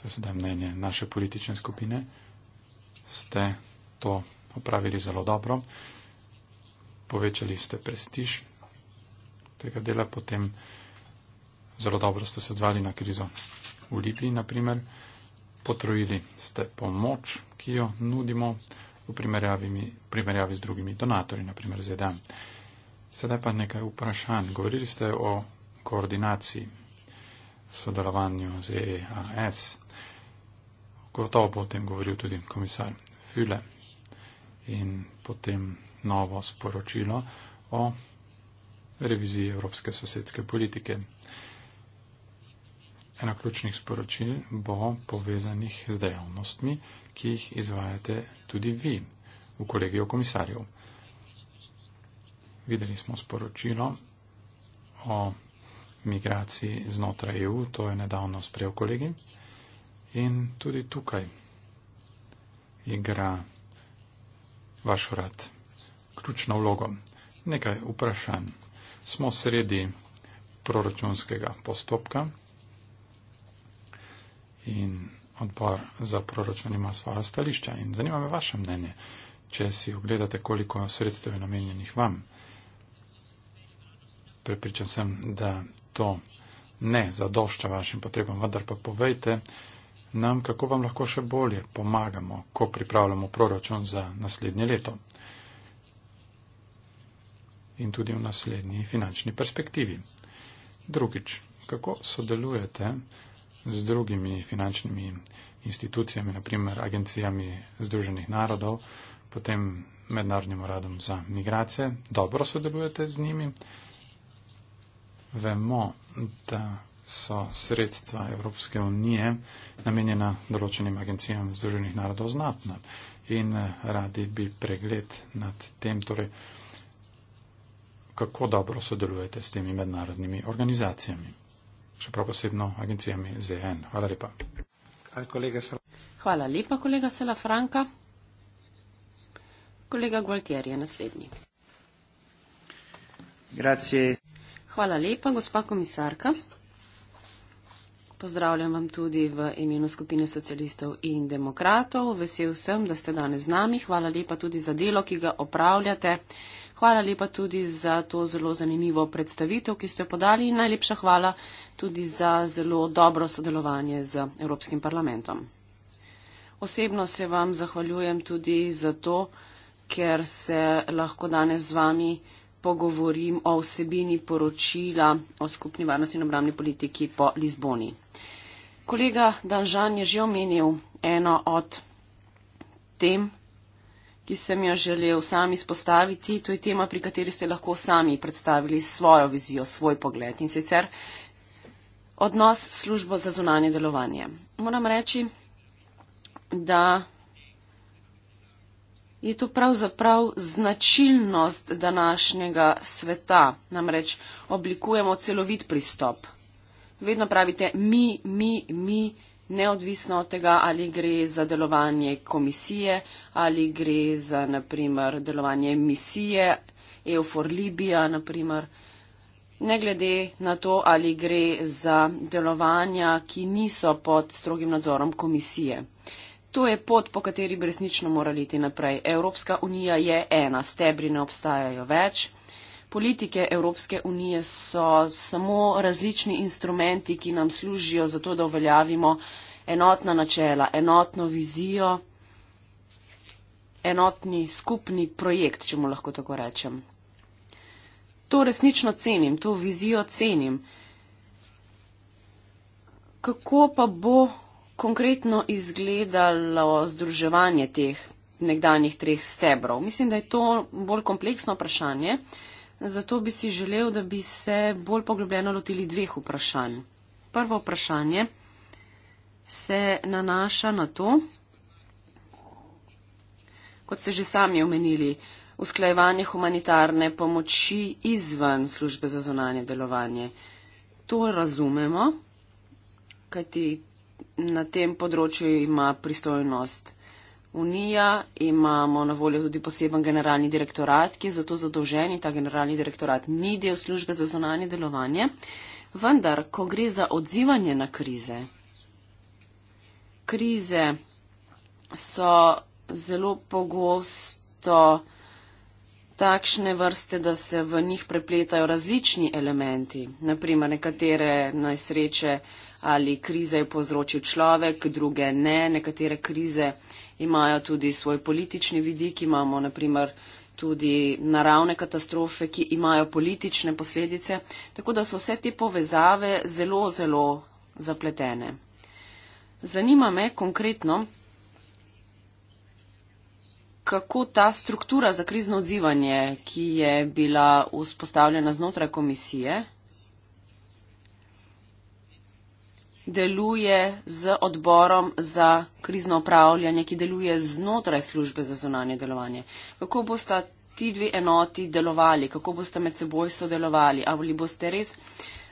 to je sedaj mnenje naše politične skupine, ste to opravili zelo dobro, povečali ste prestiž tega dela, potem zelo dobro ste se odzvali na krizo v Libiji, naprimer, potrojili ste pomoč, ki jo nudimo v primerjavi, primerjavi z drugimi donatorji, naprimer ZDA. Sedaj pa nekaj vprašanj. Govorili ste o koordinaciji sodelovanju z EAS gotovo bo o tem govoril tudi komisar File in potem novo sporočilo o reviziji evropske sosedske politike. Ena ključnih sporočil bo povezanih z dejavnostmi, ki jih izvajate tudi vi v kolegiju komisarjev. Videli smo sporočilo o migraciji znotraj EU, to je nedavno sprejel kolegi. In tudi tukaj igra vaš rad ključno vlogo. Nekaj vprašanj. Smo sredi proračunskega postopka in odbor za proračun ima svoja stališča in zanima me vaše mnenje, če si ogledate, koliko sredstev je namenjenih vam. Prepričan sem, da to ne zadošča vašim potrebam, vendar pa povejte, nam, kako vam lahko še bolje pomagamo, ko pripravljamo proračun za naslednje leto in tudi v naslednji finančni perspektivi. Drugič, kako sodelujete z drugimi finančnimi institucijami, naprimer agencijami Združenih narodov, potem Mednarodnim uradom za migracije, dobro sodelujete z njimi. Vemo, da so sredstva Evropske unije namenjena določenim agencijam Združenih narodov znatna. In eh, radi bi pregled nad tem, torej, kako dobro sodelujete s temi mednarodnimi organizacijami, še prav posebno agencijami ZN. Hvala lepa. Hvala lepa, kolega Sela Franka. Kolega Gualtier je naslednji. Grazie. Hvala lepa, gospa komisarka. Pozdravljam vam tudi v imenu skupine socialistov in demokratov. Vesel sem, da ste danes z nami. Hvala lepa tudi za delo, ki ga opravljate. Hvala lepa tudi za to zelo zanimivo predstavitev, ki ste jo podali. Najlepša hvala tudi za zelo dobro sodelovanje z Evropskim parlamentom. Osebno se vam zahvaljujem tudi za to, ker se lahko danes z vami pogovorim o vsebini poročila o skupni varnosti in obramni politiki po Lizboni. Kolega Danžan je že omenil eno od tem, ki sem jo želel sami spostaviti. To je tema, pri kateri ste lahko sami predstavili svojo vizijo, svoj pogled in sicer odnos službo za zunanje delovanje. Moram reči, da je to pravzaprav značilnost današnjega sveta. Namreč oblikujemo celovit pristop. Vedno pravite mi, mi, mi, neodvisno od tega, ali gre za delovanje komisije, ali gre za, naprimer, delovanje misije EUFOR Libija, naprimer. Ne glede na to, ali gre za delovanja, ki niso pod strogim nadzorom komisije. To je pot, po kateri bi resnično morali iti naprej. Evropska unija je ena, stebri ne obstajajo več. Politike Evropske unije so samo različni instrumenti, ki nam služijo za to, da uveljavimo enotna načela, enotno vizijo, enotni skupni projekt, če mu lahko tako rečem. To resnično cenim, to vizijo cenim. Kako pa bo konkretno izgledalo združevanje teh nekdanjih treh stebrov? Mislim, da je to bolj kompleksno vprašanje, zato bi si želel, da bi se bolj poglobljeno lotili dveh vprašanj. Prvo vprašanje se nanaša na to, kot ste že sami omenili, usklajevanje humanitarne pomoči izven službe za zonanje delovanje. To razumemo, kajti na tem področju ima pristojnost Unija, imamo na voljo tudi poseben generalni direktorat, ki je zato zadolžen in ta generalni direktorat ni del službe za zonanje delovanje. Vendar, ko gre za odzivanje na krize, krize so zelo pogosto takšne vrste, da se v njih prepletajo različni elementi, naprimer nekatere najsreče. Na ali krize je povzročil človek, druge ne. Nekatere krize imajo tudi svoj politični vidik, imamo naprimer tudi naravne katastrofe, ki imajo politične posledice. Tako da so vse te povezave zelo, zelo zapletene. Zanima me konkretno, kako ta struktura za krizno odzivanje, ki je bila vzpostavljena znotraj komisije, deluje z odborom za krizno upravljanje, ki deluje znotraj službe za zonanje delovanje. Kako boste ti dve enoti delovali, kako boste med seboj sodelovali, ali boste res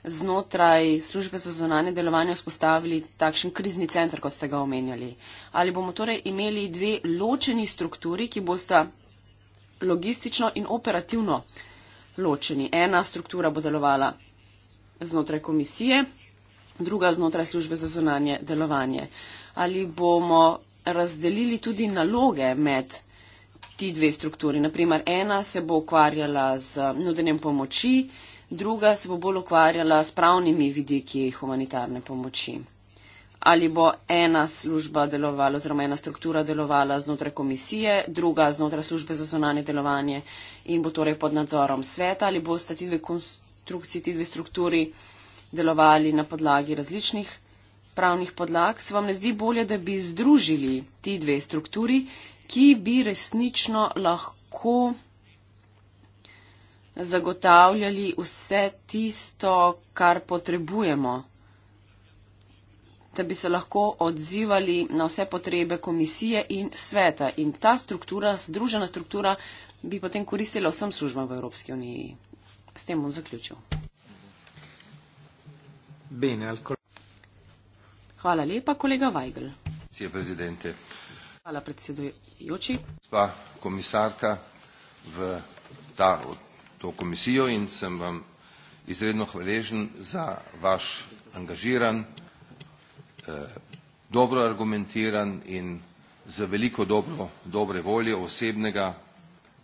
znotraj službe za zonanje delovanje vzpostavili takšen krizni center, kot ste ga omenjali. Ali bomo torej imeli dve ločeni strukturi, ki bosta logistično in operativno ločeni. Ena struktura bo delovala znotraj komisije, druga znotraj službe za zunanje delovanje. Ali bomo razdelili tudi naloge med ti dve strukturi? Naprimer, ena se bo ukvarjala z eh, nudenjem pomoči, druga se bo bolj ukvarjala s pravnimi vidiki humanitarne pomoči. Ali bo ena služba delovala oziroma ena struktura delovala znotraj komisije, druga znotraj službe za zunanje delovanje in bo torej pod nadzorom sveta, ali bo sta ti dve konstrukciji, ti dve strukturi uh, delovali na podlagi različnih pravnih podlag, se vam ne zdi bolje, da bi združili ti dve strukturi, ki bi resnično lahko zagotavljali vse tisto, kar potrebujemo, da bi se lahko odzivali na vse potrebe komisije in sveta. In ta struktura, združena struktura, bi potem koristila vsem službam v Evropski uniji. S tem bom zaključil. Bene, al col- Hvala lepa, kolega Weigl. Hvala predsedujoči. Gospa komisarka v ta, to komisijo in sem vam izredno hvaležen za vaš angažiran, eh, dobro argumentiran in za veliko dobro, dobre volje osebnega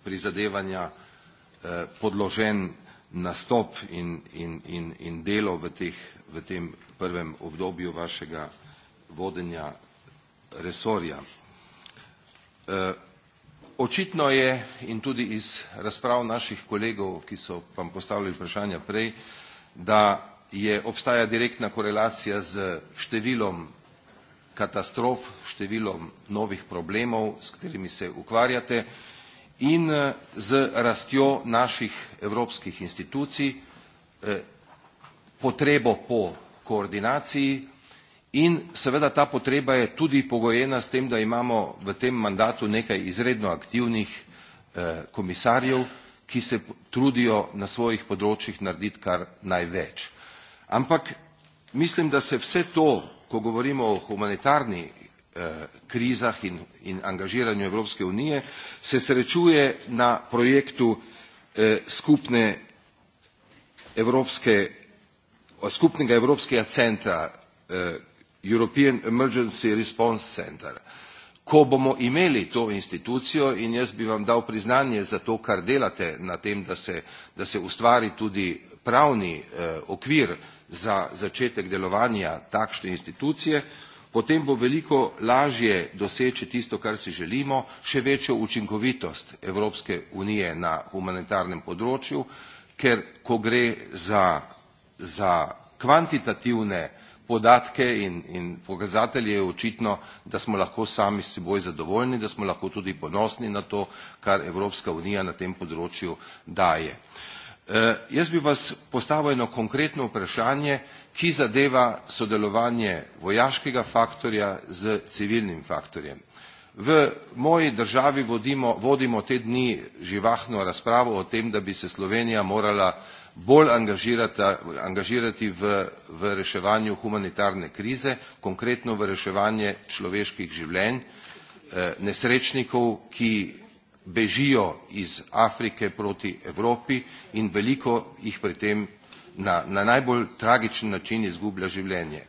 prizadevanja eh, podložen nastop in, in, in, in delo v teh v tem prvem obdobju vašega vodenja resorja. E, očitno je in tudi iz razprav naših kolegov, ki so vam postavili vprašanja prej, da je obstaja direktna korelacija z številom katastrof, številom novih problemov, s katerimi se ukvarjate in e, z rastjo naših evropskih institucij, e, potrebo po koordinaciji in seveda ta potreba je tudi pogojena s tem, da imamo v tem mandatu nekaj izredno aktivnih eh, komisarjev, ki se trudijo na svojih področjih narediti kar največ. Ampak mislim, da se vse to, ko govorimo o humanitarni eh, krizah in angažiranju Evropske unije, se srečuje na projektu eh, skupne Evropske unije skupnega evropskega centra, eh, European Emergency Response Center. Ko bomo imeli to institucijo in jaz bi vam dal priznanje za to, kar delate na tem, da se, da se ustvari tudi pravni eh, okvir za začetek delovanja takšne institucije, potem bo veliko lažje doseči tisto, kar si želimo, še večjo učinkovitost Evropske unije na humanitarnem področju, ker ko gre za za kvantitativne podatke in, in pokazatelje je očitno, da smo lahko sami s seboj zadovoljni, da smo lahko tudi ponosni na to, kar Evropska unija na tem področju daje. E, jaz bi vas postavil eno konkretno vprašanje, ki zadeva sodelovanje vojaškega faktorja z civilnim faktorjem. V moji državi vodimo, vodimo te dni živahno razpravo o tem, da bi se Slovenija morala bolj angažirati v, v reševanju humanitarne krize, konkretno v reševanje človeških življenj, eh, nesrečnikov, ki bežijo iz Afrike proti Evropi in veliko jih pri tem na, na najbolj tragičen način izgublja življenje.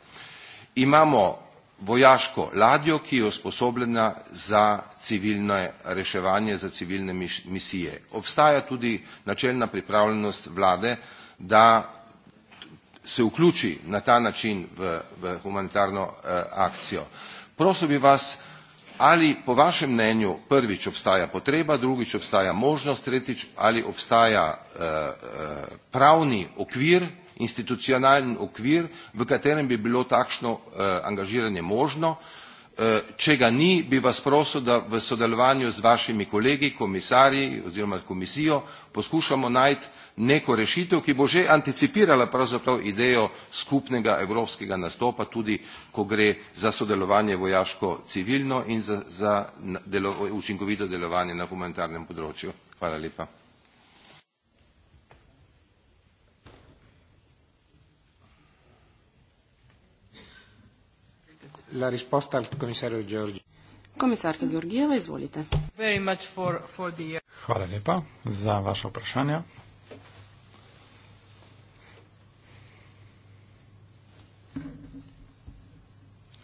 Imamo vojaško ladjo, ki je usposobljena za civilno reševanje, za civilne misije. Obstaja tudi načelna pripravljenost vlade, da se vključi na ta način v, v humanitarno eh, akcijo. Prosim bi vas, ali po vašem mnenju prvič obstaja potreba, drugič obstaja možnost, tretjič ali obstaja eh, eh pravni okvir, institucionalen okvir, v katerem bi bilo takšno eh, angažiranje možno. Eh, če ga ni, bi vas prosil, da v sodelovanju z vašimi kolegi, komisarji oziroma komisijo poskušamo najti neko rešitev, ki bo že anticipirala pravzaprav idejo skupnega evropskega nastopa, tudi ko gre za sodelovanje vojaško-civilno in za, za delo, učinkovito delovanje na humanitarnem področju. Hvala lepa. la risposta al commissario Giorgi. Komisarka Georgijeva, izvolite. Very much for, for the... Uh, Hvala lepa za vaše vprašanje.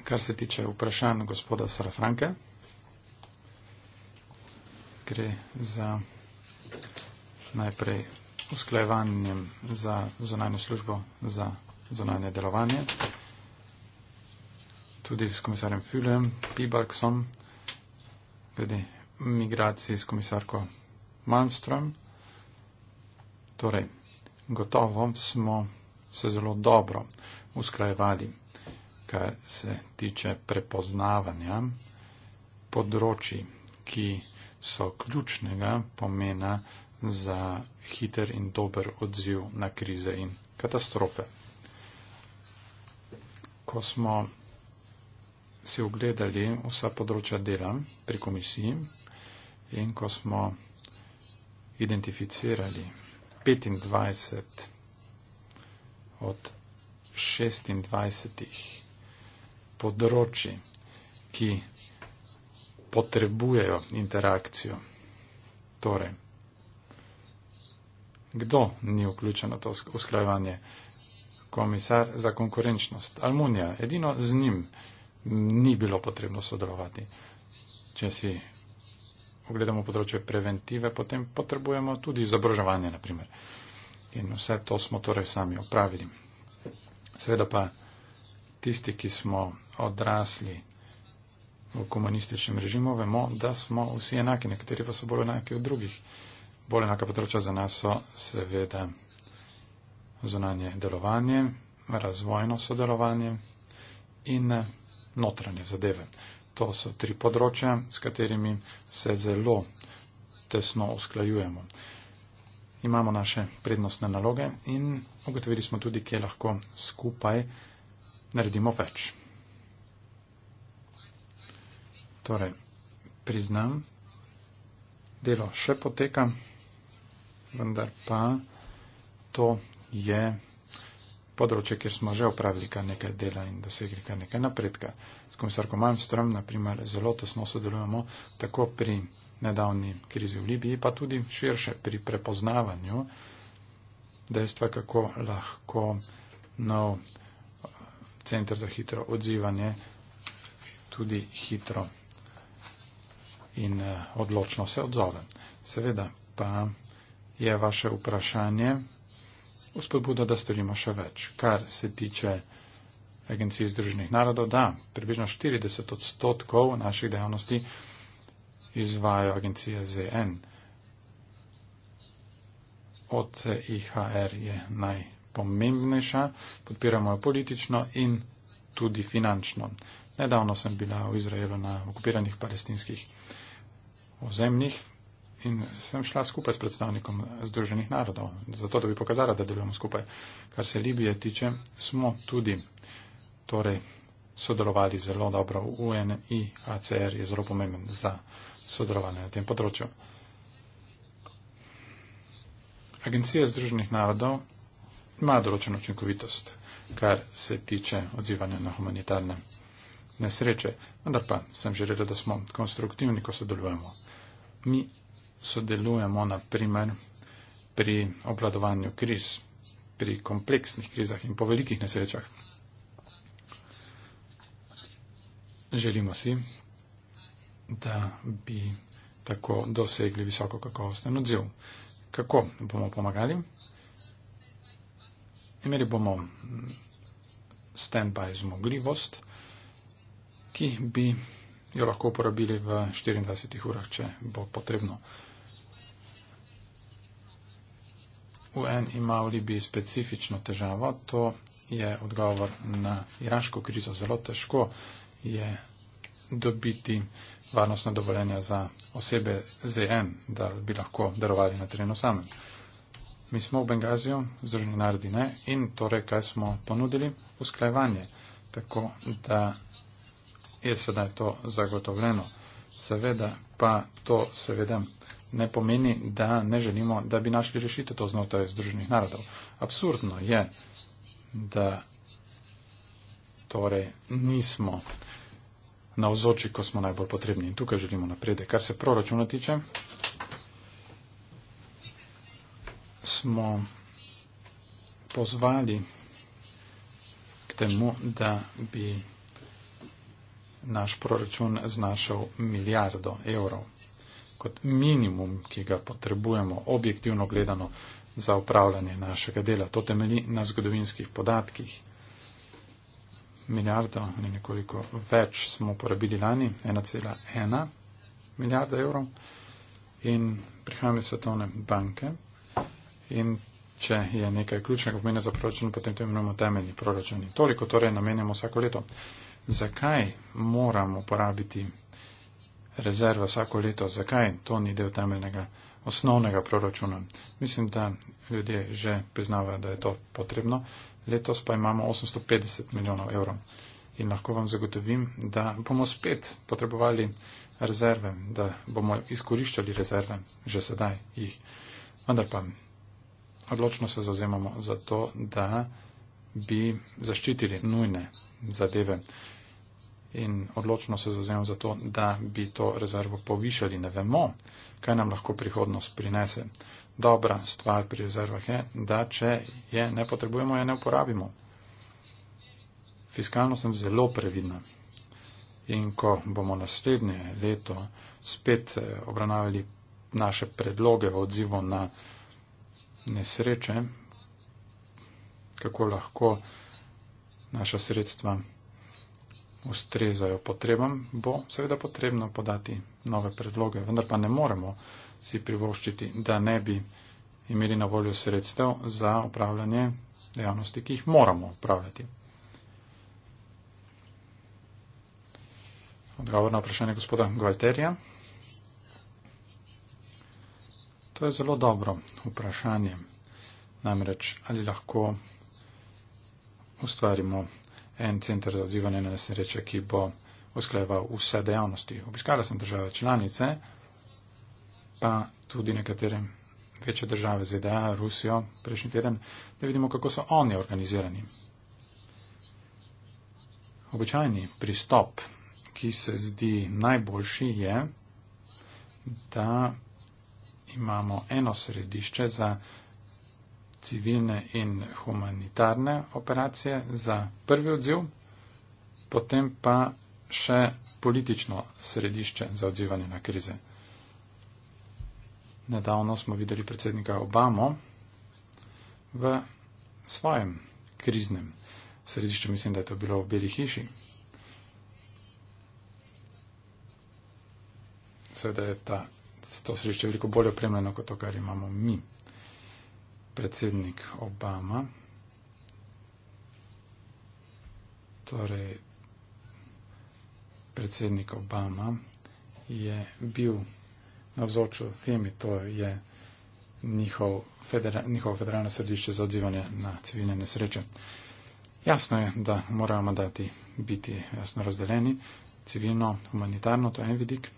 Kar se tiče vprašanj gospoda Sarafranke, gre za najprej usklajevanje za zonanje službo za zonanje delovanje, tudi s komisarjem Fülem, Pibaksom, glede migracij s komisarko Malmström. Torej, gotovo smo se zelo dobro usklajevali, kar se tiče prepoznavanja področji, ki so ključnega pomena za hiter in dober odziv na krize in katastrofe. Ko smo si ogledali vsa področja dela pri komisiji in ko smo identificirali 25 od 26 področji, ki potrebujejo interakcijo. Torej, kdo ni vključen na to usklajevanje? Komisar za konkurenčnost, Almunija, edino z njim ni bilo potrebno sodelovati. Če si ogledamo področje preventive, potem potrebujemo tudi izobraževanje, naprimer. In vse to smo torej sami opravili. Seveda pa tisti, ki smo odrasli v komunističnem režimu, vemo, da smo vsi enaki, nekateri pa so bolj enaki od drugih. Bolj enaka področja za nas so seveda zunanje delovanje, razvojno sodelovanje in notranje zadeve. To so tri področja, s katerimi se zelo tesno usklajujemo. Imamo naše prednostne naloge in ugotovili smo tudi, kje lahko skupaj naredimo več. Torej, priznam, delo še poteka, vendar pa to je področje, kjer smo že upravili kar nekaj dela in dosegli kar nekaj napredka. S komisarko Malmström, naprimer, zelo tesno sodelujemo tako pri nedavni krizi v Libiji, pa tudi širše pri prepoznavanju dejstva, kako lahko nov eh, centr za hitro odzivanje tudi hitro in eh, odločno se odzove. Seveda pa je vaše vprašanje spodbuda, da storimo še več. Kar se tiče Agencije Združenih narodov, da, približno 40 odstotkov naših dejavnosti izvajo Agencije ZN. OCIHR je najpomembnejša, podpiramo jo politično in tudi finančno. Nedavno sem bila v Izraelu na okupiranih palestinskih ozemnih, in sem šla skupaj s predstavnikom Združenih narodov, zato da bi pokazala, da delujemo skupaj. Kar se Libije tiče, smo tudi torej, sodelovali zelo dobro. UNICR je zelo pomemben za sodelovanje na tem področju. Agencija Združenih narodov ima določeno učinkovitost, kar se tiče odzivanja na humanitarne nesreče, vendar pa sem želela, da smo konstruktivni, ko sodelujemo. Mi sodelujemo naprimer pri obladovanju kriz, pri kompleksnih krizah in po velikih nesrečah. Želimo si, da bi tako dosegli visoko kakovosten odziv. Kako bomo pomagali? Imeli bomo stand-by zmogljivost, ki bi jo lahko uporabili v 24 urah, če bo potrebno. UN ima v Libiji specifično težavo, to je odgovor na iraško krizo. Zelo težko je dobiti varnostna dovoljenja za osebe ZN, da bi lahko darovali na terenu samem. Mi smo v Bengaziju, Združeni narodi ne, in torej kaj smo ponudili? Usklajevanje, tako da je sedaj to zagotovljeno. Seveda pa to seveda ne pomeni, da ne želimo, da bi našli rešitev to znotraj Združenih narodov. Absurdno je, da torej nismo na vzoči, ko smo najbolj potrebni in tukaj želimo naprede. Kar se proračuna tiče, smo pozvali k temu, da bi naš proračun znašal milijardo evrov kot minimum, ki ga potrebujemo objektivno gledano za upravljanje našega dela. To temelji na zgodovinskih podatkih. Milijardo ali nekoliko več smo porabili lani, 1,1 milijarda evrov in prihajamo iz Svetovne banke in če je nekaj ključnega pomena za proračun, potem to imenujemo temeljni proračun. Toliko torej namenjamo vsako leto. Zakaj moramo porabiti rezerva vsako leto. Zakaj to ni del temeljnega osnovnega proračuna? Mislim, da ljudje že priznavajo, da je to potrebno. Letos pa imamo 850 milijonov evrov in lahko vam zagotovim, da bomo spet potrebovali rezerve, da bomo izkoriščali rezerve, že sedaj jih. Vendar pa odločno se zauzemamo za to, da bi zaščitili nujne zadeve in odločno se zauzemam za to, da bi to rezervo povišali. Ne vemo, kaj nam lahko prihodnost prinese. Dobra stvar pri rezervah je, da če je ne potrebujemo, je ne uporabimo. Fiskalno sem zelo previdna. In ko bomo naslednje leto spet eh, obravnavali naše predloge v odzivu na nesreče, kako lahko naša sredstva ustrezajo potrebam, bo seveda potrebno podati nove predloge, vendar pa ne moremo si privoščiti, da ne bi imeli na voljo sredstev za upravljanje dejavnosti, ki jih moramo upravljati. Odgovor na vprašanje gospoda Gualterija. To je zelo dobro vprašanje. Namreč, ali lahko ustvarimo en centr za odzivanje na nesreče, ki bo uskleval vse dejavnosti. Obiskala sem države članice, pa tudi nekatere večje države ZDA, Rusijo prejšnji teden, da vidimo, kako so oni organizirani. Običajni pristop, ki se zdi najboljši, je, da imamo eno središče za civilne in humanitarne operacije za prvi odziv, potem pa še politično središče za odzivanje na krize. Nedavno smo videli predsednika Obamo v svojem kriznem središču, mislim, da je to bilo v Beli hiši. Seveda je ta, to središče veliko bolje opremljeno kot to, kar imamo mi predsednik Obama. Torej, predsednik Obama je bil na vzoču FEMI, to je njihov federal, njihovo federalno središče za odzivanje na civilne nesreče. Jasno je, da moramo dati biti jasno razdeljeni, civilno, humanitarno, to je en vidik.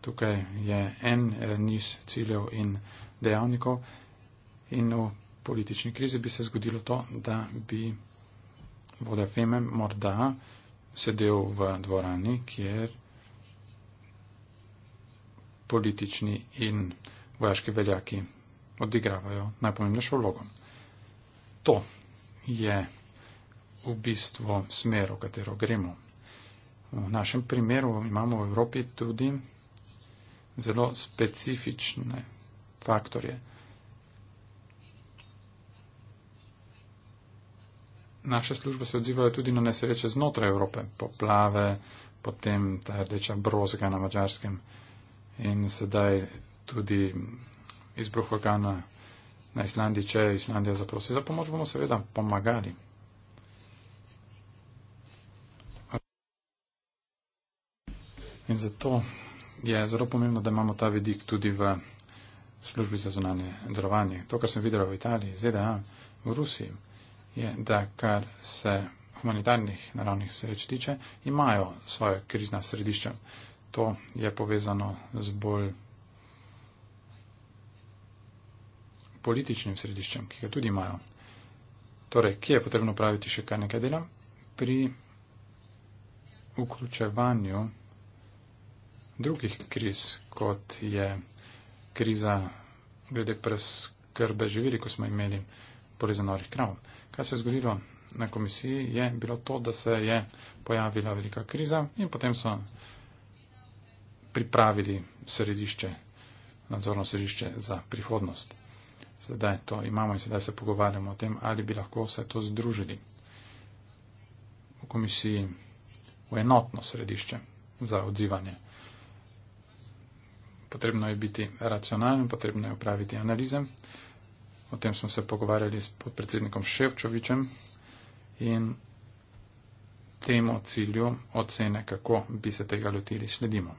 Tukaj je en niz ciljev in dejavnikov, in v politični krizi bi se zgodilo to, da bi vodja Feme morda sedel v dvorani, kjer politični in vojaški veljaki odigravajo najpomembnejšo vlogo. To je v bistvu smer, v katero gremo. V našem primeru imamo v Evropi tudi zelo specifične faktorje. naše službe se odzivajo tudi na nesreče znotraj Evrope, poplave, potem ta rdeča brozga na mačarskem in sedaj tudi izbruh vulkana na Islandiji, če je Islandija zaprosila za pomoč, bomo seveda pomagali. In zato je zelo pomembno, da imamo ta vidik tudi v službi za zunanje delovanje. To, kar sem videl v Italiji, ZDA, v Rusiji je, da kar se humanitarnih naravnih sreč tiče, imajo svoje krizna središča. To je povezano z bolj političnim središčem, ki ga tudi imajo. Torej, kje je potrebno praviti še kaj nekaj dela? Pri vključevanju drugih kriz, kot je kriza glede preskrbe živili, ko smo imeli polizanorih kravov. Kaj se je zgodilo na komisiji, je bilo to, da se je pojavila velika kriza in potem so pripravili središče, nadzorno središče za prihodnost. Sedaj to imamo in sedaj se pogovarjamo o tem, ali bi lahko vse to združili v komisiji v enotno središče za odzivanje. Potrebno je biti racionalen, potrebno je upraviti analize. O tem smo se pogovarjali s podpredsednikom Ševčovičem in temu cilju ocene, kako bi se tega lotili, sledimo.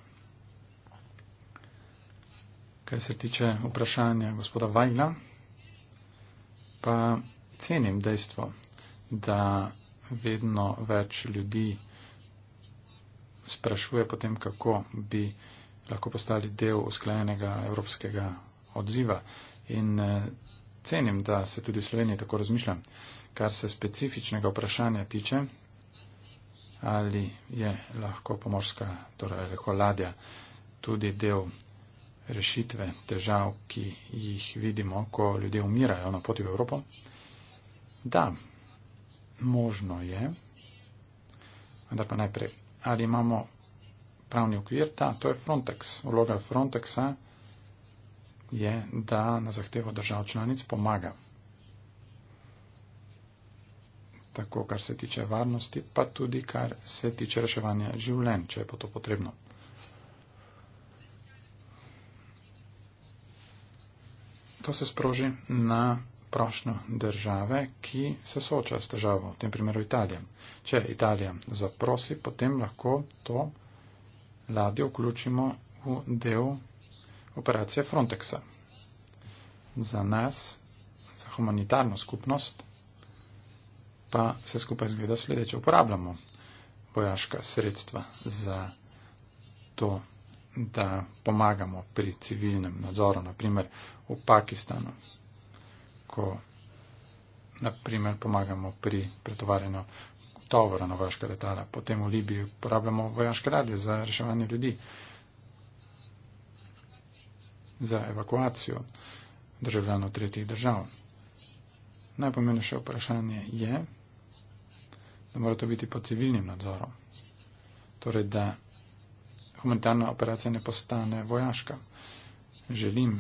Kaj se tiče vprašanja gospoda Vajla, pa cenim dejstvo, da vedno več ljudi sprašuje potem, kako bi lahko postali del usklajenega evropskega odziva. In eh, cenim, da se tudi v Sloveniji tako razmišlja. Kar se specifičnega vprašanja tiče, ali je lahko pomorska, torej lahko ladja, tudi del rešitve težav, ki jih vidimo, ko ljudje umirajo na poti v Evropo. Da, možno je, vendar pa najprej, ali imamo pravni okvir, da, to je Frontex, vloga Frontexa je, da na zahtevo držav članic pomaga. Tako, kar se tiče varnosti, pa tudi, kar se tiče reševanja življenj, če je po to potrebno. To se sproži na prošnjo države, ki se sooča s težavo, v tem primeru Italija. Če Italija zaprosi, potem lahko to ladjo vključimo v del operacije Frontexa. Za nas, za humanitarno skupnost, pa se skupaj zgleda sledeče. Uporabljamo vojaška sredstva za to, da pomagamo pri civilnem nadzoru, naprimer v Pakistanu, ko naprimer pomagamo pri pretovarjeno tovora na vojaška letala, potem v Libiji uporabljamo vojaške radije za reševanje ljudi za evakuacijo državljanov tretjih držav. Najpomembnejše vprašanje je, da mora to biti pod civilnim nadzorom. Torej, da humanitarna operacija ne postane vojaška. Želim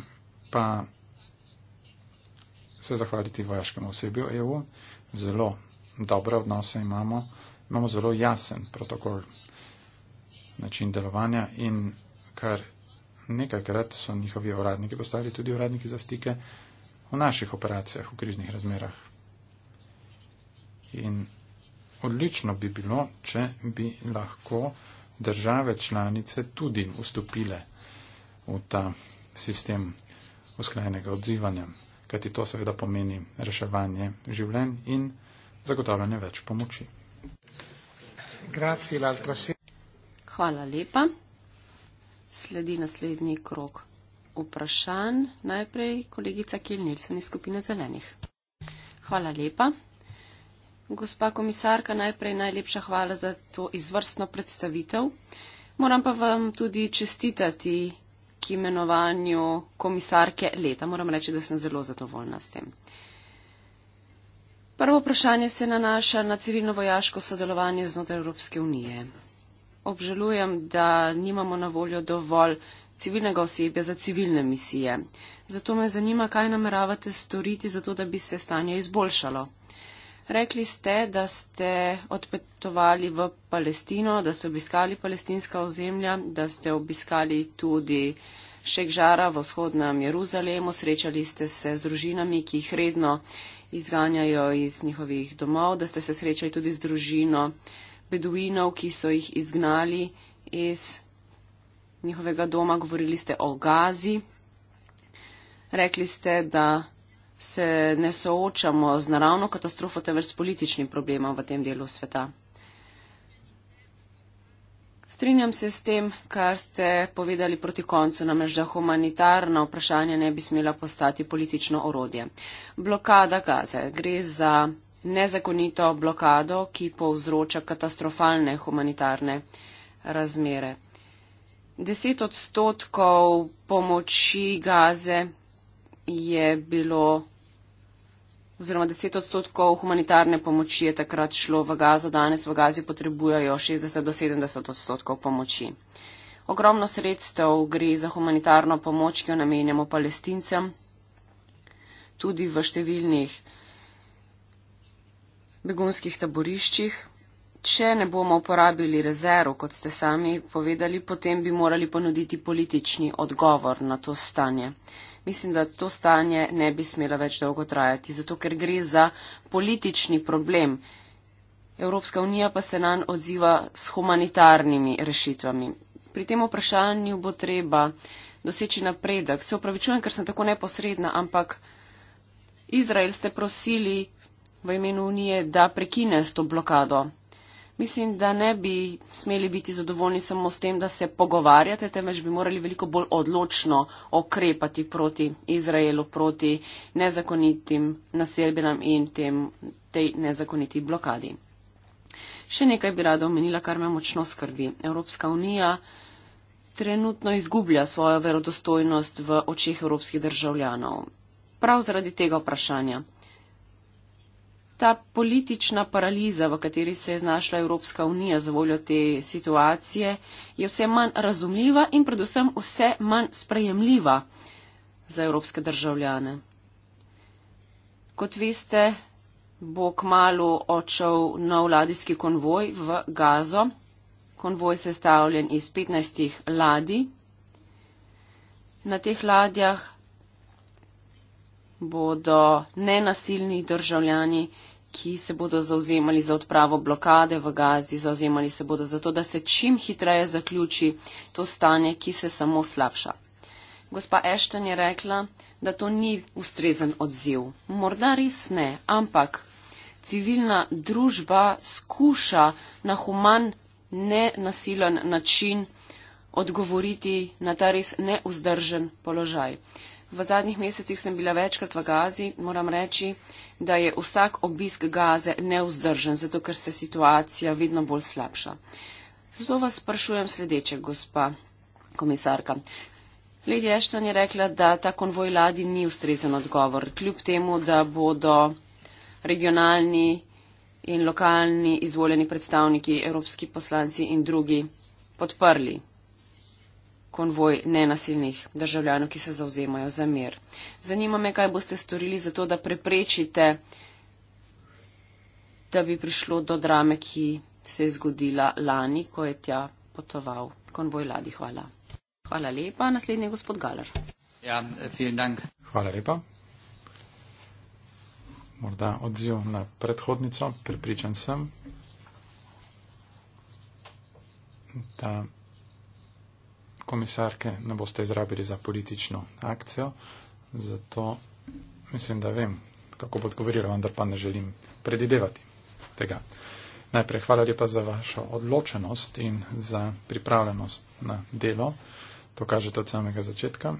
pa se zahvaliti vojaškemu osebju EU. Zelo dobre odnose imamo. Imamo zelo jasen protokol, način delovanja in kar nekajkrat so njihovi uradniki postali tudi uradniki za stike v naših operacijah v križnih razmerah. In odlično bi bilo, če bi lahko države članice tudi vstopile v ta sistem usklajenega odzivanja, kajti to seveda pomeni reševanje življenj in zagotavljanje več pomoči. Grazie, Hvala lepa sledi naslednji krok vprašanj. Najprej kolegica Kilnilsen iz skupine zelenih. Hvala lepa. Gospa komisarka, najprej najlepša hvala za to izvrstno predstavitev. Moram pa vam tudi čestitati k imenovanju komisarke leta. Moram reči, da sem zelo zadovoljna s tem. Prvo vprašanje se nanaša na civilno-vojaško sodelovanje znotraj Evropske unije obžalujem, da nimamo na voljo dovolj civilnega osebja za civilne misije. Zato me zanima, kaj nameravate storiti, zato da bi se stanje izboljšalo. Rekli ste, da ste odpetovali v Palestino, da ste obiskali palestinska ozemlja, da ste obiskali tudi Šekžara v vzhodnem Jeruzalemu, srečali ste se z družinami, ki jih redno izganjajo iz njihovih domov, da ste se srečali tudi z družino beduinov, ki so jih izgnali iz njihovega doma, govorili ste o Gazi. Rekli ste, da se ne soočamo z naravno katastrofo, temveč s političnim problemom v tem delu sveta. Strinjam se s tem, kar ste povedali proti koncu, namreč, da humanitarna vprašanja ne bi smela postati politično orodje. Blokada Gaze gre za nezakonito blokado, ki povzroča katastrofalne humanitarne razmere. Deset odstotkov pomoči gaze je bilo, oziroma deset odstotkov humanitarne pomoči je takrat šlo v gazo, danes v gazi potrebujejo 60 do 70 odstotkov pomoči. Ogromno sredstev gre za humanitarno pomoč, ki jo namenjamo palestincem, tudi v številnih begunskih taboriščih. Če ne bomo uporabili rezerv, kot ste sami povedali, potem bi morali ponuditi politični odgovor na to stanje. Mislim, da to stanje ne bi smela več dolgo trajati, zato ker gre za politični problem. Evropska unija pa se nanj odziva s humanitarnimi rešitvami. Pri tem vprašanju bo treba doseči napredek. Se upravičujem, ker sem tako neposredna, ampak Izrael ste prosili v imenu Unije, da prekine s to blokado. Mislim, da ne bi smeli biti zadovoljni samo s tem, da se pogovarjate, temveč bi morali veliko bolj odločno okrepati proti Izraelu, proti nezakonitim naselbinam in tem, tej nezakoniti blokadi. Še nekaj bi rada omenila, kar me močno skrbi. Evropska unija trenutno izgublja svojo verodostojnost v očeh evropskih državljanov. Prav zaradi tega vprašanja ta politična paraliza, v kateri se je znašla Evropska unija za voljo te situacije, je vse manj razumljiva in predvsem vse manj sprejemljiva za evropske državljane. Kot veste, bo k malu odšel nov ladijski konvoj v Gazo. Konvoj se stavljen iz 15 ladij. Na teh ladjah bodo nenasilni državljani ki se bodo zauzemali za odpravo blokade v Gazi, zauzemali se bodo za to, da se čim hitreje zaključi to stanje, ki se samo slabša. Gospa Ešten je rekla, da to ni ustrezen odziv. Morda res ne, ampak civilna družba skuša na human, nenasilen način odgovoriti na ta res neuzdržen položaj. V zadnjih mesecih sem bila večkrat v Gazi, moram reči, da je vsak obisk gaze neuzdržen, zato ker se situacija vedno bolj slabša. Zato vas sprašujem sledeče, gospa komisarka. Lady Ashton je rekla, da ta konvoj ladi ni ustrezen odgovor, kljub temu, da bodo regionalni in lokalni izvoljeni predstavniki, evropski poslanci in drugi podprli konvoj nenasilnih državljanov, ki se zauzemajo za mir. Zanima me, kaj boste storili za to, da preprečite, da bi prišlo do drame, ki se je zgodila lani, ko je tja potoval konvoj ladi. Hvala. Hvala lepa. Naslednji je gospod Galar. Ja, Hvala lepa. Morda odziv na predhodnico. Pripričan sem, da komisarke ne boste izrabili za politično akcijo, zato mislim, da vem, kako bo odgovorila, vendar pa ne želim predidevati tega. Najprej hvala lepa za vašo odločenost in za pripravljenost na delo. To kažete od samega začetka.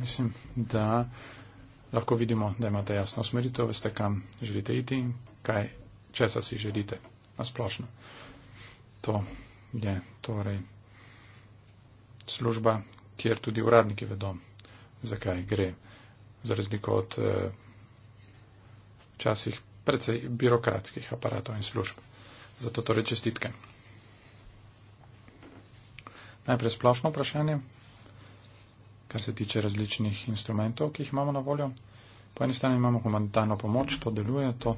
Mislim, da lahko vidimo, da imate jasno usmeritev, veste, kam želite iti in kaj, česa si želite na splošno. To je torej služba, kjer tudi uradniki vedo, zakaj gre, za razliko od eh, včasih predvsej birokratskih aparatov in služb. Zato torej čestitke. Najprej splošno vprašanje, kar se tiče različnih instrumentov, ki jih imamo na voljo. Po eni strani imamo humanitarno pomoč, to deluje, to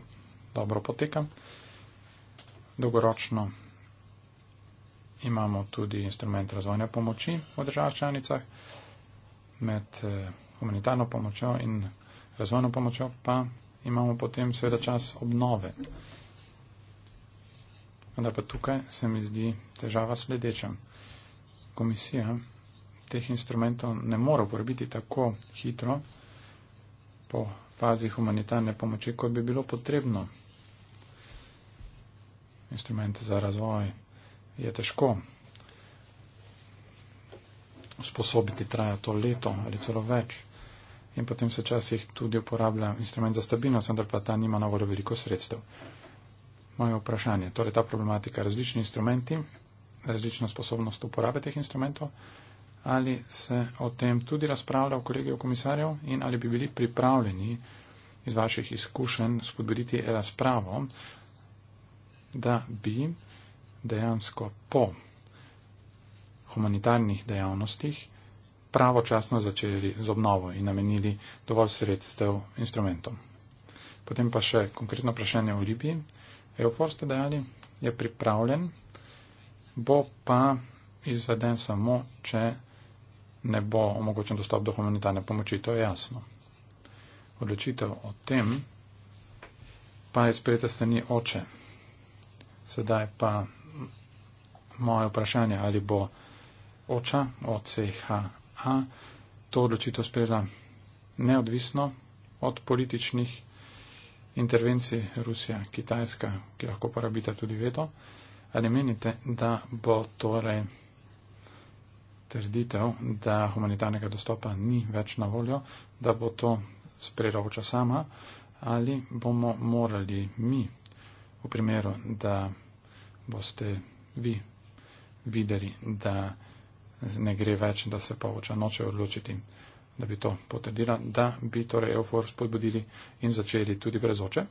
dobro poteka. Dolgoročno imamo tudi instrument razvojne pomoči v državah članicah. Med eh, humanitarno pomočjo in razvojno pomočjo pa imamo potem seveda čas obnove. Vendar pa tukaj se mi zdi težava sledeča. Komisija teh instrumentov ne more uporabiti tako hitro po fazi humanitarne pomoči, kot bi bilo potrebno. Instrument za razvoj je težko usposobiti, traja to leto ali celo več. In potem se časih tudi uporablja instrument za stabilnost, vendar pa ta nima na voljo veliko sredstev. Moje vprašanje, torej ta problematika, različni instrumenti, različna sposobnost uporabe teh instrumentov, ali se o tem tudi razpravlja v kolegiju komisarjev in ali bi bili pripravljeni iz vaših izkušenj spodbuditi razpravo, da bi dejansko po humanitarnih dejavnostih pravočasno začeli z obnovo in namenili dovolj sredstev instrumentom. Potem pa še konkretno vprašanje o Libiji. Eufor ste dejali, je pripravljen, bo pa izveden samo, če ne bo omogočen dostop do humanitarne pomoči. To je jasno. Odločitev o tem pa je sprejeta strani oče. Sedaj pa moje vprašanje, ali bo oča od CHA to odločitev sprejela neodvisno od političnih intervencij Rusija, Kitajska, ki lahko porabita tudi veto, ali menite, da bo torej trditev, da humanitarnega dostopa ni več na voljo, da bo to sprejela oča sama, ali bomo morali mi v primeru, da boste vi videli, da ne gre več, da se povoča noče odločiti, da bi to potrdila, da bi torej EUFOR spodbudili in začeli tudi brez oče.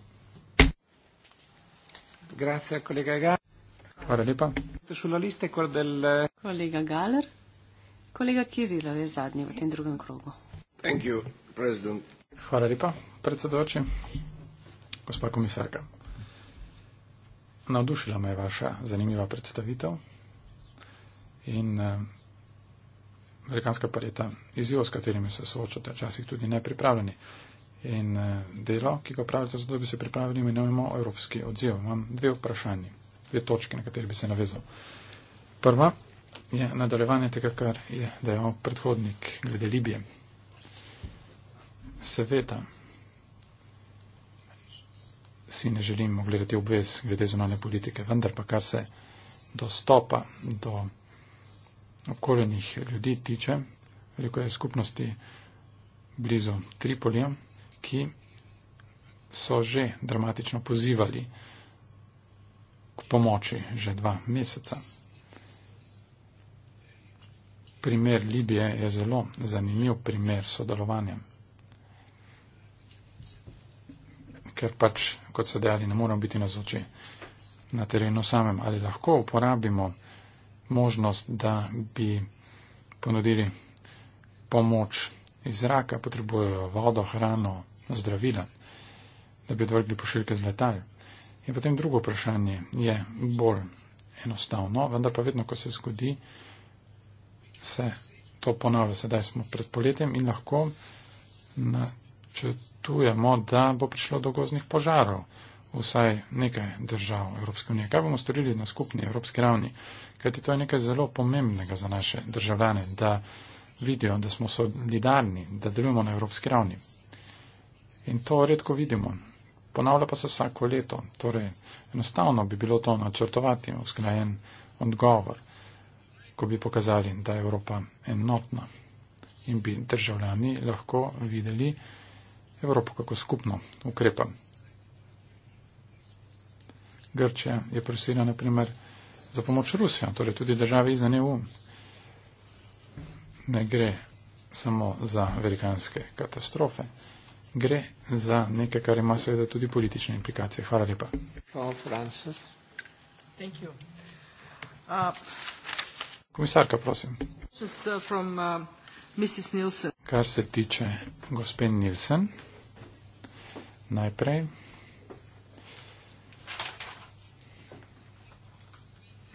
Grazie, kolega Gal. Hvala lepa. Kolega Galer, kolega Kirilo je zadnji v tem drugem krogu. Thank you, president. Hvala lepa, predsedoči, gospa komisarka. Navdušila me je vaša zanimiva predstavitev in uh, velikanska pa je ta izjiv, s katerimi se soočate, včasih tudi nepripravljeni. In uh, delo, ki ga pravite, zato bi se pripravili, imenujemo Evropski odziv. Imam dve vprašanje, dve točke, na kateri bi se navezal. Prva je nadaljevanje tega, kar je dejal predhodnik glede Libije. Seveda si ne želimo gledati obvez glede zunanje politike, vendar pa kar se dostopa do okoljenih ljudi tiče, veliko je skupnosti blizu Tripolija, ki so že dramatično pozivali k pomoči že dva meseca. Primer Libije je zelo zanimiv primer sodelovanja, ker pač, kot so dejali, ne moramo biti na zoči na terenu samem ali lahko uporabimo možnost, da bi ponudili pomoč iz zraka, potrebujejo vodo, hrano, zdravila, da bi odvrgli pošiljke z letal. In potem drugo vprašanje je bolj enostavno, vendar pa vedno, ko se zgodi, se to ponavlja. Sedaj smo pred poletjem in lahko načrtujemo, da bo prišlo do gozdnih požarov vsaj nekaj držav Evropske unije. Kaj bomo storili na skupni evropski ravni? Kajti to je nekaj zelo pomembnega za naše državljane, da vidijo, da smo solidarni, da delujemo na evropski ravni. In to redko vidimo. Ponavlja pa se vsako leto. Torej, enostavno bi bilo to načrtovati, usklajen odgovor, ko bi pokazali, da je Evropa enotna in bi državljani lahko videli Evropo kako skupno ukrepa. Grčija je prosila, na primer, za pomoč Rusijo, torej tudi države izven EU. Ne gre samo za velikanske katastrofe, gre za nekaj, kar ima seveda tudi politične implikacije. Hvala lepa. Uh, Komisarka, prosim. Uh, uh, kar se tiče gospe Nilsen, najprej.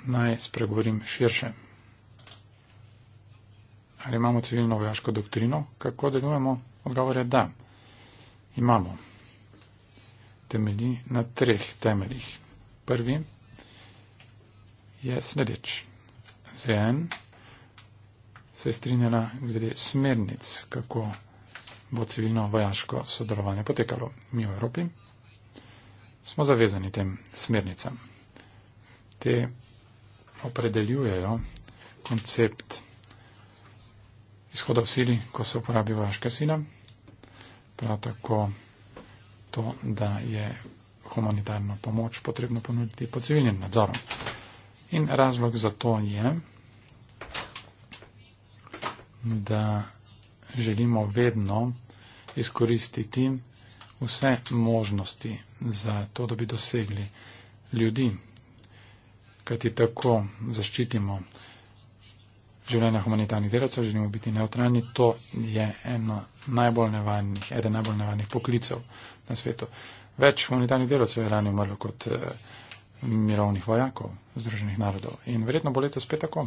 naj spregovorim širše. Ali imamo civilno vojaško doktrino? Kako delujemo? Odgovor je da. Imamo. Temelji na treh temeljih. Prvi je sledeč. ZN se je strinjala glede smernic, kako bo civilno vojaško sodelovanje potekalo. Mi v Evropi smo zavezani tem smernicam. Te opredeljujejo koncept izhoda v sili, ko se uporabi vaška sila, prav tako to, da je humanitarno pomoč potrebno ponuditi pod civilnim nadzorom. In razlog za to je, da želimo vedno izkoristiti vse možnosti za to, da bi dosegli ljudi, kajti tako zaščitimo življenja humanitarnih delavcev, želimo biti neutralni, to je eno najbolj nevarnih, eden najbolj nevarnih poklicev na svetu. Več humanitarnih delavcev je lani umrlo kot eh, mirovnih vojakov Združenih narodov in verjetno bo letos spet tako.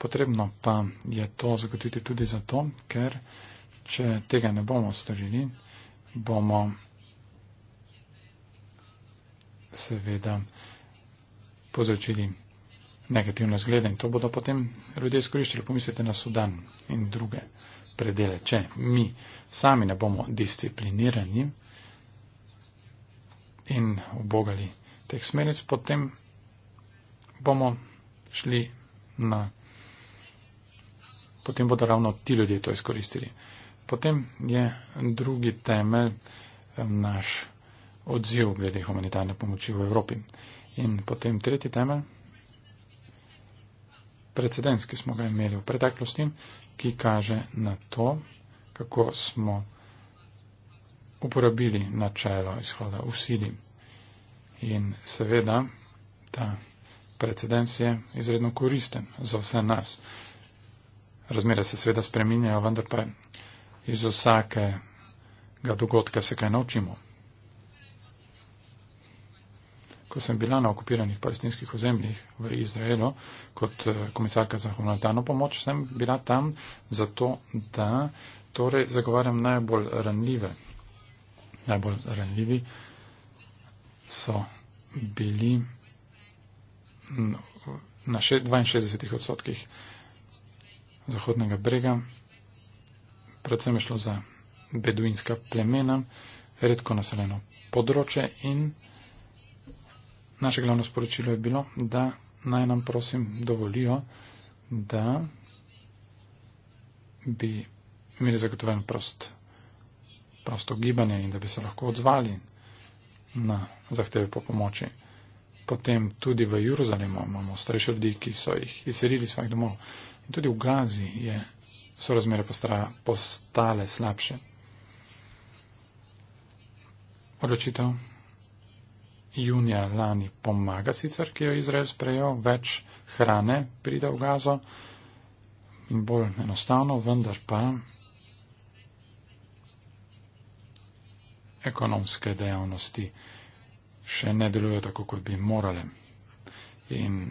Potrebno pa je to zagotoviti tudi zato, ker če tega ne bomo storili, bomo seveda povzročili negativno zglede in to bodo potem ljudje izkoriščali. Pomislite na Sudan in druge predele. Če mi sami ne bomo disciplinirani in obogali teh smeric, potem bomo šli na. Potem bodo ravno ti ljudje to izkoristili. Potem je drugi temelj eh, naš odziv glede humanitarne pomoči v Evropi. In potem tretji temelj, precedens, ki smo ga imeli v preteklosti, ki kaže na to, kako smo uporabili načelo izhoda v sili. In seveda, ta precedens je izredno koristen za vse nas. Razmere se seveda spreminjajo, vendar pa iz vsakega dogodka se kaj naučimo ko sem bila na okupiranih palestinskih ozemljih v Izraelu kot eh, komisarka za humanitarno pomoč, sem bila tam zato, da torej zagovarjam najbolj ranljive. Najbolj ranljivi so bili na 62 odstotkih Zahodnega brega, predvsem je šlo za beduinska plemena, redko naseljeno področje in naše glavno sporočilo je bilo, da naj nam prosim dovolijo, da bi imeli zagotoven prost, prosto gibanje in da bi se lahko odzvali na zahteve po pomoči. Potem tudi v Jeruzalemu imamo starejše ljudi, ki so jih izselili svojih domov. In tudi v Gazi je, so razmere postale slabše. Odločitev junija lani pomaga sicer, ki jo Izrael sprejel, več hrane pride v gazo in bolj enostavno, vendar pa ekonomske dejavnosti še ne delujejo tako, kot bi morale. In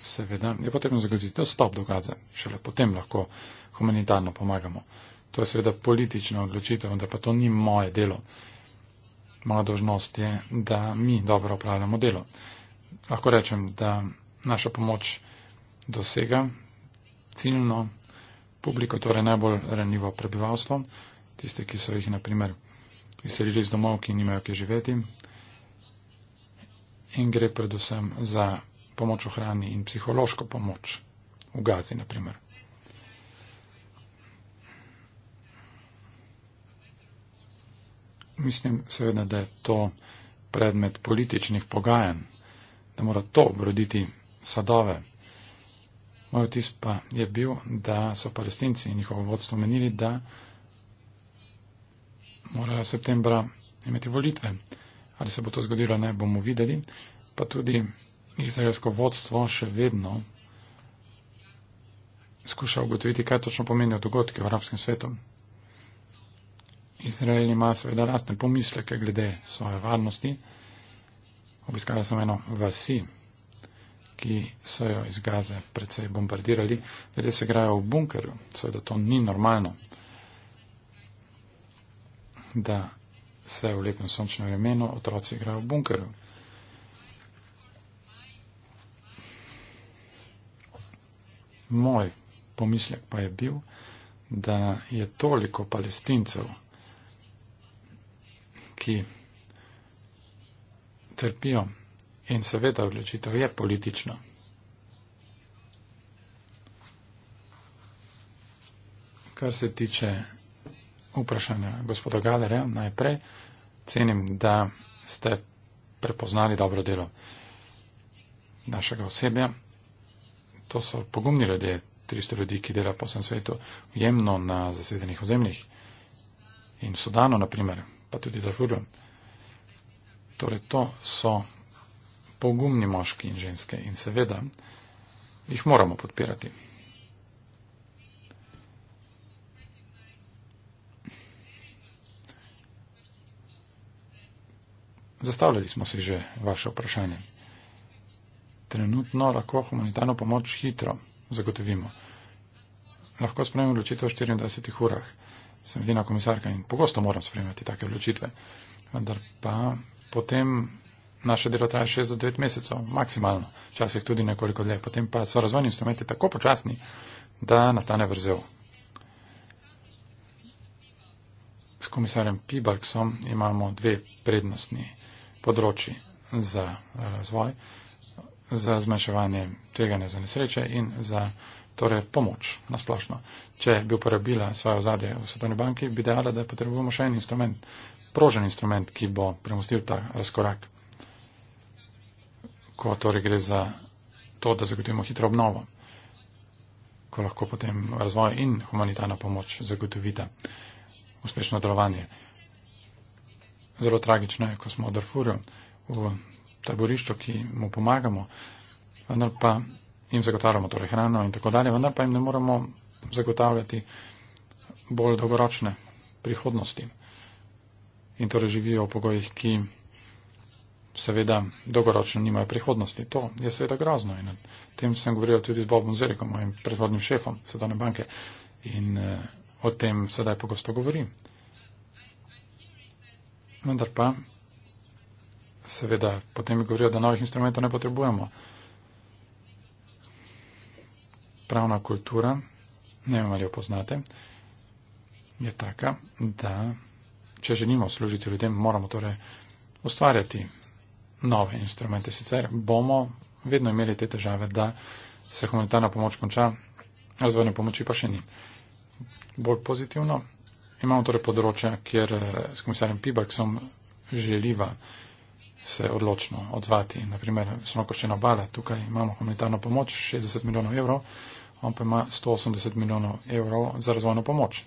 seveda je potrebno zagotoviti dostop do gaze, šele potem lahko humanitarno pomagamo. To je seveda politična odločitev, vendar pa to ni moje delo. Moja dožnost je, da mi dobro upravljamo delo. Lahko rečem, da naša pomoč dosega ciljno publiko, torej najbolj ranjivo prebivalstvo, tiste, ki so jih naprimer izselili iz domov, ki nimajo kje živeti. In gre predvsem za pomoč v hrani in psihološko pomoč v gazi, naprimer. mislim seveda, da je to predmet političnih pogajanj, da mora to obroditi sadove. Moj vtis pa je bil, da so palestinci in njihovo vodstvo menili, da morajo septembra imeti volitve. Ali se bo to zgodilo, ne bomo videli, pa tudi izraelsko vodstvo še vedno skuša ugotoviti, kaj točno pomenijo dogodki v arabskem svetu. Izrael ima seveda lastne pomisleke glede svoje varnosti. Obiskala sem eno vasi, ki so jo iz Gaze precej bombardirali. Ljudje se igrajo v bunkerju, seveda to ni normalno, da se v lepem sončnem vremenu otroci igrajo v bunkerju. Moj pomislek pa je bil, da je toliko palestincev ki trpijo. In seveda odločitev je politična. Kar se tiče vprašanja gospoda Galerja, najprej cenim, da ste prepoznali dobro delo našega osebja. To so pogumni ljudje, 300 ljudi, ki dela po vsem svetu, jemno na zasedenih ozemljih in v Sudanu, naprimer, pa tudi zavrujem. Torej, to so pogumni moški in ženske in seveda jih moramo podpirati. Zastavljali smo si že vaše vprašanje. Trenutno lahko humanitarno pomoč hitro zagotovimo. Lahko spremljamo odločitev v 24 urah sem edina komisarka in pogosto moram spremljati take odločitve. Vendar pa potem naše delo traja 6 do 9 mesecev, maksimalno, včasih tudi nekoliko dlje. Potem pa so razvojni instrumenti tako počasni, da nastane vrzel. S komisarjem Pibalksom imamo dve prednostni področji za eh, razvoj, za zmanjševanje tveganja za nesreče in za uh, torej pomoč nasplošno. Če bi uporabila svoje ozadje v Svetovni banki, bi dejala, da potrebujemo še en instrument, prožen instrument, ki bo premustil ta razkorak, ko torej gre za to, da zagotovimo hitro obnovo, ko lahko potem razvoj in humanitarna pomoč zagotovita uspešno delovanje. Zelo tragično je, ko smo v Darfurju, v taborišču, ki mu pomagamo, vendar pa jim zagotavljamo torej hrano in tako dalje, vendar pa jim ne moremo zagotavljati bolj dolgoročne prihodnosti. In torej živijo v pogojih, ki seveda dolgoročno nimajo prihodnosti. To je seveda grozno in o tem sem govoril tudi z Bobom Zerikom, mojim predhodnim šefom Svetovne banke in eh, o tem sedaj pogosto govorim. Vendar pa seveda potem mi govorijo, da novih instrumentov ne potrebujemo pravna kultura, ne vem ali jo poznate, je taka, da če želimo služiti ljudem, moramo torej ustvarjati nove instrumente. Sicer bomo vedno imeli te težave, da se humanitarna pomoč konča, razvojne pomoči pa še ni. Bolj pozitivno imamo torej področja, kjer eh, s komisarjem Pibaksom želiva se odločno odzvati. Naprimer, Slonko še na obala, tukaj imamo humanitarno pomoč, 60 milijonov evrov on pa ima 180 milijonov evrov za razvojno pomoč.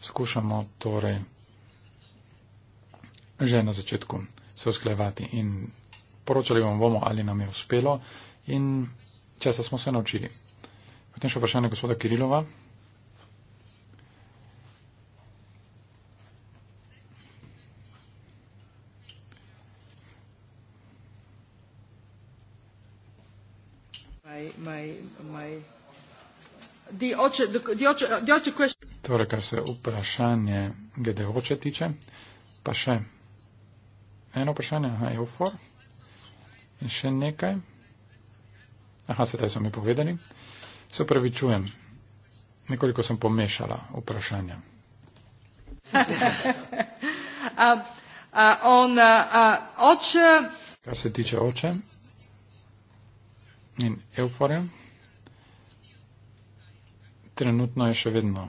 Skušamo torej že na začetku se usklejevati in poročali vam bomo, ali nam je uspelo in česa smo se naučili. Potem še vprašanje gospoda Kirilova. My, my, my. Torej, kar se vprašanje glede oče tiče, pa še eno vprašanje, aha, eufor in še nekaj. Aha, sedaj so mi povedali. Se upravičujem, nekoliko sem pomešala vprašanja. uh, uh, on, uh, uh, oče... Kar se tiče oče in euforem trenutno je še vedno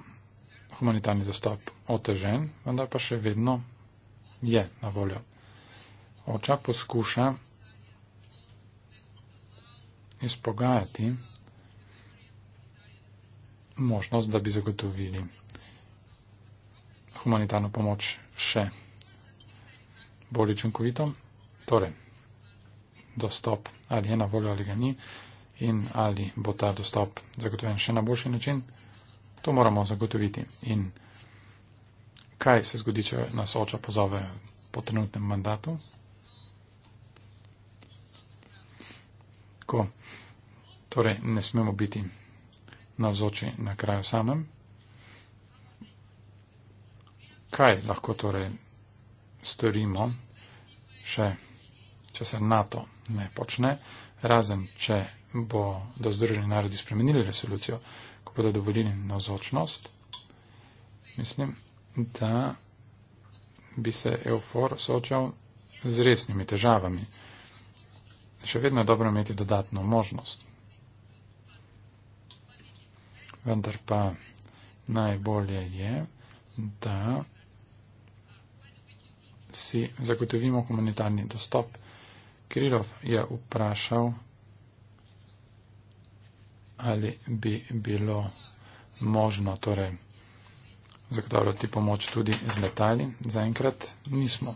humanitarni dostop otežen, vendar pa še vedno je na voljo. Oča poskuša izpogajati možnost, da bi zagotovili humanitarno pomoč še bolj učinkovito, torej dostop ali je na voljo ali ga ni in ali bo ta dostop zagotovljen še na boljši način. To moramo zagotoviti. In kaj se zgodi, če nas oče pozove po trenutnem mandatu? Ko, torej, ne smemo biti navzoči na kraju samem. Kaj lahko torej storimo, še, če se NATO ne počne, razen če bo do Združenih narodov spremenili resolucijo? ko bodo dovolili navzočnost, mislim, da bi se EUFOR soočal z resnimi težavami. Še vedno je dobro imeti dodatno možnost. Vendar pa najbolje je, da si zagotovimo humanitarni dostop. Kirilov je vprašal ali bi bilo možno torej zagotavljati pomoč tudi z letali. Zaenkrat nismo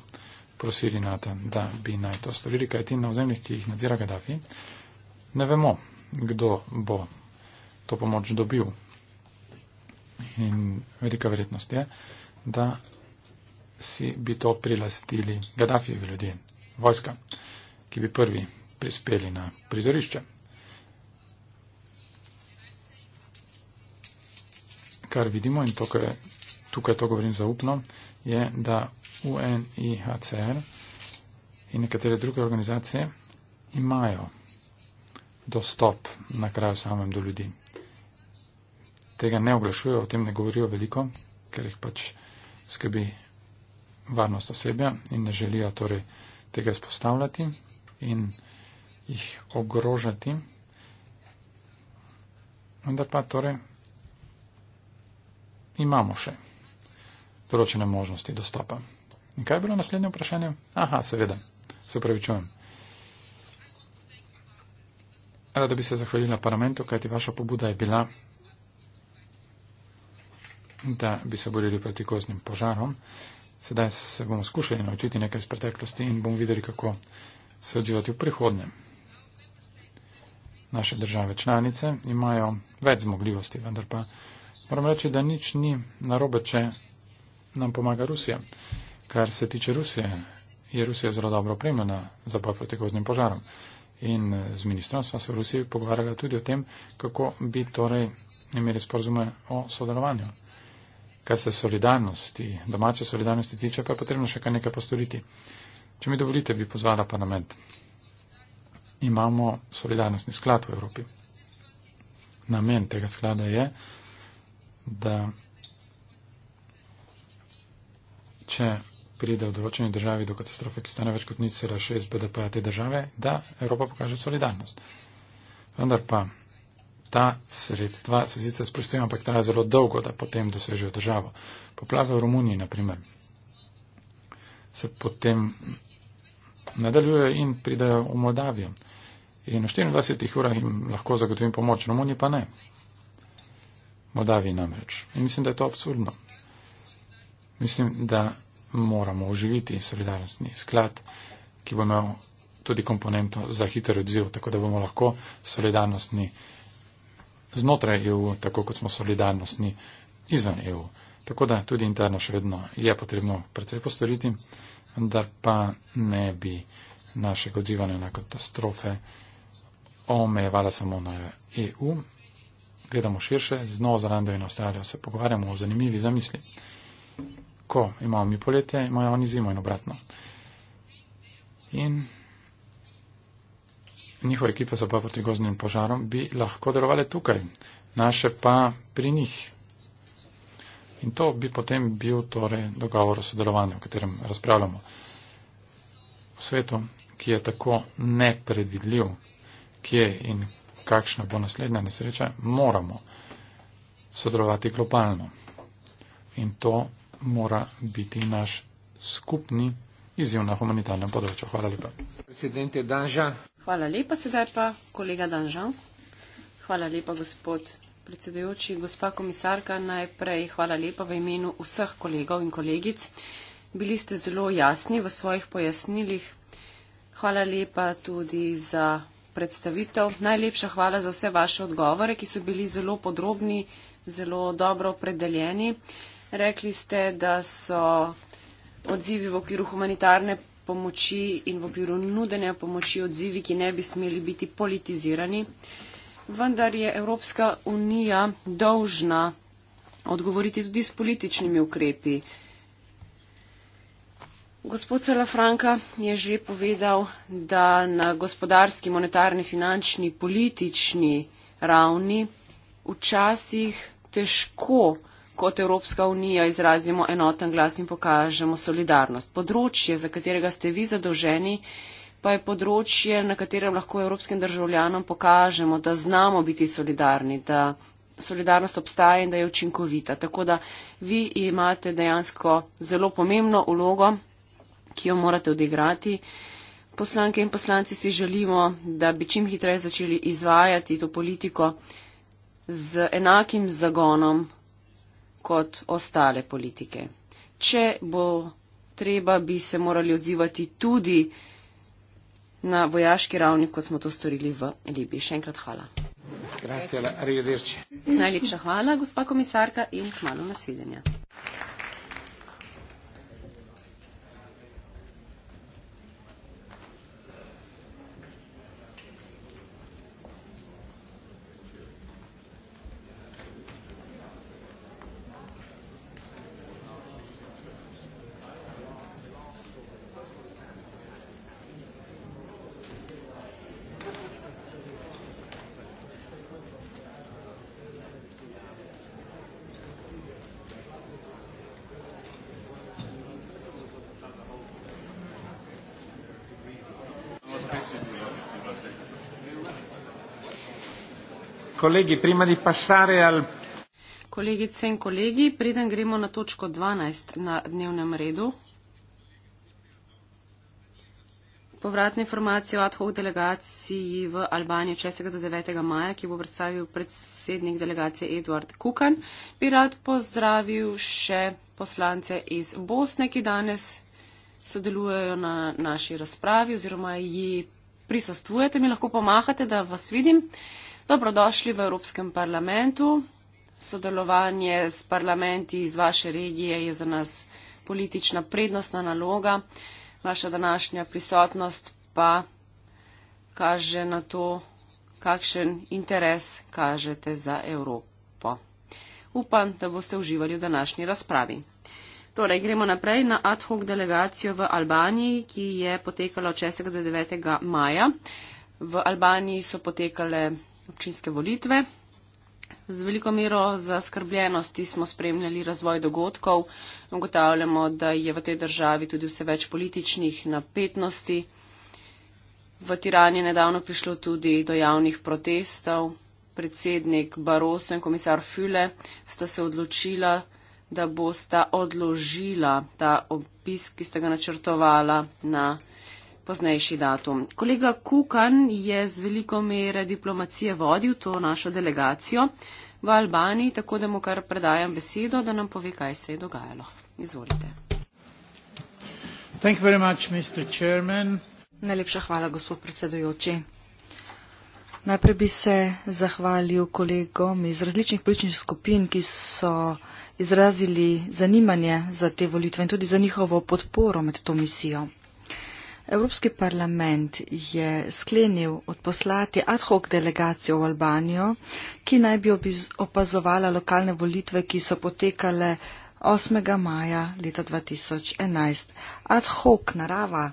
prosili NATO, da bi naj to storili, kaj ti na ozemljih, ki jih nadzira Gaddafi, ne vemo, kdo bo to pomoč dobil. In velika verjetnost je, da si bi to prilastili Gaddafijevi ljudje, vojska, ki bi prvi prispeli na prizorišče. kar vidimo in to, kar je, tukaj to govorim zaupno, je, da UNIHCR in nekatere druge organizacije imajo dostop na kraju samem do ljudi. Tega ne oglašujejo, o tem ne govorijo veliko, ker jih pač skrbi varnost osebja in ne želijo torej tega izpostavljati in jih ogrožati. Vendar pa torej imamo še določene možnosti dostopa. In kaj je bilo naslednje vprašanje? Aha, seveda, se upravičujem. Rada bi se zahvalila parlamentu, kajti vaša pobuda je bila, da bi se borili proti koznim požarom. Sedaj se bomo skušali naučiti nekaj iz preteklosti in bomo videli, kako se odzivati v prihodnje. Naše države članice imajo več zmogljivosti, vendar pa. Moram reči, da nič ni narobe, če nam pomaga Rusija. Kar se tiče Rusije, je Rusija zelo dobro opremljena za boj proti goznim požarom. In z ministrom smo se v Rusiji pogovarjali tudi o tem, kako bi torej imeli sporozume o sodelovanju. Kar se solidarnosti, domače solidarnosti tiče, pa je potrebno še kaj nekaj postoriti. Če mi dovolite, bi pozvala parlament. Imamo solidarnostni sklad v Evropi. Namen tega sklada je, da če pride v določeni državi do katastrofe, ki stane več kot nič, sera šest BDP-ja te države, da Evropa pokaže solidarnost. Vendar pa ta sredstva se sicer sprostijo, ampak traja zelo dolgo, da potem dosežejo državo. Poplave v Romuniji, na primer, se potem nadaljujejo in pridejo v Moldavijo. In v 24 urah jim lahko zagotovim pomoč, Romuniji pa ne. Moldaviji namreč. In mislim, da je to absurdno. Mislim, da moramo oživiti solidarnostni sklad, ki bo imel tudi komponento za hiter odziv, tako da bomo lahko solidarnostni znotraj EU, tako kot smo solidarnostni izven EU. Tako da tudi interno še vedno je potrebno precej postoriti, vendar pa ne bi našega odzivanja na katastrofe omejevala samo na EU, gledamo širše, z Novo Zelandijo in Avstralijo se pogovarjamo o zanimivi zamisli. Ko imamo mi poletje, imajo oni zimo in obratno. In njihove ekipe za boj proti gozdnim požarom bi lahko delovali tukaj, naše pa pri njih. In to bi potem bil torej dogovor o sodelovanju, o katerem razpravljamo. V svetu, ki je tako nepredvidljiv, kje in kakšna bo naslednja nesreča, moramo sodelovati globalno. In to mora biti naš skupni izjiv na humanitarnem področju. Hvala lepa. Hvala lepa, sedaj pa kolega Danžan. Hvala lepa, gospod predsedujoči. Gospa komisarka, najprej hvala lepa v imenu vseh kolegov in kolegic. Bili ste zelo jasni v svojih pojasnilih. Hvala lepa tudi za predstavitev. Najlepša hvala za vse vaše odgovore, ki so bili zelo podrobni, zelo dobro opredeljeni. Rekli ste, da so odzivi v okviru humanitarne pomoči in v okviru nudenja pomoči odzivi, ki ne bi smeli biti politizirani. Vendar je Evropska unija dolžna odgovoriti tudi s političnimi ukrepi. Gospod Salafranka je že povedal, da na gospodarski, monetarni, finančni, politični ravni včasih težko kot Evropska unija izrazimo enoten glas in pokažemo solidarnost. Področje, za katerega ste vi zadolženi, pa je področje, na katerem lahko evropskim državljanom pokažemo, da znamo biti solidarni, da solidarnost obstaja in da je učinkovita. Tako da vi imate dejansko zelo pomembno ulogo ki jo morate odigrati. Poslanke in poslanci si želimo, da bi čim hitreje začeli izvajati to politiko z enakim zagonom kot ostale politike. Če bo treba, bi se morali odzivati tudi na vojaški ravni, kot smo to storili v Libiji. Še enkrat hvala. Najlepša hvala, gospa komisarka, in k malu nasvidenja. colleghi, prima di passare al Kolegice in kolegi, preden gremo na točko 12 na dnevnem redu, povratne informacije o ad hoc delegaciji v Albaniji 6. do 9. maja, ki bo predstavil predsednik delegacije Eduard Kukan, bi rad pozdravil še poslance iz Bosne, ki danes sodelujejo na naši razpravi oziroma ji prisostvujete. Mi lahko pomahate, da vas vidim. Uh, Dobrodošli v Evropskem parlamentu. Sodelovanje s parlamenti iz vaše regije je za nas politična prednostna naloga. Vaša današnja prisotnost pa kaže na to, kakšen interes kažete za Evropo. Upam, da boste uživali v današnji razpravi. Torej, gremo naprej na ad hoc delegacijo v Albaniji, ki je potekala od 6. do 9. maja. V Albaniji so potekale občinske volitve. Z veliko mero zaskrbljenosti smo spremljali razvoj dogodkov. Ugotavljamo, da je v tej državi tudi vse več političnih napetnosti. V Tirani je nedavno prišlo tudi do javnih protestov. Predsednik Baroso in komisar Füle sta se odločila, da bosta odložila ta obisk, ki ste ga načrtovala na poznejši datum. Kolega Kukan je z veliko mere diplomacije vodil to našo delegacijo v Albaniji, tako da mu kar predajam besedo, da nam pove, kaj se je dogajalo. Izvolite. Much, Najlepša hvala, gospod predsedujoči. Najprej bi se zahvalil kolegom iz različnih političnih skupin, ki so izrazili zanimanje za te volitve in tudi za njihovo podporo med to misijo. Evropski parlament je sklenil odposlati ad hoc delegacijo v Albanijo, ki naj bi opazovala lokalne volitve, ki so potekale 8. maja leta 2011. Ad hoc narava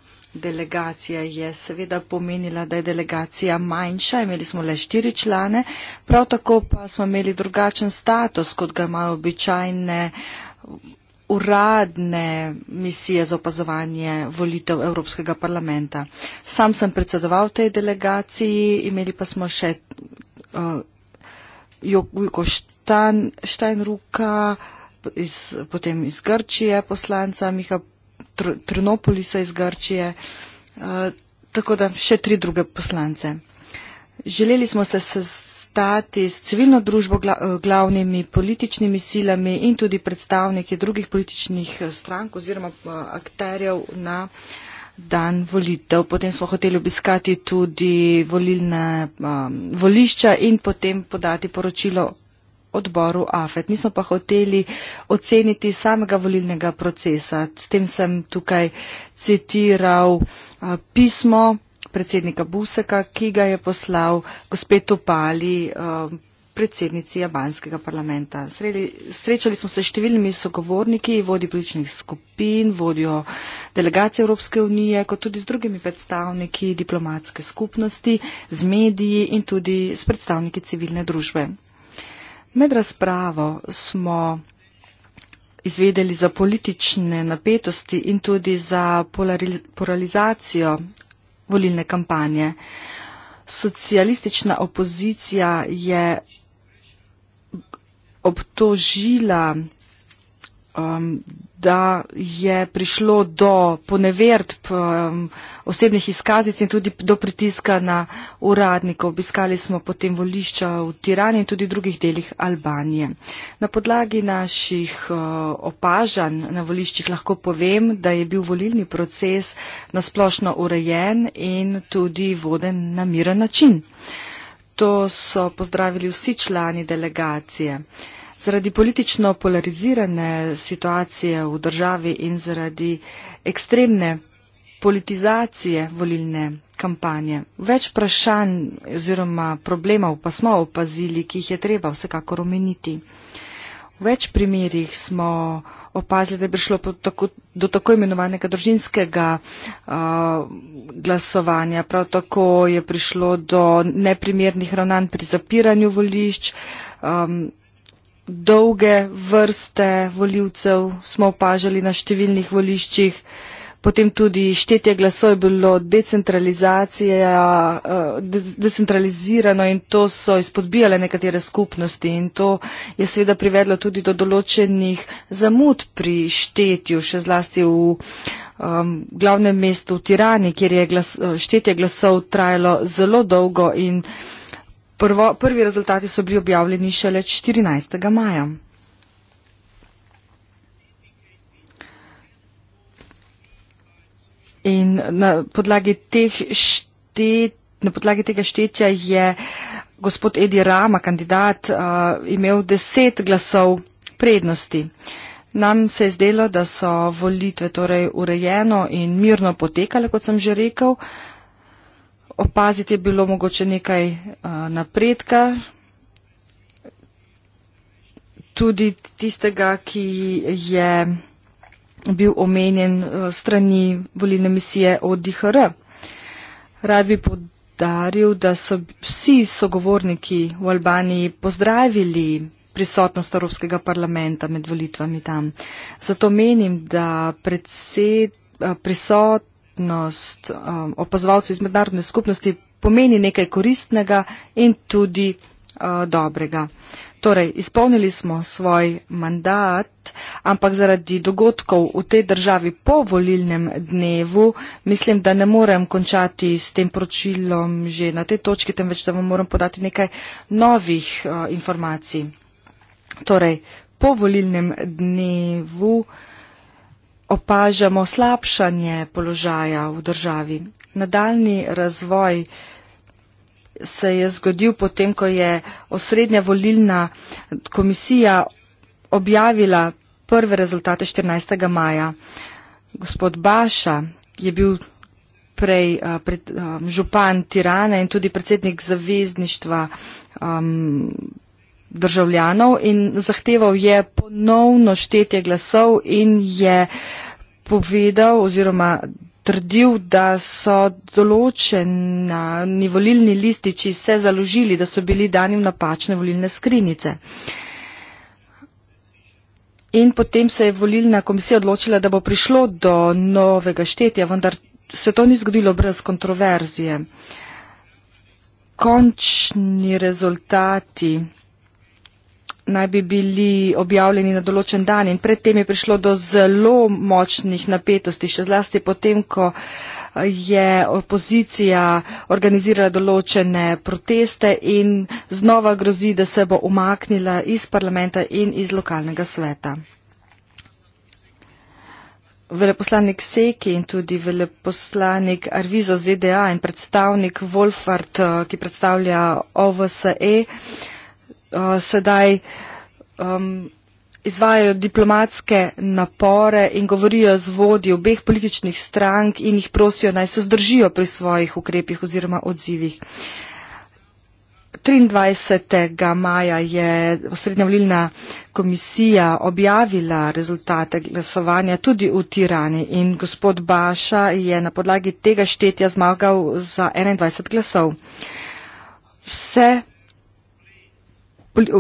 delegacija je seveda pomenila, da je delegacija manjša, imeli smo le štiri člane, prav tako pa smo imeli drugačen status, kot ga imajo običajne uradne misije za opazovanje volitev Evropskega parlamenta. Sam sem predsedoval tej delegaciji, imeli pa smo še uh, Juko Štajnruka, iz, potem iz Grčije poslanca, Miha Tr Trnopolisa iz Grčije, uh, tako da še tri druge poslance. Želeli smo se, se postati s civilno družbo eh, glavnimi političnimi silami in tudi predstavniki drugih političnih eh, strank oziroma eh, akterjev na dan volitev. Potem smo hoteli obiskati tudi volilne um, volišča in potem podati poročilo odboru AFET. Nismo pa hoteli oceniti samega volilnega procesa. S tem sem tukaj citiral uh, pismo predsednika Buseka, ki ga je poslal gospe Topali, eh, predsednici Javanskega parlamenta. Srečali smo se s številnimi sogovorniki, vodi političnih skupin, vodijo delegacije Evropske unije, kot tudi z drugimi predstavniki diplomatske skupnosti, z mediji in tudi s predstavniki civilne družbe. Med razpravo smo izvedeli za politične napetosti in tudi za polarizacijo volilne kampanje. Socialistična opozicija je obtožila, um, da je prišlo do poneverb um, osebnih izkaznic in tudi do pritiska na uradnikov. Obiskali smo potem volišča v Tirani in tudi drugih delih Albanije. Na podlagi naših uh, opažanj na voliščih lahko povem, da je bil volilni proces nasplošno urejen in tudi voden na miren način. To so pozdravili vsi člani delegacije. Zaradi politično polarizirane situacije v državi in zaradi ekstremne politizacije volilne kampanje. Več vprašanj oziroma problemov pa smo opazili, ki jih je treba vsekakor omeniti. V več primerjih smo opazili, da je prišlo do tako imenovanega družinskega uh, glasovanja. Prav tako je prišlo do neprimernih ravnanj pri zapiranju volišč. Um, dolge vrste voljivcev smo opažali na številnih voliščih. Potem tudi štetje glasov je bilo eh, decentralizirano in to so izpodbijale nekatere skupnosti in to je seveda privedlo tudi do določenih zamud pri štetju, še zlasti v um, glavnem mestu v Tirani, kjer je glas, eh, štetje glasov trajalo zelo dolgo in. Prvo, prvi rezultati so bili objavljeni šele 14. maja. In na podlagi, teh štet, na podlagi tega štetja je gospod Edi Rama, kandidat, uh, imel deset glasov prednosti. Nam se je zdelo, da so volitve torej urejeno in mirno potekale, kot sem že rekel. Uh, opaziti je bilo mogoče nekaj eh, napredka, tudi tistega, ki je bil omenjen eh, strani volilne misije ODHR. Rad bi podaril, da so vsi sogovorniki v Albaniji pozdravili prisotnost Evropskega parlamenta med volitvami tam. Zato menim, da predsed, eh, prisot, skupnost, um, opazovalce iz mednarodne skupnosti pomeni nekaj koristnega in tudi uh, dobrega. Torej, izpolnili smo svoj mandat, ampak zaradi dogodkov v tej državi po volilnem dnevu, mislim, da ne morem končati s tem pročilom že na tej točki, temveč da vam moram podati nekaj novih uh, informacij. Torej, po volilnem dnevu opažamo slabšanje položaja v državi. Nadaljni razvoj se je zgodil potem, ko je osrednja volilna komisija objavila prve rezultate 14. maja. Gospod Baša je bil prej župan Tirana in tudi predsednik zavezništva državljanov in zahteval je ponovno štetje glasov in je povedal oziroma trdil, da so določeni volilni lističi se založili, da so bili dani v napačne volilne skrinice. In potem se je volilna komisija odločila, da bo prišlo do novega štetja, vendar se to ni zgodilo brez kontroverzije. Končni rezultati naj bi bili objavljeni na določen dan in predtem je prišlo do zelo močnih napetosti, še zlasti potem, ko eh, je opozicija organizirala določene proteste in znova grozi, da se bo umaknila iz parlamenta in iz lokalnega sveta. Veleposlanik Seki in tudi veleposlanik Arvizo ZDA in predstavnik Wolfart, eh, ki predstavlja OVSE, uh, sedaj um, izvajajo diplomatske napore in govorijo z vodji obeh političnih strank in jih prosijo, naj se zdržijo pri svojih ukrepih oziroma odzivih. 23. maja je osrednja volilna komisija objavila rezultate glasovanja tudi v Tirani in gospod Baša je na podlagi tega štetja zmagal za 21 glasov. Vse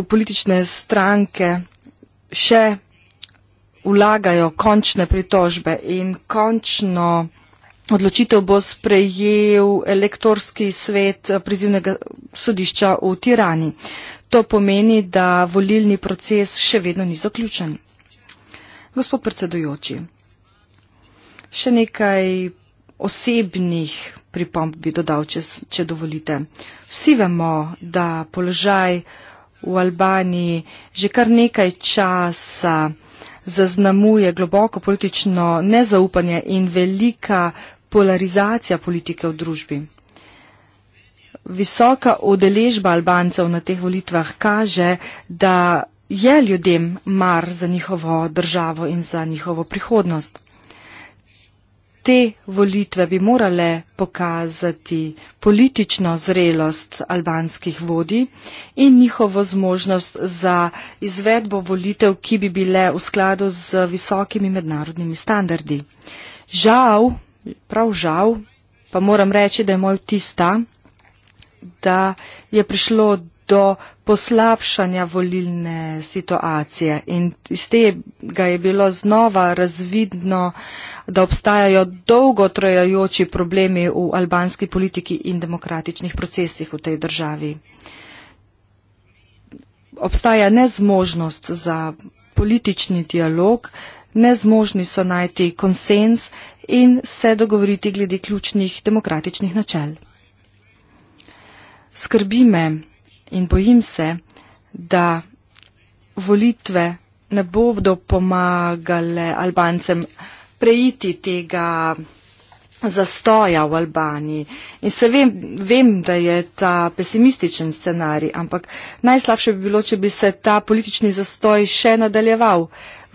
politične stranke še vlagajo končne pritožbe in končno odločitev bo sprejel elektorski svet eh, prizivnega sodišča v Tirani. To pomeni, da volilni proces še vedno ni zaključen. Gospod predsedujoči, še nekaj osebnih pripomb bi dodal, če, če dovolite. Vsi vemo, da položaj v Albaniji že kar nekaj časa zaznamuje globoko politično nezaupanje in velika polarizacija politike v družbi. Visoka odeležba Albancev na teh volitvah kaže, da je ljudem mar za njihovo državo in za njihovo prihodnost te volitve bi morale pokazati politično zrelost albanskih vodi in njihovo zmožnost za izvedbo volitev, ki bi bile v skladu z visokimi mednarodnimi standardi. Žal, prav žal, pa moram reči, da je moj vtis ta, da je prišlo do poslabšanja volilne situacije. In iz tega je bilo znova razvidno, da obstajajo dolgo trajajoči problemi v albanski politiki in demokratičnih procesih v tej državi. Obstaja nezmožnost za politični dialog, nezmožni so najti konsens in se dogovoriti glede ključnih demokratičnih načel. Skrbi me, in bojim se, da volitve ne bodo pomagale Albancem preiti tega zastoja v Albaniji. In se vem, vem, da je ta pesimističen scenarij, ampak najslabše bi bilo, če bi se ta politični zastoj še nadaljeval.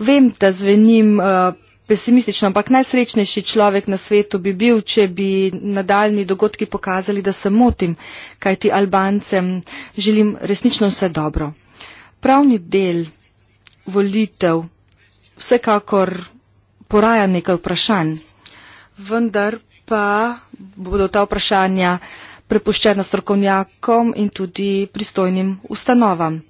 Vem, da zvenim uh, pesimistično, ampak najsrečnejši človek na svetu bi bil, če bi nadaljni dogodki pokazali, da se motim, kaj ti Albancem želim resnično vse dobro. Pravni del volitev vsekakor poraja nekaj vprašanj, vendar pa bodo ta vprašanja prepuščena strokovnjakom in tudi pristojnim ustanovam.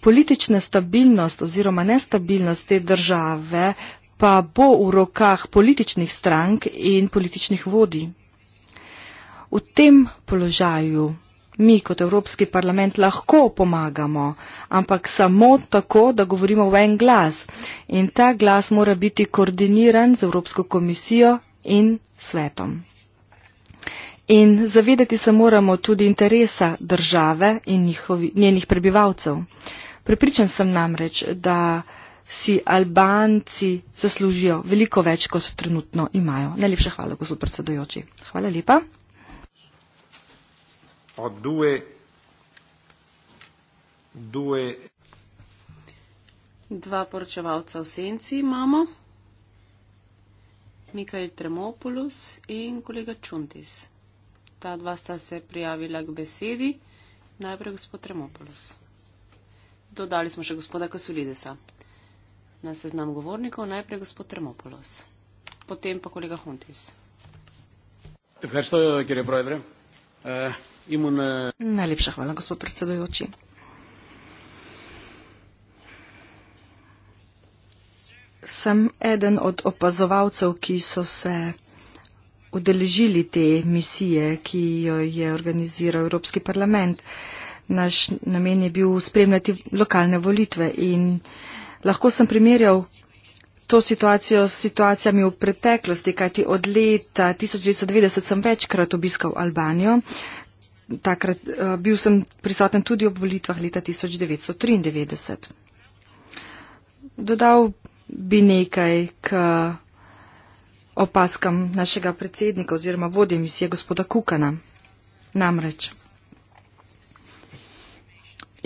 Politična stabilnost oziroma nestabilnost te države pa bo v rokah političnih strank in političnih vodij. V tem položaju mi kot Evropski parlament lahko pomagamo, ampak samo tako, da govorimo v en glas. In ta glas mora biti koordiniran z Evropsko komisijo in svetom. In zavedati se moramo tudi interesa države in njihovi, njenih prebivalcev. Pripričan sem namreč, da si Albanci zaslužijo veliko več, kot trenutno imajo. Najlepša hvala, gospod predsedujoči. Hvala lepa. Due, due. Dva poročevalca v senci imamo. Mikael Tremopoulos in kolega Čuntis. Ta dva sta se prijavila k besedi. Najprej gospod Tremopoulos. Dodali smo še gospoda Kasulidesa na seznam govornikov najprej gospod Termopolos, potem pa kolega Huntis. Eh, eh, Najlepša hvala, gospod predsedujoči. Sem eden od opazovalcev, ki so se udeležili te misije, ki jo je organiziral Evropski parlament. Naš namen je bil spremljati lokalne volitve in Lahko sem primerjal to situacijo s situacijami v preteklosti, kajti od leta 1990 sem večkrat obiskal Albanijo. Takrat eh, bil sem prisoten tudi ob volitvah leta 1993. Dodal bi nekaj k opaskam našega predsednika oziroma vodje misije gospoda Kukana. Namreč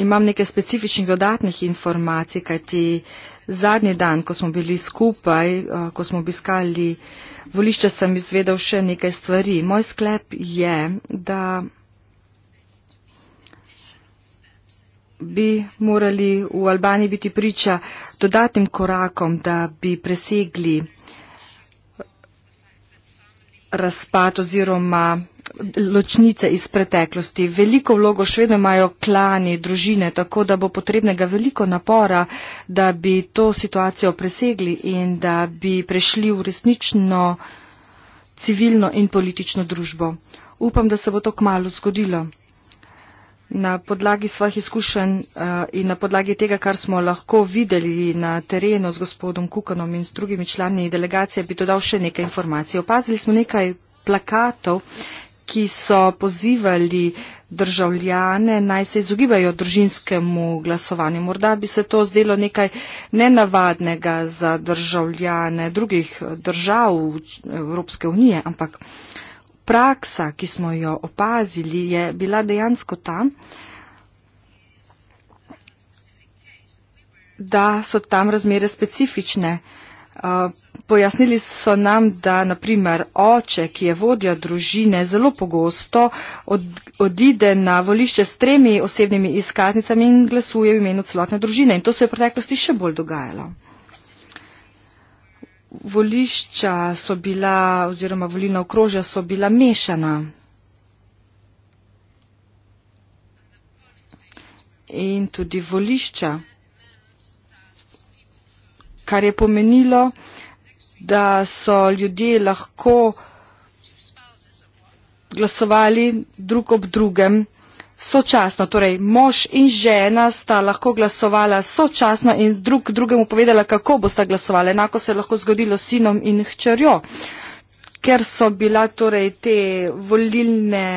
imam nekaj specifičnih dodatnih informacij, kajti zadnji dan, ko smo bili skupaj, eh, ko smo obiskali volišče, sem izvedel še nekaj stvari. Moj sklep je, da bi morali v Albaniji biti priča dodatnim korakom, da bi presegli razpad oziroma ločnice iz preteklosti. Veliko vlogo še vedno imajo klani, družine, tako da bo potrebnega veliko napora, da bi to situacijo presegli in da bi prešli v resnično civilno in politično družbo. Upam, da se bo to kmalo zgodilo. Na podlagi svojih izkušenj eh, in na podlagi tega, kar smo lahko videli na terenu s gospodom Kukanom in s drugimi člani delegacije, bi dodal še nekaj informacij. Opazili smo nekaj plakatov, ki so pozivali državljane naj se izogibajo družinskemu glasovanju. Morda bi se to zdelo nekaj nenavadnega za državljane drugih držav Evropske unije, ampak praksa, ki smo jo opazili, je bila dejansko ta, da so tam razmere specifične. Uh, Pojasnili so nam, da naprimer oče, ki je vodja družine, zelo pogosto od, odide na volišče s tremi osebnimi izkaznicami in glasuje v imenu celotne družine. In to se je v preteklosti še bolj dogajalo. Volišča so bila oziroma volilna okrožja so bila mešana. In tudi volišča kar je pomenilo, da so ljudje lahko glasovali drug ob drugem sočasno. Torej, mož in žena sta lahko glasovala sočasno in drug drugemu povedala, kako bosta glasovala. Enako se je lahko zgodilo s sinom in hčerjo, ker so bila torej te volilne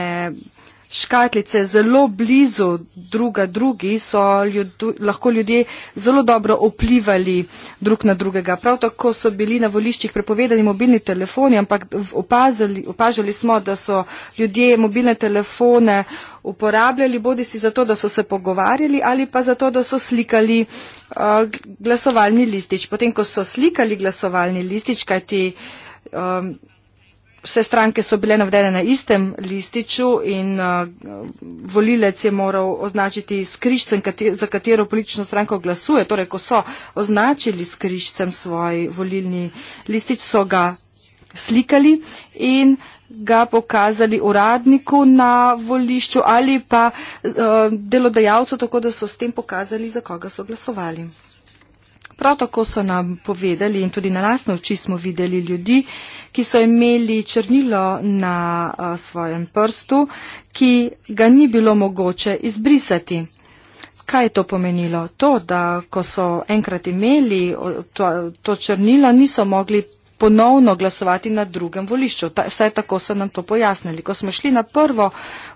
škatlice zelo blizu druga drugi, so ljud, lahko ljudje zelo dobro vplivali drug na drugega. Prav tako so bili na voliščih prepovedani mobilni telefoni, ampak opazali, opažali smo, da so ljudje mobilne telefone uporabljali bodi si zato, da so se pogovarjali ali pa zato, da so slikali uh, glasovalni listič. Potem, ko so slikali glasovalni listič, kajti. Um, vse stranke so bile navedene na istem lističu in uh, volilec je moral označiti skriščen, kate, za katero politično stranko glasuje. Torej, ko so označili skriščen svoj volilni listič, so ga slikali in ga pokazali uradniku na volišču ali pa uh, delodajalcu, tako da so s tem pokazali, za koga so glasovali. Prav tako so nam povedali in tudi na lasno oči smo videli ljudi, ki so imeli črnilo na uh, svojem prstu, ki ga ni bilo mogoče izbrisati. Kaj je to pomenilo? To, da ko so enkrat imeli to, to črnilo, niso mogli ponovno glasovati na drugem volišču. Ta, saj tako so nam to pojasnili. Ko smo šli na prvo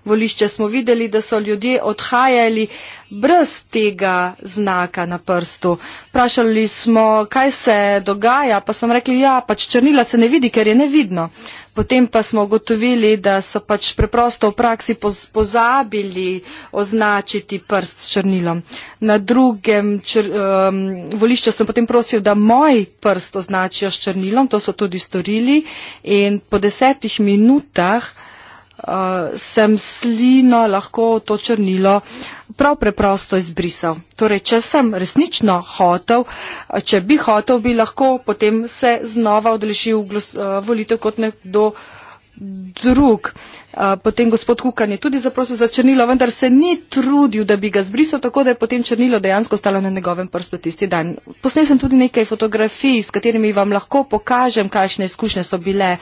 volišče, smo videli, da so ljudje odhajali brez tega znaka na prstu. Prašali smo, kaj se dogaja, pa sem rekli, ja, pač črnila se ne vidi, ker je nevidno. Potem pa smo ugotovili, da so pač preprosto v praksi pozabili označiti prst s črnilom. Na drugem čr, um, volišču sem potem prosil, da moj prst označijo s črnilom, to so tudi storili in po desetih minutah uh, Eh, sem slino lahko to črnilo prav preprosto izbrisal. Torej, če sem resnično hotel, eh, če bi hotel, bi lahko potem se znova odlešil eh, volitev kot nekdo, uh, drug. Potem gospod Kukan je tudi zaprosil za črnilo, vendar se ni trudil, da bi ga zbrisal, tako da je potem črnilo dejansko stalo na njegovem prstu tisti dan. Posnel sem tudi nekaj fotografij, s katerimi vam lahko pokažem, kakšne izkušnje so bile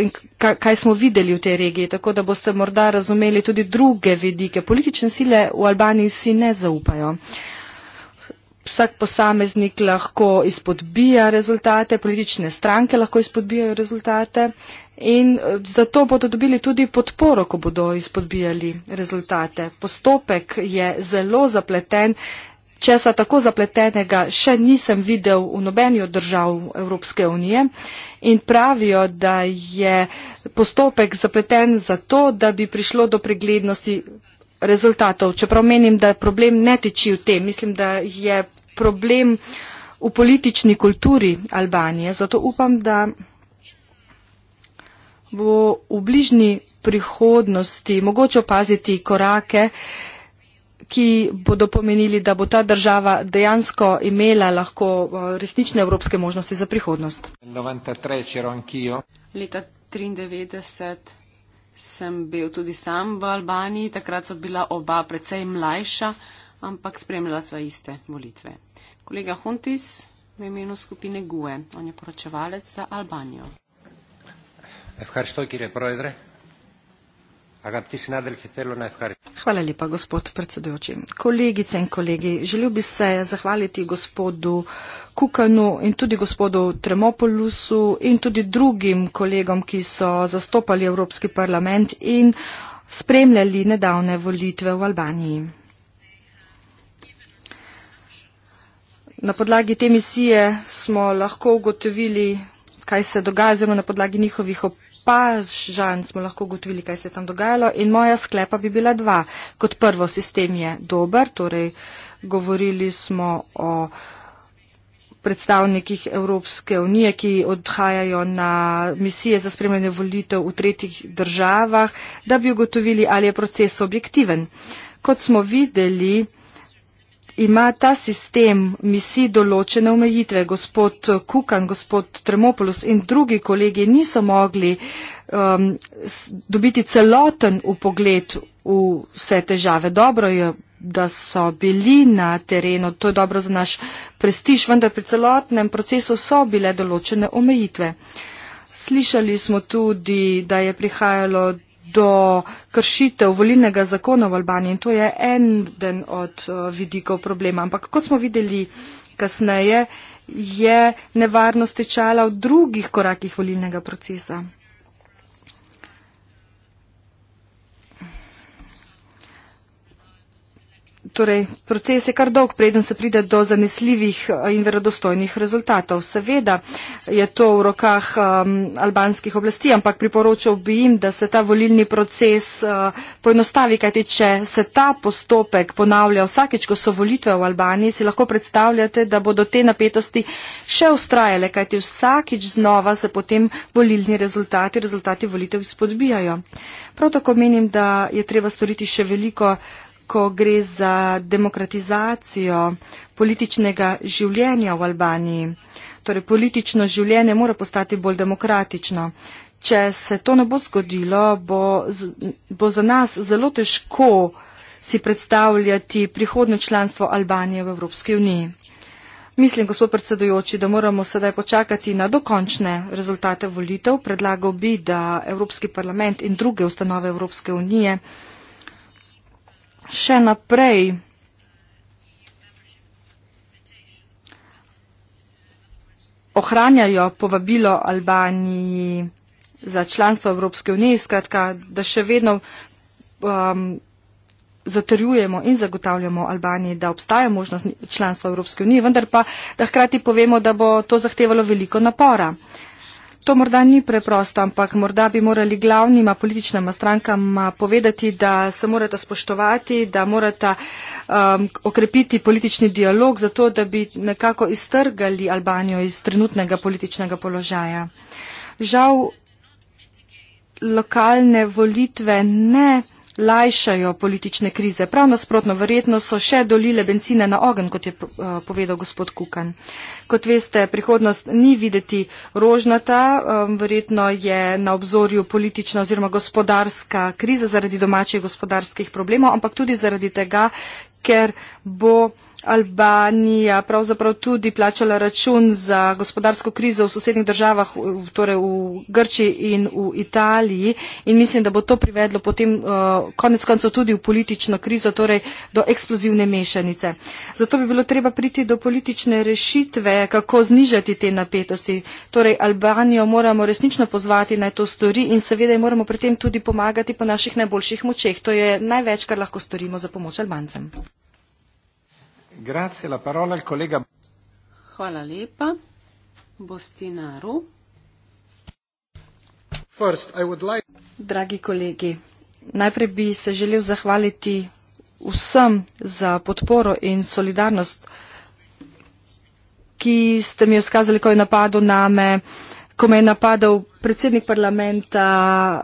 in kaj smo videli v tej regiji, tako da boste morda razumeli tudi druge vidike. Politične sile v Albaniji si ne zaupajo. Vsak posameznik lahko izpodbija rezultate, politične stranke lahko izpodbijajo rezultate. Uh, In eh, zato bodo dobili tudi podporo, ko bodo izpodbijali rezultate. Postopek je zelo zapleten. Česa tako zapletenega še nisem videl v nobeni od držav Evropske unije in pravijo, da je postopek zapleten zato, da bi prišlo do preglednosti rezultatov. Čeprav menim, da problem ne teči v tem, mislim, da je problem v politični kulturi Albanije. Zato upam, da bo v bližnji prihodnosti mogoče opaziti korake, ki bodo pomenili, da bo ta država dejansko imela lahko eh, resnične evropske možnosti za prihodnost. Leta 1993 sem bil tudi sam v Albaniji, takrat so bila oba precej mlajša, ampak spremljala sva iste volitve. Kolega Huntis v imenu skupine GUE, on je poročevalec za Albanijo. Ευχαριστώ κύριε Πρόεδρε. Αγαπητοί συνάδελφοι, θέλω να ευχαριστώ. Hvala lepa, gospod predsedujoči. Kolegice in kolegi, želel bi se zahvaliti gospodu Kukanu in tudi gospodu Tremopolusu in tudi drugim kolegom, ki so zastopali Evropski parlament in spremljali nedavne volitve v Albaniji. Na podlagi te misije smo lahko ugotovili, kaj se dogaja, oziroma na podlagi njihovih opažanj smo lahko ugotovili, kaj se je tam dogajalo. In moja sklepa bi bila dva. Kot prvo, sistem je dober, torej govorili smo o predstavnikih Evropske unije, ki odhajajo na misije za spremljanje volitev v tretjih državah, da bi ugotovili, ali je proces objektiven. Kot smo videli, ima ta sistem misij določene omejitve. Gospod Kukan, gospod Tremopolus in drugi kolegi niso mogli um, dobiti celoten upogled v vse težave. Dobro je, da so bili na terenu, to je dobro za naš prestiž, vendar pri celotnem procesu so bile določene omejitve. Slišali smo tudi, da je prihajalo do kršitev volilnega zakona v Albaniji in to je en od eh, vidikov problema. Ampak kot smo videli kasneje, je nevarnost tečala v drugih korakih volilnega procesa. torej, proces je kar dolg, preden se pride do zanesljivih eh, in verodostojnih rezultatov. Seveda je to v rokah um, albanskih oblasti, ampak priporočal bi jim, da se ta volilni proces uh, poenostavi, kajti če se ta postopek ponavlja vsakeč, ko so volitve v Albaniji, si lahko predstavljate, da bodo te napetosti še ustrajale, kajti vsakeč znova se potem volilni rezultati, rezultati volitev izpodbijajo. Prav tako menim, da je treba storiti še veliko ko gre za demokratizacijo političnega življenja v Albaniji. Torej, politično življenje mora postati bolj demokratično. Če se to ne bo zgodilo, bo, bo za nas zelo težko si predstavljati prihodno članstvo Albanije v Evropski uniji. Mislim, gospod predsedujoči, da moramo sedaj počakati na dokončne rezultate volitev. Predlagal bi, da Evropski parlament in druge ustanove Evropske unije še naprej. Ohranjajo povabilo Albaniji za članstvo Evropske unije, skratka, da še vedno um, zatrjujemo in zagotavljamo Albaniji, da obstaja možnost članstva Evropske unije, vendar pa, da hkrati povemo, da bo to zahtevalo veliko napora. Uh, To morda ni preprosto, ampak morda bi morali glavnima političnima strankama povedati, da se morata spoštovati, da morata um, okrepiti politični dialog, zato da bi nekako iztrgali Albanijo iz trenutnega političnega položaja. Žal, lokalne volitve ne lajšajo politične krize. Prav nasprotno, verjetno so še dolile benzine na ogen, kot je eh, povedal gospod Kukan. Kot veste, prihodnost ni videti rožnata, eh, verjetno je na obzorju politična oziroma gospodarska kriza zaradi domačih gospodarskih problemov, ampak tudi zaradi tega, ker bo. Albanija pravzaprav tudi plačala račun za gospodarsko krizo v sosednjih državah, torej v Grči in v Italiji. In mislim, da bo to privedlo potem eh, konec koncev tudi v politično krizo, torej do eksplozivne mešanice. Zato bi bilo treba priti do politične rešitve, kako znižati te napetosti. Torej Albanijo moramo resnično pozvati naj to stori in seveda moramo pri tem tudi pomagati po naših najboljših močeh. To je največ, kar lahko storimo za pomoč Albancem. Grazie, la parola al collega. Hvala lepa. Bostinaru. First, I would like... Dragi kolegi, najprej bi se želel zahvaliti vsem za podporo in solidarnost, ki ste mi jo skazali, ko je napadel name, ko me je napadel predsednik parlamenta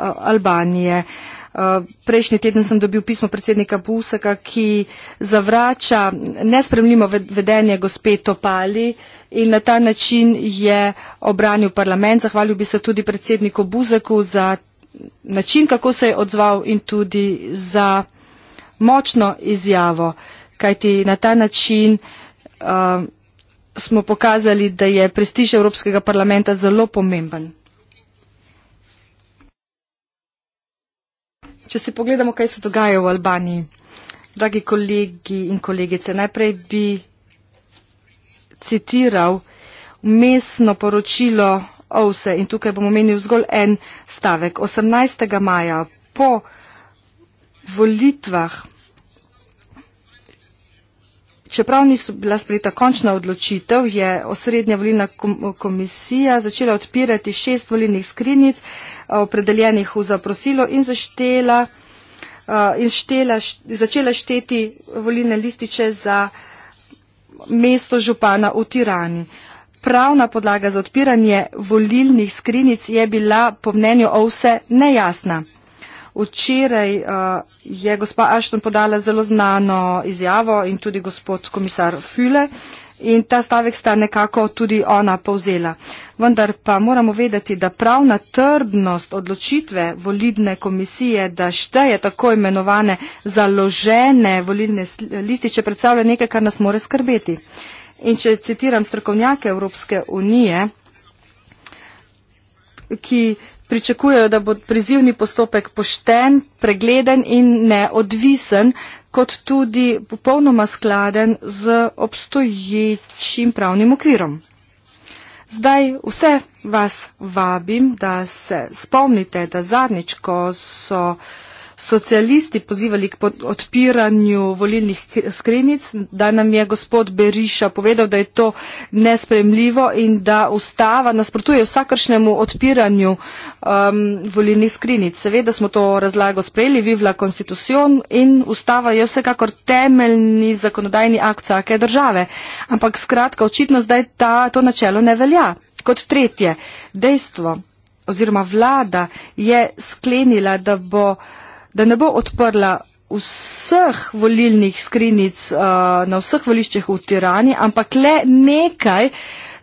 eh, Albanije. Uh, Eh, prejšnji teden sem dobil pismo predsednika Busaka, ki zavrača nespremljivo vedenje gospe Topali in na ta način je obranil parlament. Zahvalil bi se tudi predsedniku Buzaku za način, kako se je odzval in tudi za močno izjavo, kajti na ta način uh, smo pokazali, da je prestiž Evropskega parlamenta zelo pomemben. Če si pogledamo, kaj se dogaja v Albaniji, dragi kolegi in kolegice, najprej bi citiral mestno poročilo OVSE in tukaj bom omenil zgolj en stavek. 18. maja po volitvah Čeprav niso bila sprejeta končna odločitev, je osrednja volilna komisija začela odpirati šest volilnih skrinjic, eh, opredeljenih v zaprosilo in, zaštela, eh, in štela, začela šteti volilne lističe za mesto župana v Tirani. Pravna podlaga za odpiranje volilnih skrinic je bila po mnenju OVSE nejasna. Včeraj uh, je gospa Ashton podala zelo znano izjavo in tudi gospod komisar Füle in ta stavek sta nekako tudi ona povzela. Vendar pa moramo vedeti, da pravna trdnost odločitve volidne komisije, da šteje tako imenovane založene volidne lističe, predstavlja nekaj, kar nas more skrbeti. In če citiram strokovnjake Evropske unije, ki pričakujejo, da bo prizivni postopek pošten, pregleden in neodvisen, kot tudi popolnoma skladen z obstoječim pravnim okvirom. Zdaj vse vas vabim, da se spomnite, da zadnjič, ko so socialisti pozivali k odpiranju volilnih skrinic, da nam je gospod Beriša povedal, da je to nespremljivo in da ustava nasprotuje vsakršnemu odpiranju um, volilnih skrinic. Seveda smo to razlago sprejeli, vivla konstitucion in ustava je vsekakor temeljni zakonodajni akt vsake države. Ampak skratka, očitno zdaj ta, to načelo ne velja. Kot tretje, dejstvo oziroma vlada je sklenila, da bo da ne bo odprla vseh volilnih skrinic uh, na vseh voliščih v Tirani, ampak le nekaj,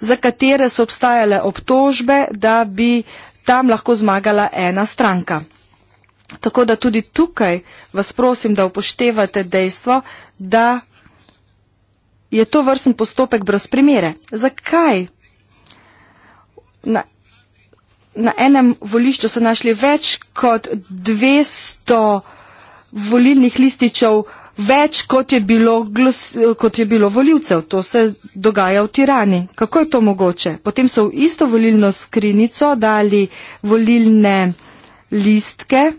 za katere so obstajale obtožbe, da bi tam lahko zmagala ena stranka. Tako da tudi tukaj vas prosim, da upoštevate dejstvo, da je to vrsten postopek brez primere. Zakaj? Na na enem volišču so našli več kot 200 volilnih lističev, več kot je bilo, glos, kot je bilo voljivcev. To se dogaja v Tirani. Kako je to mogoče? Potem so v isto volilno skrinico dali volilne listke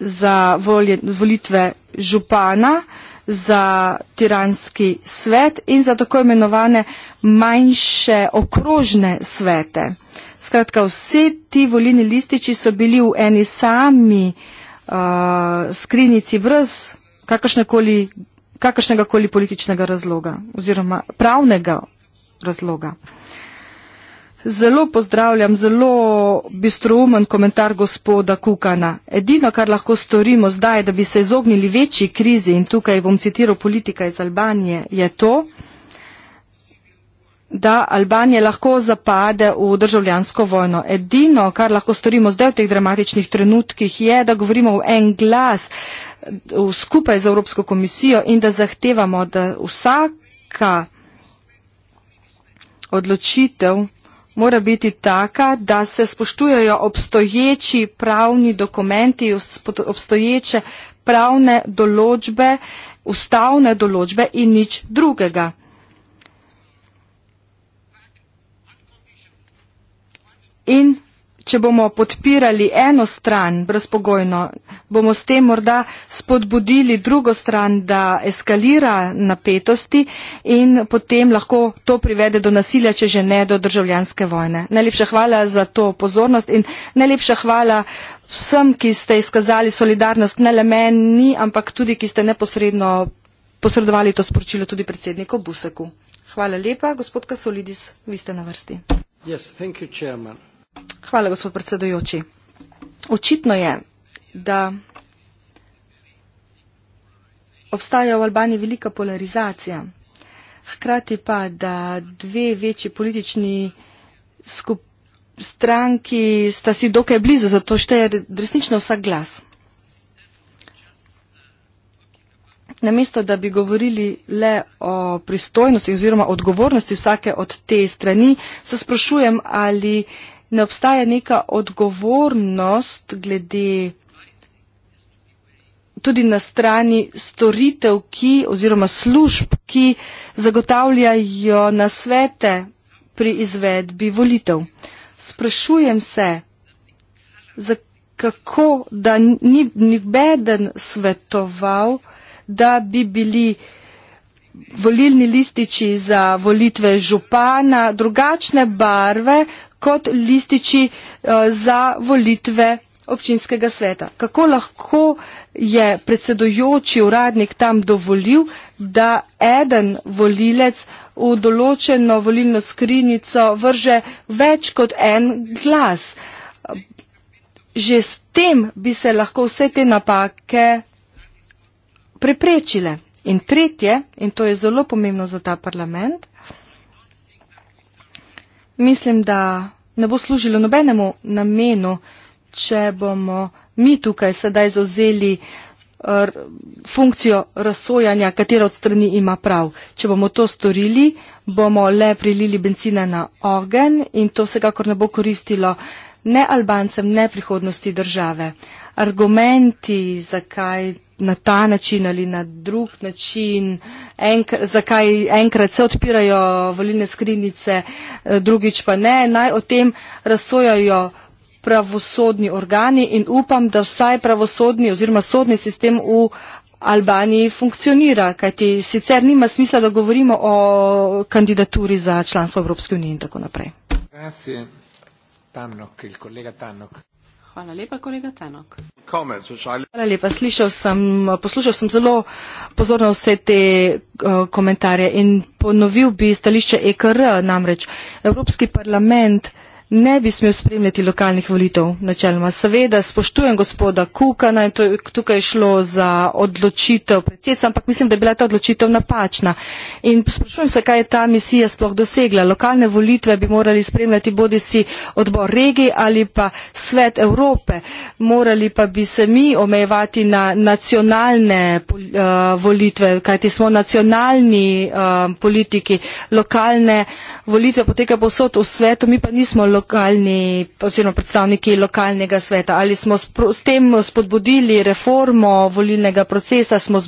za volje, volitve župana za tiranski svet in za tako imenovane manjše okrožne svete. Skratka, vsi ti volilni lističi so bili v eni sami uh, skrinjici brez kakršnekoli, kakršnega koli političnega razloga oziroma pravnega razloga. Zelo pozdravljam, zelo bistroumen komentar gospoda Kukana. Edino, kar lahko storimo zdaj, da bi se izognili večji krizi, in tukaj bom citiral politika iz Albanije, je to, da Albanija lahko zapade v državljansko vojno. Edino, kar lahko storimo zdaj v teh dramatičnih trenutkih, je, da govorimo v en glas skupaj z Evropsko komisijo in da zahtevamo, da vsaka odločitev mora biti taka, da se spoštujejo obstoječi pravni dokumenti, obstoječe pravne določbe, ustavne določbe in nič drugega. In če bomo podpirali eno stran brezpogojno, bomo s tem morda spodbudili drugo stran, da eskalira napetosti in potem lahko to privede do nasilja, če že ne do državljanske vojne. Najlepša hvala za to pozornost in najlepša hvala vsem, ki ste izkazali solidarnost, ne le meni, ampak tudi, ki ste neposredno posredovali to sporočilo tudi predsedniku Buseku. Hvala lepa, gospod Kasolidis, vi ste na vrsti. Yes, thank you, chairman. Hvala, gospod predsedujoči. Očitno je, da obstaja v Albaniji velika polarizacija, hkrati pa, da dve večji politični skup stranki sta si dokaj blizu, zato šteje resnično vsak glas. Namesto, da bi govorili le o pristojnosti oziroma odgovornosti vsake od te strani, se sprašujem, ali ne obstaja neka odgovornost glede tudi na strani storitev, ki oziroma služb, ki zagotavljajo nasvete pri izvedbi volitev. Sprašujem se, za kako, da ni nobeden svetoval, da bi bili volilni lističi za volitve župana drugačne barve, kot lističi eh, za volitve občinskega sveta. Kako lahko je predsedujoči uradnik tam dovolil, da eden volilec v določeno volilno skrinjico vrže več kot en glas? Že s tem bi se lahko vse te napake preprečile. In tretje, in to je zelo pomembno za ta parlament, mislim, da ne bo služilo nobenemu namenu, če bomo mi tukaj sedaj zauzeli eh, funkcijo razsojanja, katera od strani ima prav. Če bomo to storili, bomo le prilili benzina na ogen in to vsekakor ne bo koristilo ne Albancem, ne prihodnosti države. Argumenti, zakaj na ta način ali na drug način, enk, zakaj enkrat se odpirajo volilne skrinjice, eh, drugič pa ne, naj o tem razsojajo pravosodni organi in upam, da vsaj pravosodni oziroma sodni sistem v Albaniji funkcionira, kajti sicer nima smisla, da govorimo o kandidaturi za članstvo Evropske unije in tako naprej. Grazie. Tannock, il collega Tannock. Hvala lepa, kolega Tenok. Hvala lepa. Slišal sem, poslušal sem zelo pozorno vse te uh, komentarje in ponovil bi stališče EKR namreč. Evropski parlament ne bi smel spremljati lokalnih volitev načeloma. Seveda spoštujem gospoda Kukana in to, tukaj je šlo za odločitev predsedstva, ampak mislim, da je bila ta odločitev napačna. In sprašujem se, kaj je ta misija sploh dosegla. Lokalne volitve bi morali spremljati bodi si odbor regij ali pa svet Evrope. Morali pa bi se mi omejevati na nacionalne uh, volitve, kajti smo nacionalni uh, politiki. Lokalne volitve potekajo posod v svetu, mi pa nismo lokalni lokalni, oziroma predstavniki lokalnega sveta. Ali smo s tem spodbudili reformo volilnega procesa, smo,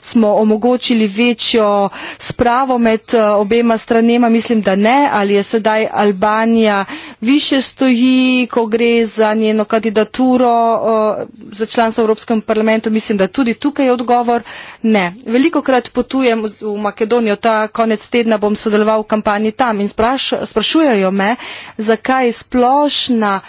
smo omogočili večjo spravo med eh, obema stranema, mislim, da ne. Ali je sedaj Albanija više stoji, ko gre za njeno kandidaturo eh, za članstvo v Evropskem parlamentu, mislim, da tudi tukaj je odgovor ne. Veliko krat potujem v Makedonijo, ta konec tedna bom sodeloval v kampanji tam in spraš, sprašujejo me, zakaj splošna,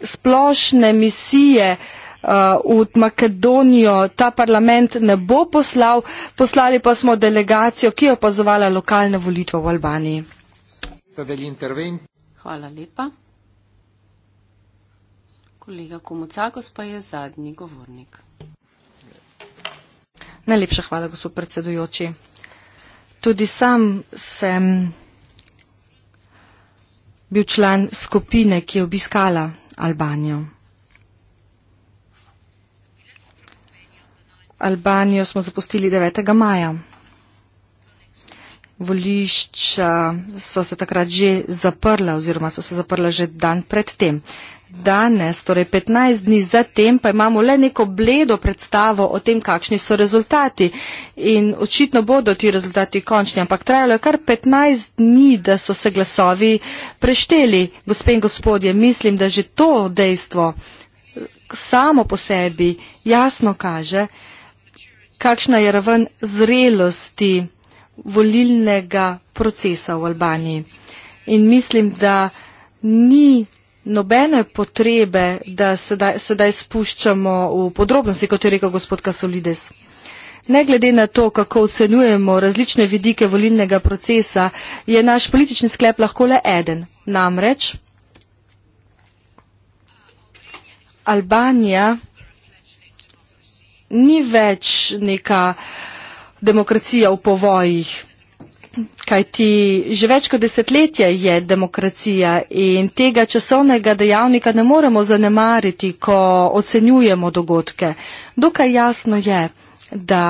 splošne misije uh, v Makedonijo ta parlament ne bo poslal, poslali pa smo delegacijo, ki je opazovala lokalne volitve v Albaniji. Hvala lepa. Kolega Komocakos pa je zadnji govornik. Najlepša hvala, gospod predsedujoči. Tudi sam sem bil član skupine, ki je obiskala Albanijo. Albanijo smo zapustili 9. maja. Volišča so se takrat že zaprla oziroma so se zaprla že dan predtem. Danes, torej 15 dni zatem, pa imamo le neko bledo predstavo o tem, kakšni so rezultati. In očitno bodo ti rezultati končni, ampak trajalo je kar 15 dni, da so se glasovi prešteli. Gospe in gospodje, mislim, da že to dejstvo samo po sebi jasno kaže, kakšna je raven zrelosti volilnega procesa v Albaniji. In mislim, da ni nobene potrebe, da sedaj, sedaj spuščamo v podrobnosti, kot je rekel gospod Kasolides. Ne glede na to, kako ocenjujemo različne vidike volilnega procesa, je naš politični sklep lahko le eden. Namreč Albanija ni več neka demokracija v povojih. Kaj ti že več kot desetletje je demokracija in tega časovnega dejavnika ne moremo zanemariti, ko ocenjujemo dogodke. Dokaj jasno je, da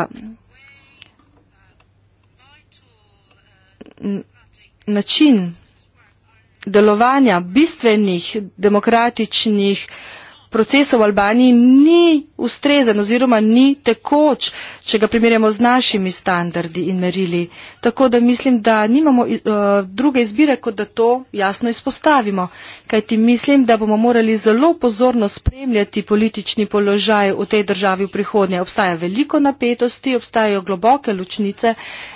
način delovanja bistvenih demokratičnih uh, procesa v Albaniji ni ustrezen oziroma ni tekoč, če ga primerjamo z našimi standardi in merili. Tako da mislim, da nimamo uh, druge izbire, kot da to jasno izpostavimo. Kajti mislim, da bomo morali zelo pozorno spremljati politični položaj v tej državi v prihodnje. Obstaja veliko napetosti, obstajajo globoke lučnice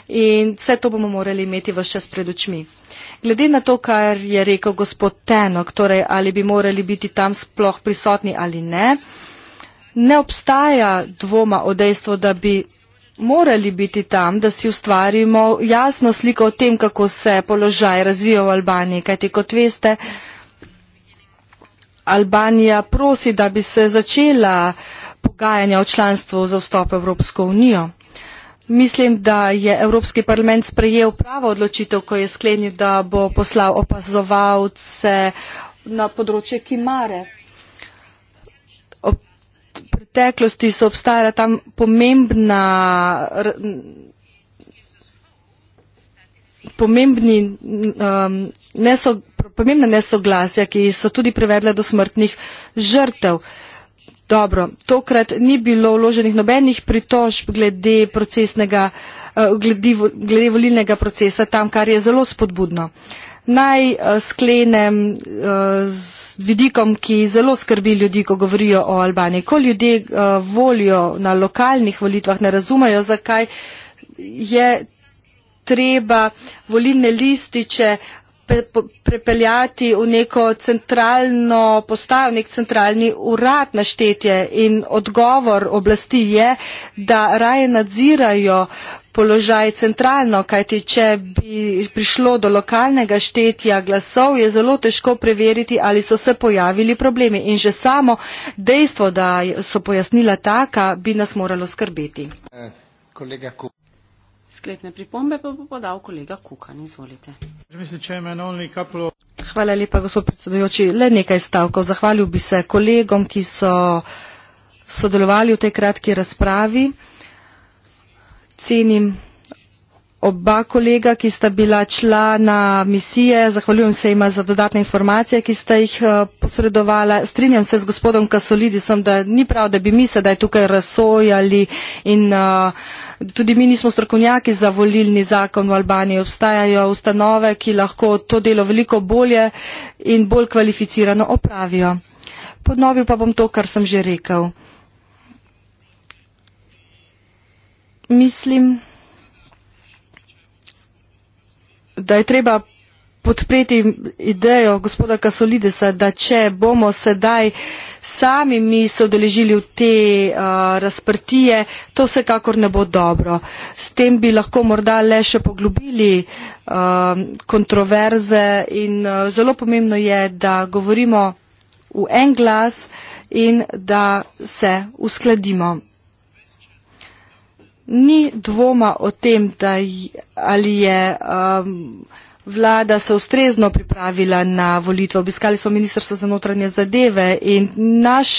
in vse to bomo morali imeti vse čas pred očmi. Glede na to, kar je rekel gospod Tenok, torej ali bi morali biti tam sploh prisotni ali ne, ne obstaja dvoma o dejstvu, da bi morali biti tam, da si ustvarimo jasno sliko o tem, kako se položaj razvija v Albaniji. Kajti kot veste, Albanija prosi, da bi se začela pogajanja o članstvu za vstop v Evropsko unijo mislim da je evropski parlament sprejel pravo odločitev ko je sklenil da bo poslal opazovalce na področje kimare. V preteklosti so obstajala tam pomembna, pomembni, um, neso, pomembna nesoglasja, ki so tudi privedla do smrtnih žrtev. Dobro, tokrat ni bilo vloženih nobenih pritožb glede, eh, glede, glede volilnega procesa tam, kar je zelo spodbudno. Naj eh, sklenem eh, z vidikom, ki zelo skrbi ljudi, ko govorijo o Albaniji. Ko ljudje volijo na lokalnih volitvah, ne razumejo, zakaj je treba volilne lističe uh, prepeljati v neko centralno postajo, nek centralni urad na štetje in odgovor oblasti je, da raje nadzirajo položaj centralno, kajti če bi prišlo do lokalnega štetja glasov, je zelo težko preveriti, ali so se pojavili problemi. In že samo dejstvo, da so pojasnila taka, bi nas moralo skrbeti. Eh, Sklepne pripombe pa bo podal kolega Kukan. Izvolite. Hvala lepa, gospod predsedujoči. Le nekaj stavkov. Zahvalil bi se kolegom, ki so sodelovali v tej kratki razpravi. Cenim oba kolega, ki sta bila člana misije, zahvaljujem se ima za dodatne informacije, ki sta jih eh, posredovala. Strinjam se z gospodom Kasolidisom, da ni prav, da bi mi sedaj tukaj razsojali in eh, tudi mi nismo strokovnjaki za volilni zakon v Albaniji. Obstajajo ustanove, ki lahko to delo veliko bolje in bolj kvalificirano opravijo. Podnovil pa bom to, kar sem že rekel. Mislim, da je treba podpreti idejo gospoda Kasolidesa, da če bomo sedaj sami mi se odeležili v te uh, razprtije, to vsekakor ne bo dobro. S tem bi lahko morda le še poglobili uh, kontroverze in uh, zelo pomembno je, da govorimo v en glas in da se uskladimo ni dvoma o tem, da ali je um, vlada se ustrezno pripravila na volitve. Obiskali smo ministrstvo za notranje zadeve in naš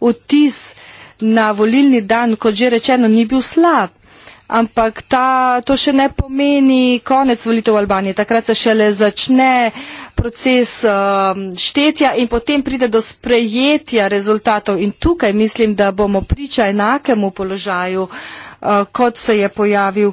vtis na volilni dan, kot že rečeno, ni bil slab. Ampak ta, to še ne pomeni konec volitev v Albaniji. Takrat se šele začne proces um, štetja in potem pride do sprejetja rezultatov. In tukaj mislim, da bomo priča enakemu položaju uh, Eh, kot se je pojavil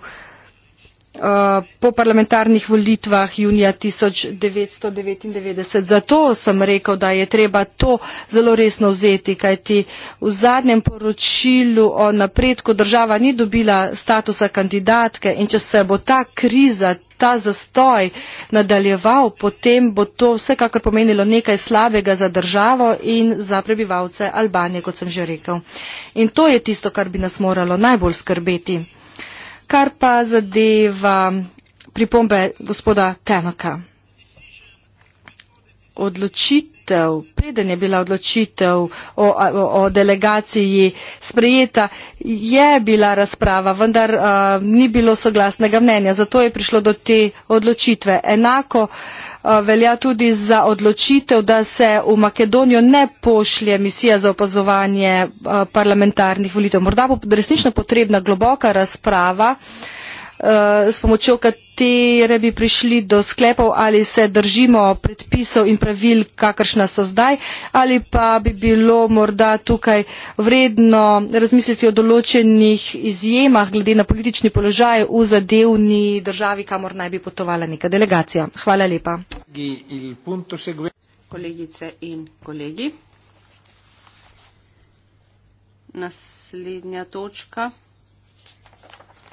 uh, po parlamentarnih volitvah junija 1999. Zato sem rekel, da je treba to zelo resno vzeti, kajti v zadnjem poročilu o napredku država ni dobila statusa kandidatke in če se bo ta kriza ta zastoj nadaljeval, potem bo to vsekakor pomenilo nekaj slabega za državo in za prebivalce Albanije, kot sem že rekel. In to je tisto, kar bi nas moralo najbolj skrbeti kar pa zadeva pripombe gospoda Tenaka. Odločitev, preden je bila odločitev o, o, o delegaciji sprejeta, je bila razprava, vendar uh, ni bilo soglasnega mnenja. Zato je prišlo do te odločitve. Enako uh, Eh, velja tudi za odločitev, da se v Makedonijo ne pošlje misija za opazovanje eh, parlamentarnih volitev. Morda bo resnično potrebna globoka razprava s pomočjo katere bi prišli do sklepov, ali se držimo predpisov in pravil, kakršna so zdaj, ali pa bi bilo morda tukaj vredno razmisliti o določenih izjemah glede na politični položaj v zadevni državi, kamor naj bi potovala neka delegacija. Hvala lepa. Kolegice in kolegi. Naslednja točka.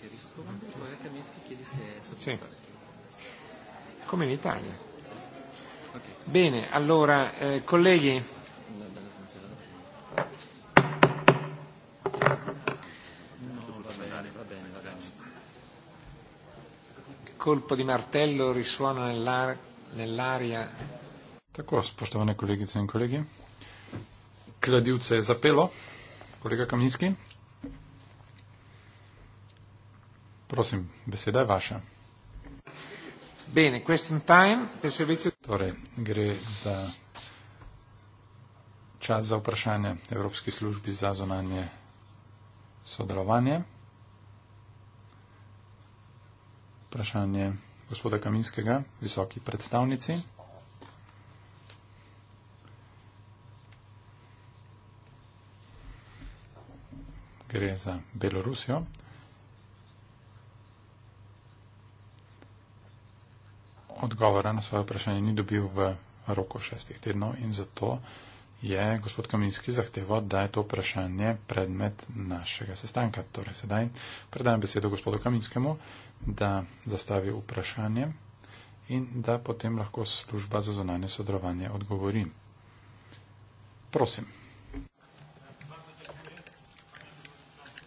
che risponde, poi a Kaminsky chiede se è soddisfatto. Sì. Come in Italia. Sì. Okay. Bene, allora, eh, colleghi. colpo di martello risuona nell'ar- nell'aria. Tako, spoštovane kolegice in kolegi. Kladivce je zapelo, kolega Kaminski. Prosim, beseda je vaša. Bene, question time, per servizio. Torej, gre za čas za vprašanje Evropski službi za zonanje sodelovanje. Vprašanje gospoda Kaminskega, visoki predstavnici. Gre za Belorusijo. odgovora na svoje vprašanje ni dobil v roku šestih tednov in zato je gospod Kaminski zahteval, da je to vprašanje predmet našega sestanka. Torej sedaj predajam besedo gospodu Kaminskemu, da zastavi vprašanje in da potem lahko služba za zonanje sodelovanje odgovori. Prosim.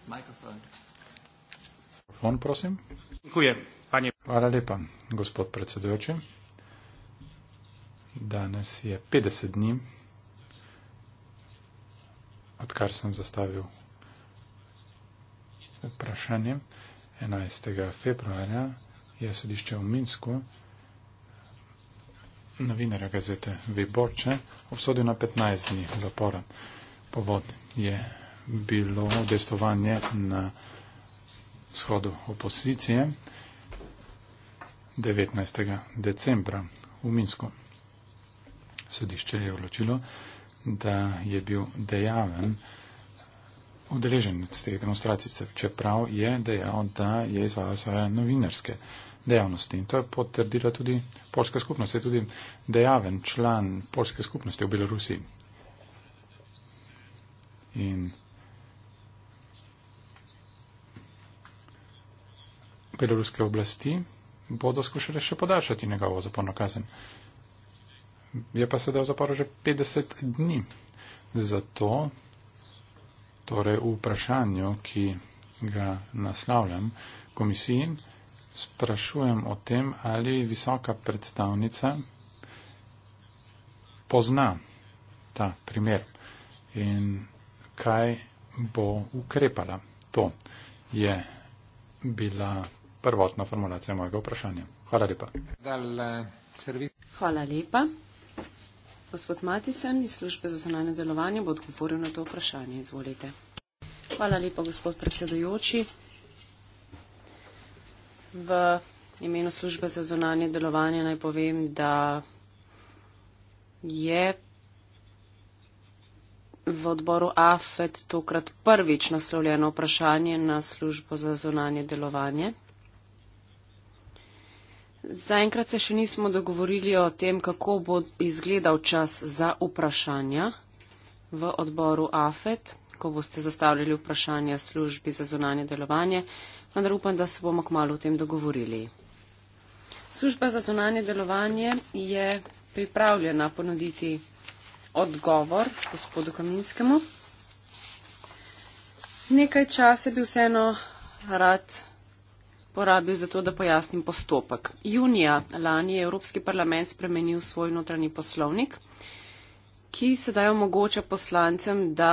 Mikrofon, prosim. Dziękuję. Hvala lepa, gospod predsedujoči. Danes je 50 dni, odkar sem zastavil vprašanje. 11. februarja je sodišče v Minsku novinarja gazete Viborče obsodil na 15 dni zapora. Povod je bilo udestovanje na shodu opozicije. 19. decembra v Minsku. Sodišče je odločilo, da je bil dejaven udeleženec teh demonstracij, čeprav je dejal, da je izvajal svoje novinarske dejavnosti. In to je potrdila tudi polska skupnost, je tudi dejaven član polske skupnosti v Belorusiji. In beloruske oblasti bodo skušali še podaljšati njegovo zaporno kazen. Je pa sedaj v zaporu že 50 dni. Zato torej v vprašanju, ki ga naslavljam komisiji, sprašujem o tem, ali visoka predstavnica pozna ta primer in kaj bo ukrepala. To je bila prvotno formulacijo mojega vprašanja. Hvala lepa. Hvala lepa. Gospod Matisen iz službe za zonalne delovanje bo odgovoril na to vprašanje. Izvolite. Hvala lepa, gospod predsedujoči. V imenu službe za zonalne delovanje naj povem, da je v odboru AFED tokrat prvič naslovljeno vprašanje na službo za zonanje delovanje. Zaenkrat se še nismo dogovorili o tem, kako bo izgledal čas za vprašanja v odboru AFET, ko boste zastavljali vprašanja službi za zunanje delovanje, vendar upam, da se bomo kmalo o tem dogovorili. Služba za zunanje delovanje je pripravljena ponuditi odgovor gospodu Kaminskemu. Nekaj časa bi vseeno rad porabil za to, da pojasnim postopek. Junija lani je Evropski parlament spremenil svoj notranji poslovnik, ki sedaj omogoča poslancem, da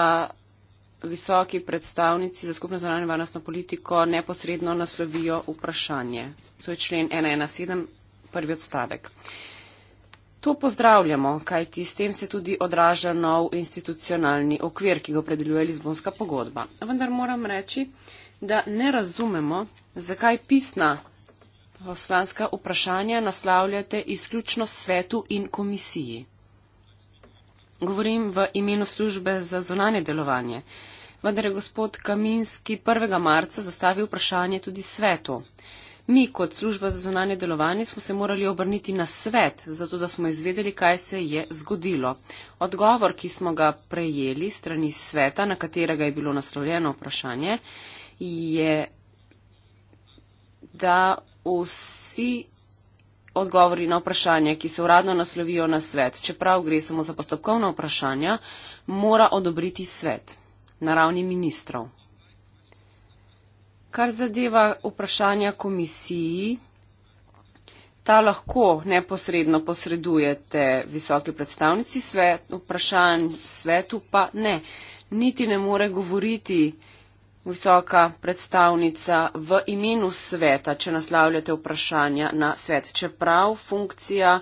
visoki predstavnici za skupno zvonanje varnostno politiko neposredno naslovijo vprašanje. To je člen 117, prvi odstavek. To pozdravljamo, kajti s tem se tudi odraža nov institucionalni okvir, ki ga opredeljuje Lizbonska pogodba. Vendar moram reči, da ne razumemo, zakaj pisna poslanska vprašanja naslavljate izključno svetu in komisiji. Govorim v imenu službe za zonanje delovanje, vendar je gospod Kaminski 1. marca zastavil vprašanje tudi svetu. Mi kot služba za zonanje delovanje smo se morali obrniti na svet, zato da smo izvedeli, kaj se je zgodilo. Odgovor, ki smo ga prejeli strani sveta, na katerega je bilo naslovljeno vprašanje, je da vsi odgovori na vprašanje, ki se uradno naslovijo na svet, čeprav gre samo za postopkovna vprašanja, mora odobriti svet na ravni ministrov. Kar zadeva vprašanja komisiji, ta lahko neposredno posredujete visoki predstavnici svet, vprašanj svetu pa ne. Niti ne more govoriti visoka predstavnica v imenu sveta, če naslavljate vprašanja na svet. Čeprav funkcija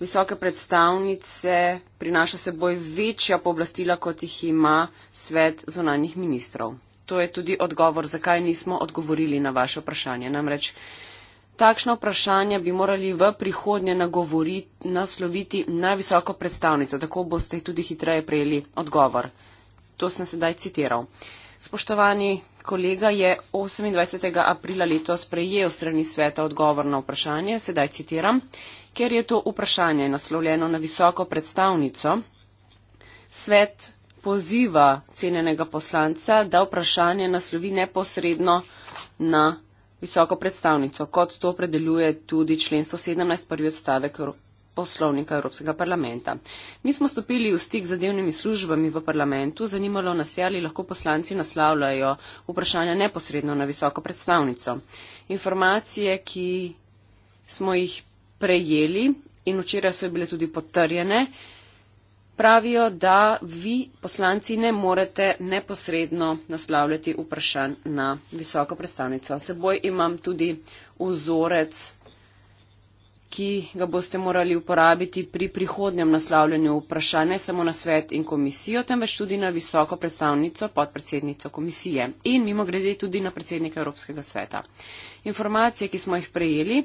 visoke predstavnice prinaša seboj večja pooblastila, kot jih ima svet zonanjih ministrov. To je tudi odgovor, zakaj nismo odgovorili na vaše vprašanje. Namreč takšno vprašanje bi morali v prihodnje nasloviti na visoko predstavnico. Tako boste tudi hitreje prejeli odgovor. To sem sedaj citiral. Spoštovani kolega je 28. aprila leto sprejel strani sveta odgovor na vprašanje, sedaj citiram, ker je to vprašanje naslovljeno na visoko predstavnico, svet poziva cenenega poslanca, da vprašanje naslovi neposredno na visoko predstavnico, kot to predeljuje tudi člen 117. prvi odstavek poslovnika Evropskega parlamenta. Mi smo stopili v stik z zadevnimi službami v parlamentu, zanimalo nas je, ali lahko poslanci naslavljajo vprašanja neposredno na visoko predstavnico. Informacije, ki smo jih prejeli in včeraj so bile tudi potrjene, pravijo, da vi poslanci ne morete neposredno naslavljati vprašanj na visoko predstavnico. Seboj imam tudi vzorec ki ga boste morali uporabiti pri prihodnjem naslavljanju vprašanja ne samo na svet in komisijo, temveč tudi na visoko predstavnico, podpredsednico komisije in mimo grede tudi na predsednika Evropskega sveta. Informacije, ki smo jih prejeli,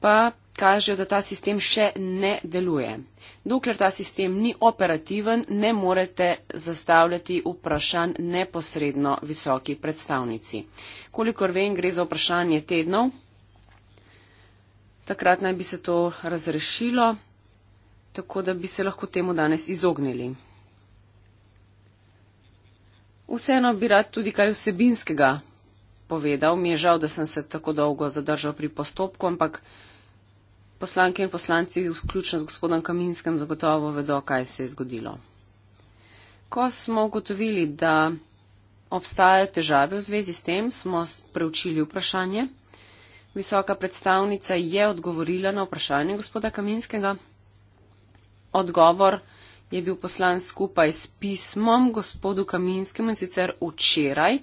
pa kažejo, da ta sistem še ne deluje. Dokler ta sistem ni operativen, ne morete zastavljati vprašanj neposredno visoki predstavnici. Kolikor vem, gre za vprašanje tednov, Takrat naj bi se to razrešilo, tako da bi se lahko temu danes izognili. Vseeno bi rad tudi kaj vsebinskega povedal. Mi je žal, da sem se tako dolgo zadržal pri postopku, ampak poslanke in poslanci, vključno z gospodom Kaminskem, zagotovo vedo, kaj se je zgodilo. Ko smo ugotovili, da obstajajo težave v zvezi s tem, smo preučili vprašanje. Visoka predstavnica je odgovorila na vprašanje gospoda Kaminskega. Odgovor je bil poslan skupaj s pismom gospodu Kaminskemu in sicer včeraj.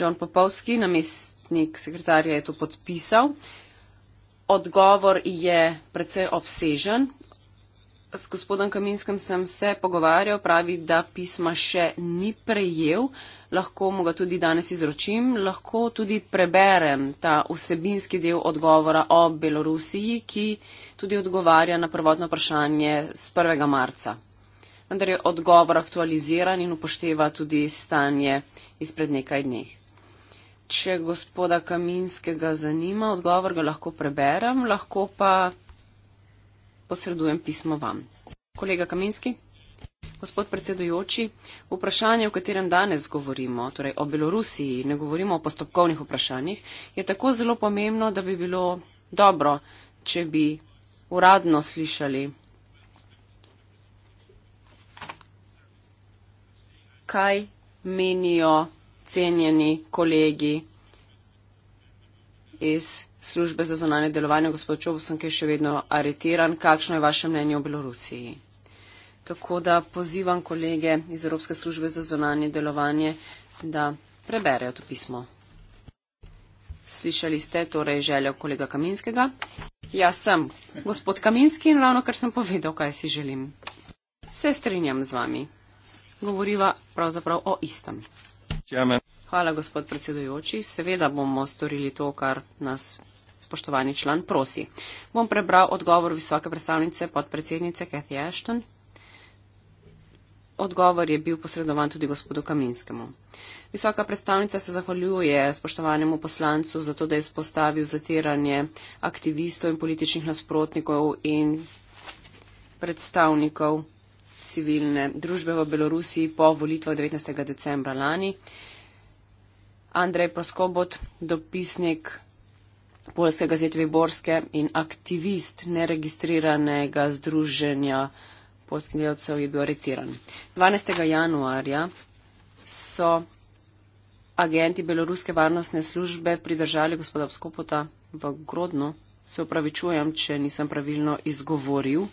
John Popovski, namestnik sekretarja, je to podpisal. Odgovor je precej obsežen S gospodom Kaminskem sem se pogovarjal, pravi, da pisma še ni prejel, lahko mu ga tudi danes izročim, lahko tudi preberem ta vsebinski del odgovora o Belorusiji, ki tudi odgovarja na prvotno vprašanje z 1. marca. Vendar je odgovor aktualiziran in upošteva tudi stanje izpred nekaj dneh. Če gospoda Kaminskega zanima, odgovor ga lahko preberem, lahko pa posredujem pismo vam. Kolega Kamenski. Gospod predsedujoči, vprašanje, o katerem danes govorimo, torej o Belorusiji, ne govorimo o postopkovnih vprašanjih, je tako zelo pomembno, da bi bilo dobro, če bi uradno slišali, kaj menijo cenjeni kolegi iz službe za zonanje delovanje, gospod Čovsen, ki je še vedno aretiran. Kakšno je vaše mnenje o Belorusiji? Tako da pozivam kolege iz Evropske službe za zonanje delovanje, da preberejo to pismo. Slišali ste torej željo kolega Kaminskega? Jaz sem gospod Kaminski in ravno kar sem povedal, kaj si želim. Se strinjam z vami. Govoriva pravzaprav o istem. Hvala, gospod predsedujoči. Seveda bomo storili to, kar nas spoštovani član prosi. Bom prebral odgovor visoke predstavnice podpredsednice Cathy Ashton. Odgovor je bil posredovan tudi gospodu Kaminskemu. Visoka predstavnica se zahvaljuje spoštovanemu poslancu za to, da je spostavil zatiranje aktivistov in političnih nasprotnikov in predstavnikov civilne družbe v Belorusiji po volitvah 19. decembra lani. Andrej Proskobot, dopisnik Poljskega zjetveborske in aktivist neregistriranega združenja polskih delavcev je bil aretiran. 12. januarja so agenti beloruske varnostne službe pridržali gospoda Skopota v Grodno. Se upravičujem, če nisem pravilno izgovoril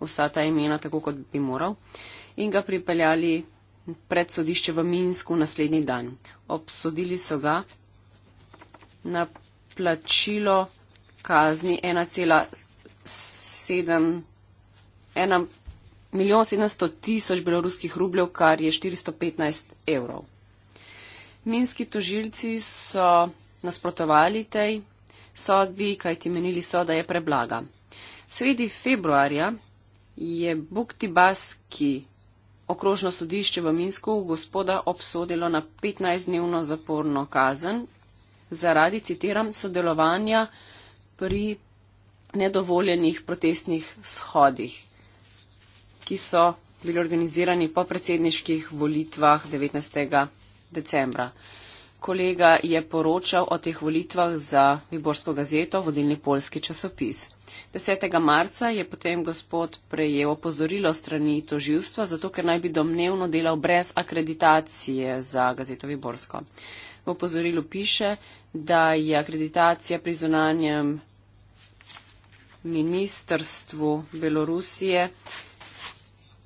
vsa ta imena, tako kot bi moral, in ga pripeljali pred sodišče v Minsku naslednji dan. Obsodili so ga na plačilo kazni 1,7 milijon 700 tisoč beloruskih rubljev, kar je 415 evrov. Minski tožilci so nasprotovali tej sodbi, kajti menili so, da je preblaga. Sredi februarja je Buktibaski okrožno sodišče v Minsku gospoda obsodilo na 15-dnevno zaporno kazen zaradi, citiram, sodelovanja pri nedovoljenih protestnih shodih, ki so bili organizirani po predsedniških volitvah 19. decembra. Kolega je poročal o teh volitvah za Viborsko gazeto, vodilni polski časopis. 10. marca je potem gospod prejel opozorilo strani toživstva, zato ker naj bi domnevno delal brez akreditacije za gazeto Viborsko. V opozorilu piše, da je akreditacija pri zunanjem ministrstvu Belorusije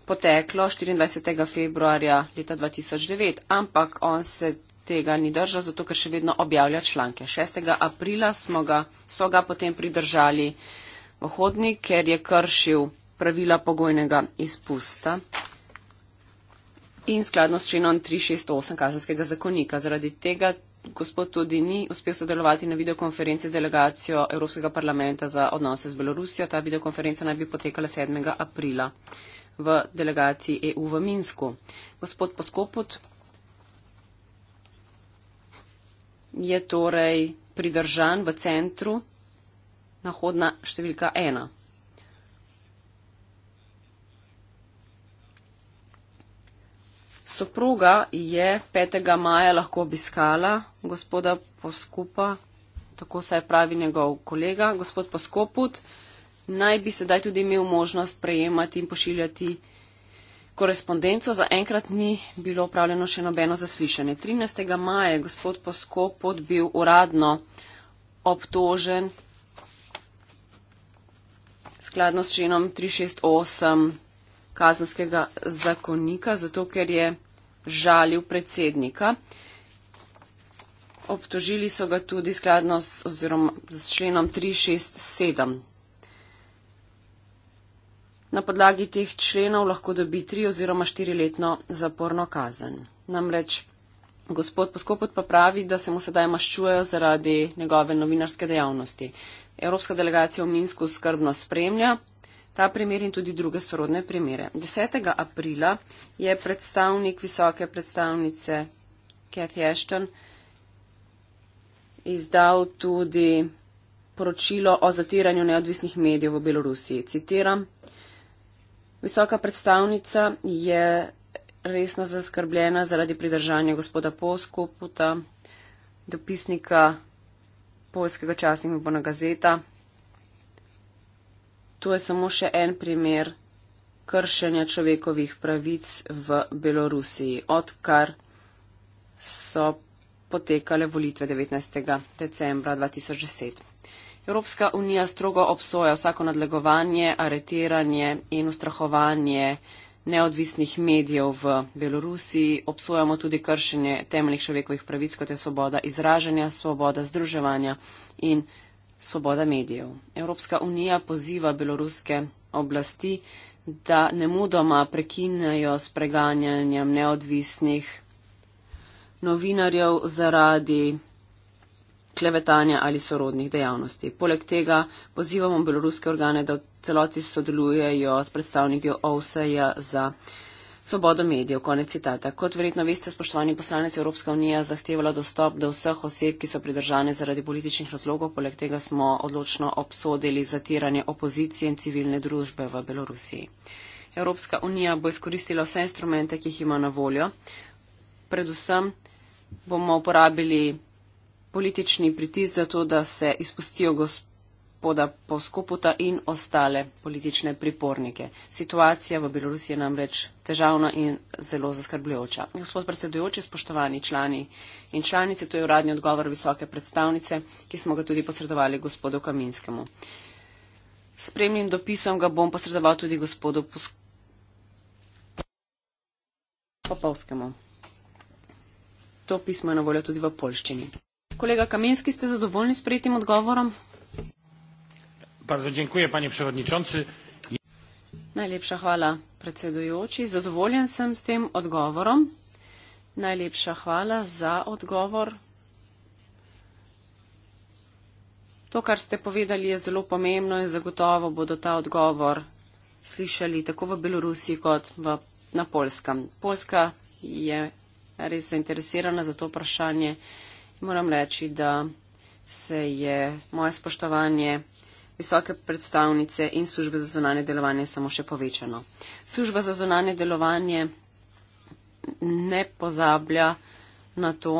poteklo 24. februarja leta 2009, ampak on se tega ni držal, zato ker še vedno objavlja članke. 6. aprila ga, so ga potem pridržali v hodnik, ker je kršil pravila pogojnega izpusta in skladno s činom 368 kazanskega zakonika. Zaradi tega gospod tudi ni uspel sodelovati na videokonferenci z delegacijo Evropskega parlamenta za odnose z Belorusijo. Ta videokonferenca naj bi potekala 7. aprila v delegaciji EU v Minsku. Gospod Poskoput je torej pridržan v centru na hodna številka 1. Soproga je 5. maja lahko obiskala gospoda Poskupa, tako saj pravi njegov kolega. Gospod Poskoput naj bi sedaj tudi imel možnost prejemati in pošiljati korespondenco. Za enkrat ni bilo upravljeno še nobeno zaslišanje. 13. maja je gospod Poskoput bil uradno obtožen skladno s členom 368 kazanskega zakonika, zato ker je žalil predsednika. Obtožili so ga tudi skladno s, oziroma, s členom 367. Na podlagi teh členov lahko dobi tri oziroma štiriletno zaporno kazen. Namreč gospod Poskopot pa pravi, da se mu sedaj maščujejo zaradi njegove novinarske dejavnosti. Evropska delegacija v Minsku skrbno spremlja ta primer in tudi druge sorodne primere. 10. aprila je predstavnik visoke predstavnice Cathy Ashton izdal tudi poročilo o zatiranju neodvisnih medijev v Belorusiji. Citiram. Visoka predstavnica je resno zaskrbljena zaradi pridržanja gospoda Poskoputa, dopisnika polskega časnika Bona Gazeta, To je samo še en primer kršenja človekovih pravic v Belorusiji, odkar so potekale volitve 19. decembra 2010. Evropska unija strogo obsoja vsako nadlegovanje, aretiranje in ustrahovanje neodvisnih medijev v Belorusiji. Obsojamo tudi kršenje temeljnih človekovih pravic, kot je svoboda izražanja, svoboda združevanja in Svoboda medijev. Evropska unija poziva beloruske oblasti, da ne mudoma prekinjajo s preganjanjem neodvisnih novinarjev zaradi klevetanja ali sorodnih dejavnosti. Poleg tega pozivamo beloruske organe, da v celoti sodelujejo s predstavniki OVSE-ja za svobodo medijev. Konec citata. Kot verjetno veste, spoštovani poslanec Evropska unija zahtevala dostop do vseh oseb, ki so pridržane zaradi političnih razlogov. Poleg tega smo odločno obsodili zatiranje opozicije in civilne družbe v Belorusiji. Evropska unija bo izkoristila vse instrumente, ki jih ima na voljo. Predvsem bomo uporabili politični pritisk za to, da se izpustijo gospodarstvo gospoda Poskoputa in ostale politične pripornike. Situacija v Belorusiji je namreč težavna in zelo zaskrbljujoča. Gospod predsedujoči, spoštovani člani in članice, to je uradni odgovor visoke predstavnice, ki smo ga tudi posredovali gospodu Kaminskemu. Spremljim dopisom ga bom posredoval tudi gospodu Popovskemu. To pismo je na voljo tudi v polščini. Kolega Kaminski, ste zadovoljni s prejetim odgovorom? Najlepša hvala, predsedujoči. Zadovoljen sem s tem odgovorom. Najlepša hvala za odgovor. To, kar ste povedali, je zelo pomembno in zagotovo bodo ta odgovor slišali tako v Belorusiji kot v, na Polskem. Polska je res zainteresirana za to vprašanje. Moram reči, da se je moje spoštovanje visoke predstavnice in službe za zunanje delovanje samo še povečano. Služba za zunanje delovanje ne pozablja na to,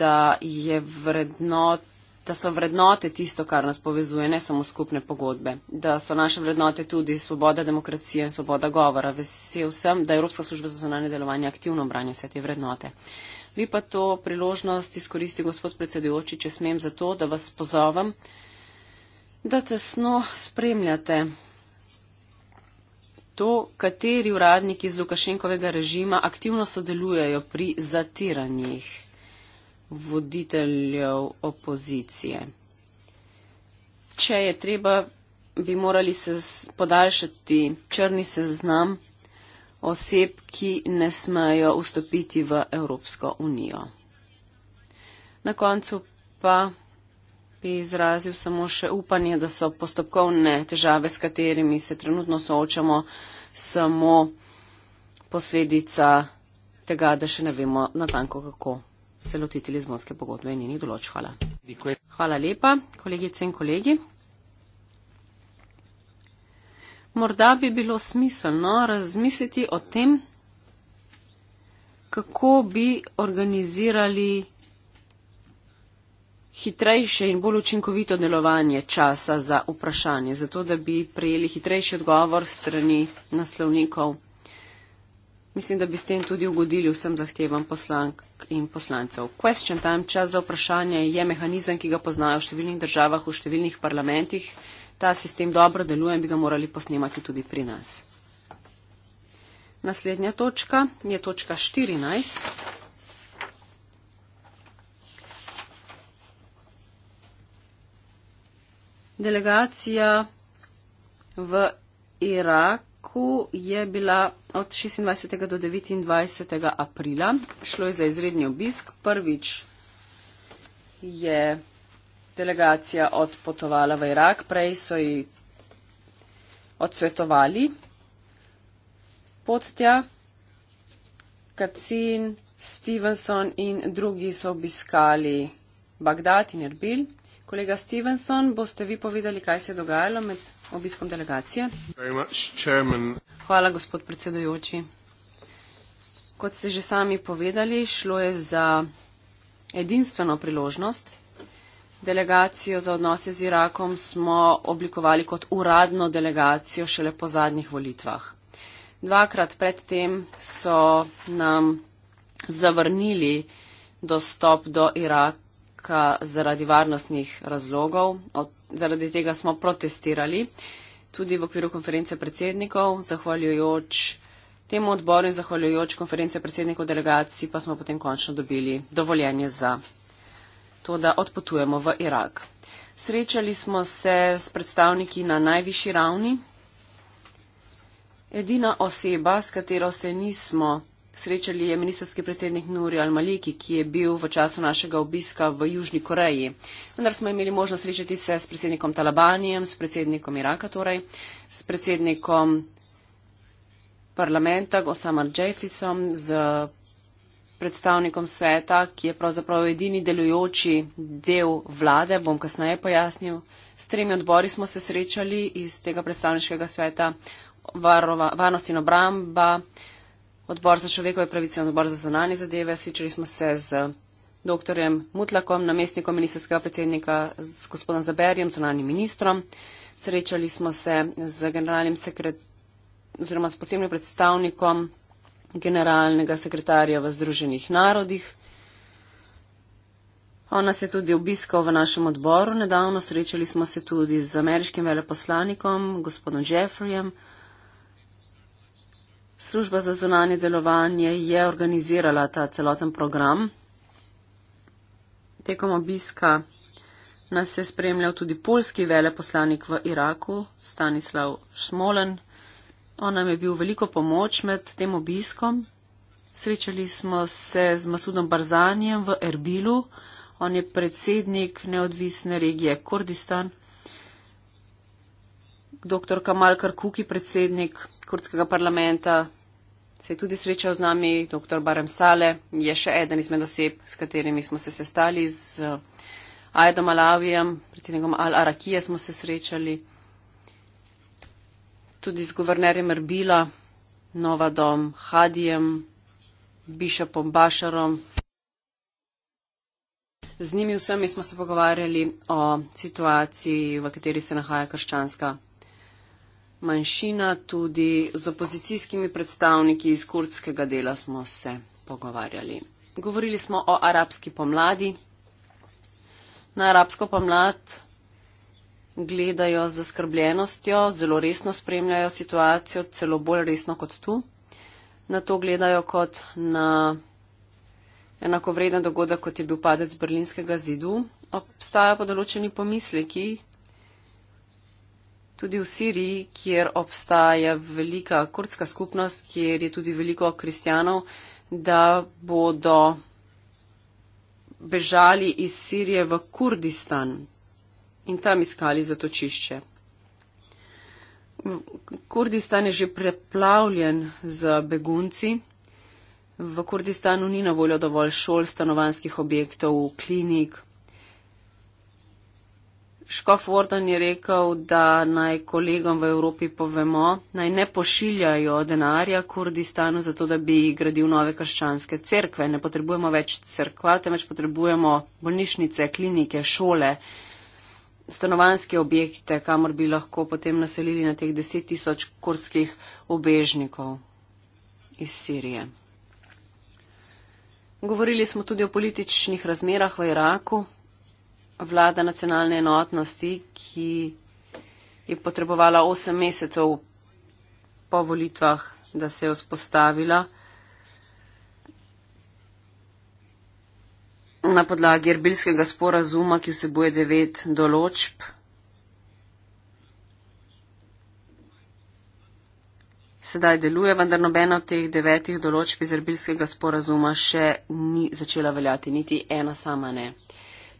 da, vrednot, da so vrednote tisto, kar nas povezuje, ne samo skupne pogodbe, da so naše vrednote tudi svoboda demokracije in svoboda govora. Vesel sem, da Evropska služba za zunanje delovanje aktivno branja vse te vrednote. Vi pa to priložnost izkoristi, gospod predsedujoči, če smem, zato, da vas pozovem, da tesno spremljate to, kateri uradniki iz Lukašenkovega režima aktivno sodelujejo pri zatiranjih voditeljev opozicije. Če je treba, bi morali se podaljšati črni seznam oseb, ki ne smejo vstopiti v Evropsko unijo. Na koncu pa bi izrazil samo še upanje, da so postopkovne težave, s katerimi se trenutno soočamo, samo posledica tega, da še ne vemo natanko, kako se lotiti lizbonske pogodbe in njenih določ. Hvala. Hvala lepa, kolegice in kolegi. Morda bi bilo smiselno razmisliti o tem, kako bi organizirali hitrejše in bolj učinkovito delovanje časa za vprašanje, zato da bi prejeli hitrejši odgovor strani naslovnikov. Mislim, da bi s tem tudi ugodili vsem zahtevam poslank in poslancev. Question time, čas za vprašanje, je mehanizem, ki ga poznajo v številnih državah, v številnih parlamentih. Ta sistem dobro deluje in bi ga morali posnemati tudi pri nas. Naslednja točka je točka 14. delegacija v Iraku je bila od 26. do 29. aprila. Šlo je za izredni obisk. Prvič je delegacija odpotovala v Irak, prej so ji odsvetovali podtja. Kacin, Stevenson in drugi so obiskali Bagdad in Erbil. Kolega Stevenson, boste vi povedali, kaj se je dogajalo med obiskom delegacije? Much, Hvala, gospod predsedujoči. Kot ste že sami povedali, šlo je za edinstveno priložnost. Delegacijo za odnose z Irakom smo oblikovali kot uradno delegacijo šele po zadnjih volitvah. Dvakrat predtem so nam zavrnili dostop do Irak, poteka zaradi varnostnih razlogov. Od, zaradi tega smo protestirali tudi v okviru konference predsednikov, zahvaljujoč temu odboru in zahvaljujoč konference predsednikov delegacij pa smo potem končno dobili dovoljenje za to, da odpotujemo v Irak. Srečali smo se s predstavniki na najvišji ravni. Edina oseba, s katero se nismo Srečali je ministerski predsednik Nuri Al-Maliki, ki je bil v času našega obiska v Južni Koreji. Vendar smo imeli možnost srečati se s predsednikom Talabanijem, s predsednikom Iraka torej, s predsednikom parlamenta Osama Jeffisom, z predstavnikom sveta, ki je pravzaprav edini delujoči del vlade, bom kasneje pojasnil. S tremi odbori smo se srečali iz tega predstavniškega sveta varova, varnost in obramba, odbor za človekove pravice in odbor za zonanje zadeve. Sličali smo se z dr. Mutlakom, namestnikom ministerskega predsednika, z gospodom Zaberjem, zonanim ministrom. Srečali smo se z generalnim sekretarjem oziroma s posebnim predstavnikom generalnega sekretarja v Združenih narodih. On nas je tudi obiskal v našem odboru nedavno. Srečali smo se tudi z ameriškim veleposlanikom, gospodom Jeffreyjem. Služba za zunanje delovanje je organizirala ta celoten program. Tekom obiska nas je spremljal tudi polski veleposlanik v Iraku, Stanislav Šmolen. On nam je bil veliko pomoč med tem obiskom. Srečali smo se z Masudom Barzanjem v Erbilu. On je predsednik neodvisne regije Kurdistan dr. Kamal Karkuki, predsednik kurdskega parlamenta, se je tudi srečal z nami, dr. Barem Sale je še eden izmed oseb, s katerimi smo se sestali, z eh, Aedom Alavijem, predsednikom Al-Arakije smo se srečali, tudi z guvernerjem Erbila, Novadom Hadijem, Bišapom Bašarom. Z njimi vsemi smo se pogovarjali o situaciji, v kateri se nahaja krščanska manjšina, tudi z opozicijskimi predstavniki iz kurdskega dela smo se pogovarjali. Govorili smo o arabski pomladi. Na arabsko pomlad gledajo z zaskrbljenostjo, zelo resno spremljajo situacijo, celo bolj resno kot tu. Na to gledajo kot na enakovreden dogodek, kot je bil padec berlinskega zidu. Obstajajo pa določeni pomisleki, tudi v Siriji, kjer obstaja velika kurdska skupnost, kjer je tudi veliko kristjanov, da bodo bežali iz Sirije v Kurdistan in tam iskali zatočišče. Kurdistan je že preplavljen z begunci. V Kurdistanu ni na voljo dovolj šol, stanovanskih objektov, klinik. Škof Orton je rekel, da naj kolegom v Evropi povemo, naj ne pošiljajo denarja Kurdistanu zato, da bi gradil nove krščanske cerkve. Ne potrebujemo več cerkva, temveč potrebujemo bolnišnice, klinike, šole, stanovanske objekte, kamor bi lahko potem naselili na teh deset tisoč kurdskih obežnikov iz Sirije. Govorili smo tudi o političnih razmerah v Iraku vlada nacionalne enotnosti, ki je potrebovala 8 mesecev po volitvah, da se je vzpostavila. Na podlagi erbilskega sporazuma, ki vsebuje devet določb, sedaj deluje, vendar nobena od teh devetih določb iz erbilskega sporazuma še ni začela veljati, niti ena sama ne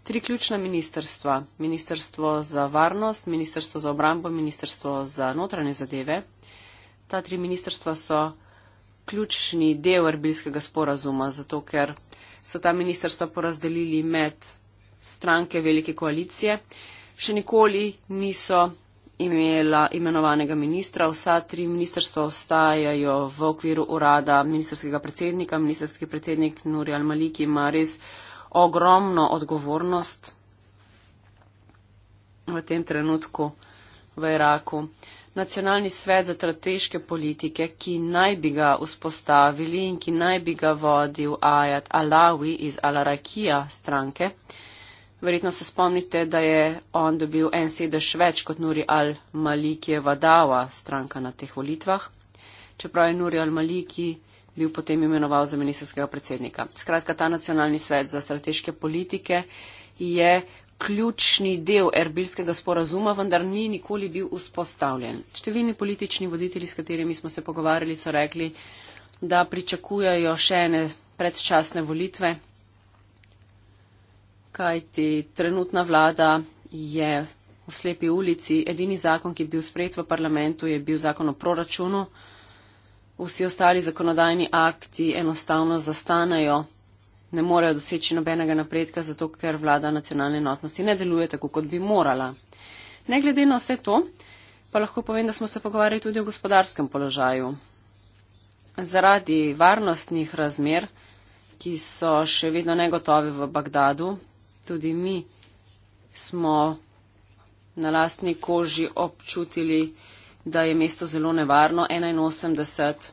tri ključna ministrstva, ministrstvo za varnost, ministrstvo za obrambo, ministrstvo za notranje zadeve. Ta tri ministrstva so ključni del erbilskega sporazuma, zato ker so ta ministrstva porazdelili med stranke velike koalicije. Še nikoli niso imela imenovanega ministra. Vsa tri ministrstva ostajajo v okviru urada ministerskega predsednika. Ministerski predsednik Nuri Al-Maliki ima res ogromno odgovornost v tem trenutku v Iraku. Nacionalni svet za strateške politike, ki naj bi ga vzpostavili in ki naj bi ga vodil Ajat Alawi iz Alarakija stranke, verjetno se spomnite, da je on dobil en sedež več kot Nuri al-Malikijeva dava stranka na teh volitvah. Čeprav je Nuri al-Maliki bil potem imenoval za ministerskega predsednika. Skratka, ta nacionalni svet za strateške politike je ključni del erbilskega sporazuma, vendar ni nikoli bil vzpostavljen. Številni politični voditelji, s katerimi smo se pogovarjali, so rekli, da pričakujejo še ene predčasne volitve, kajti trenutna vlada je v slepi ulici. Edini zakon, ki je bil sprejet v parlamentu, je bil zakon o proračunu vsi ostali zakonodajni akti enostavno zastanejo, ne morejo doseči nobenega napredka, zato ker vlada nacionalne enotnosti ne deluje tako, kot bi morala. Ne glede na vse to, pa lahko povem, da smo se pogovarjali tudi o gospodarskem položaju. Zaradi varnostnih razmer, ki so še vedno negotove v Bagdadu, tudi mi smo na lastni koži občutili, da je mesto zelo nevarno. 81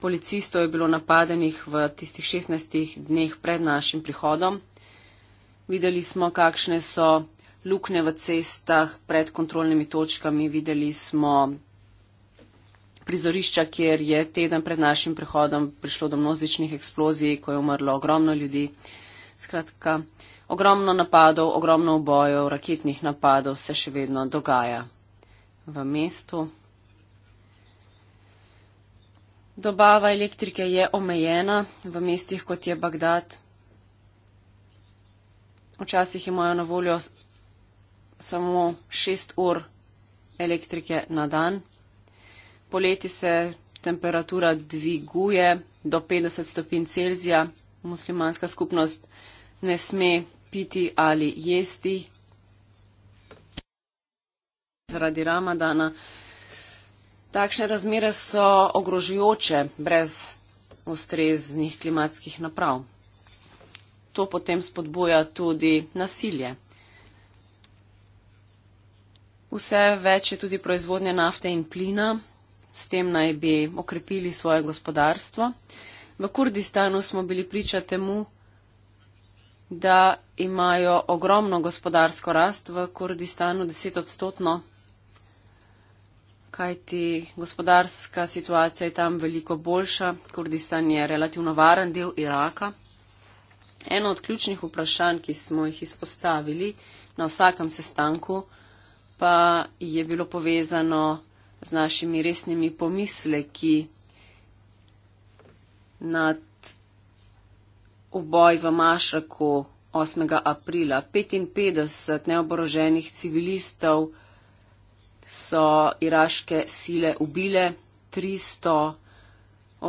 policistov je bilo napadenih v tistih 16 dneh pred našim prihodom. Videli smo, kakšne so lukne v cestah pred kontrolnimi točkami. Videli smo prizorišča, kjer je teden pred našim prihodom prišlo do množičnih eksplozij, ko je umrlo ogromno ljudi. Skratka, ogromno napadov, ogromno obojev, raketnih napadov se še vedno dogaja v mestu. Dobava elektrike je omejena v mestih, kot je Bagdad. Včasih imajo na voljo samo 6 ur elektrike na dan. Poleti se temperatura dviguje do 50 stopinj Celzija. Muslimanska skupnost ne sme piti ali jesti, zaradi ramadana. Takšne razmere so ogrožujoče brez ustreznih klimatskih naprav. To potem spodbuja tudi nasilje. Vse več je tudi proizvodnje nafte in plina, s tem naj bi okrepili svoje gospodarstvo. V Kurdistanu smo bili priča temu, da imajo ogromno gospodarsko rast v Kurdistanu, deset odstotno kajti gospodarska situacija je tam veliko boljša. Kurdistan je relativno varen del Iraka. Eno od ključnih vprašanj, ki smo jih izpostavili na vsakem sestanku, pa je bilo povezano z našimi resnimi pomisleki nad uboj v Mašraku 8. aprila. 55 neoboroženih civilistov so iraške sile ubile, 300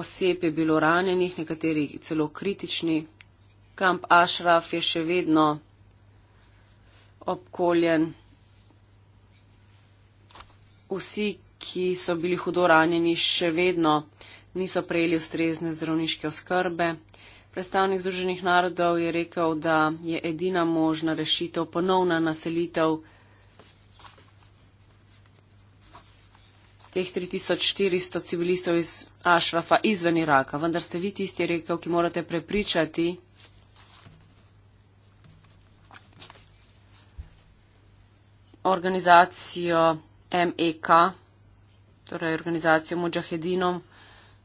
oseb je bilo ranjenih, nekateri celo kritični. Kamp Ashraf je še vedno obkoljen. Vsi, ki so bili hudo ranjeni, še vedno niso prejeli ustrezne zdravniške oskrbe. Predstavnik Združenih narodov je rekel, da je edina možna rešitev ponovna naselitev. teh 3400 civilistov iz Ašrafa izven Iraka. Vendar ste vi tisti rekel, ki morate prepričati organizacijo MEK, torej organizacijo Mujahedinov,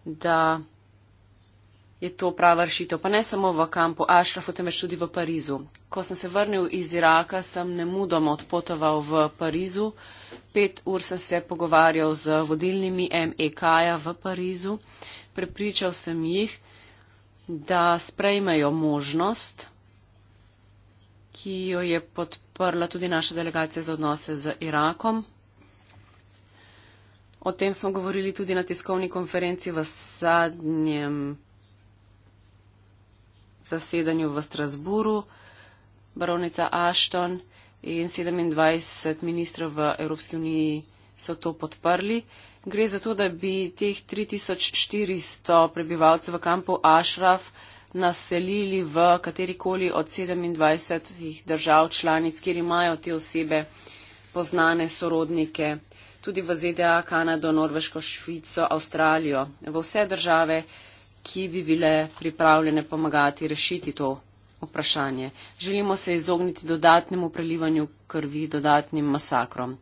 da je to prava rešitev. Pa ne samo v kampu Ashrafu, temveč tudi v Parizu. Ko sem se vrnil iz Iraka, sem nemudoma odpotoval v Parizu. Pet ur sem se pogovarjal z vodilnimi MEK-ja v Parizu. Prepričal sem jih, da sprejmejo možnost, ki jo je podprla tudi naša delegacija za odnose z Irakom. O tem smo govorili tudi na tiskovni konferenci v zadnjem zasedanju v Strasburu, baronica Ashton in 27 ministrov v Evropski uniji so to podprli. Gre za to, da bi teh 3400 prebivalcev v kampu Ashraf naselili v katerikoli od 27 držav članic, kjer imajo te osebe poznane sorodnike, tudi v ZDA, Kanado, Norveško, Švico, Avstralijo, v vse države, ki bi bile pripravljene pomagati rešiti to vprašanje. Želimo se izogniti dodatnemu prelivanju krvi, dodatnim masakrom.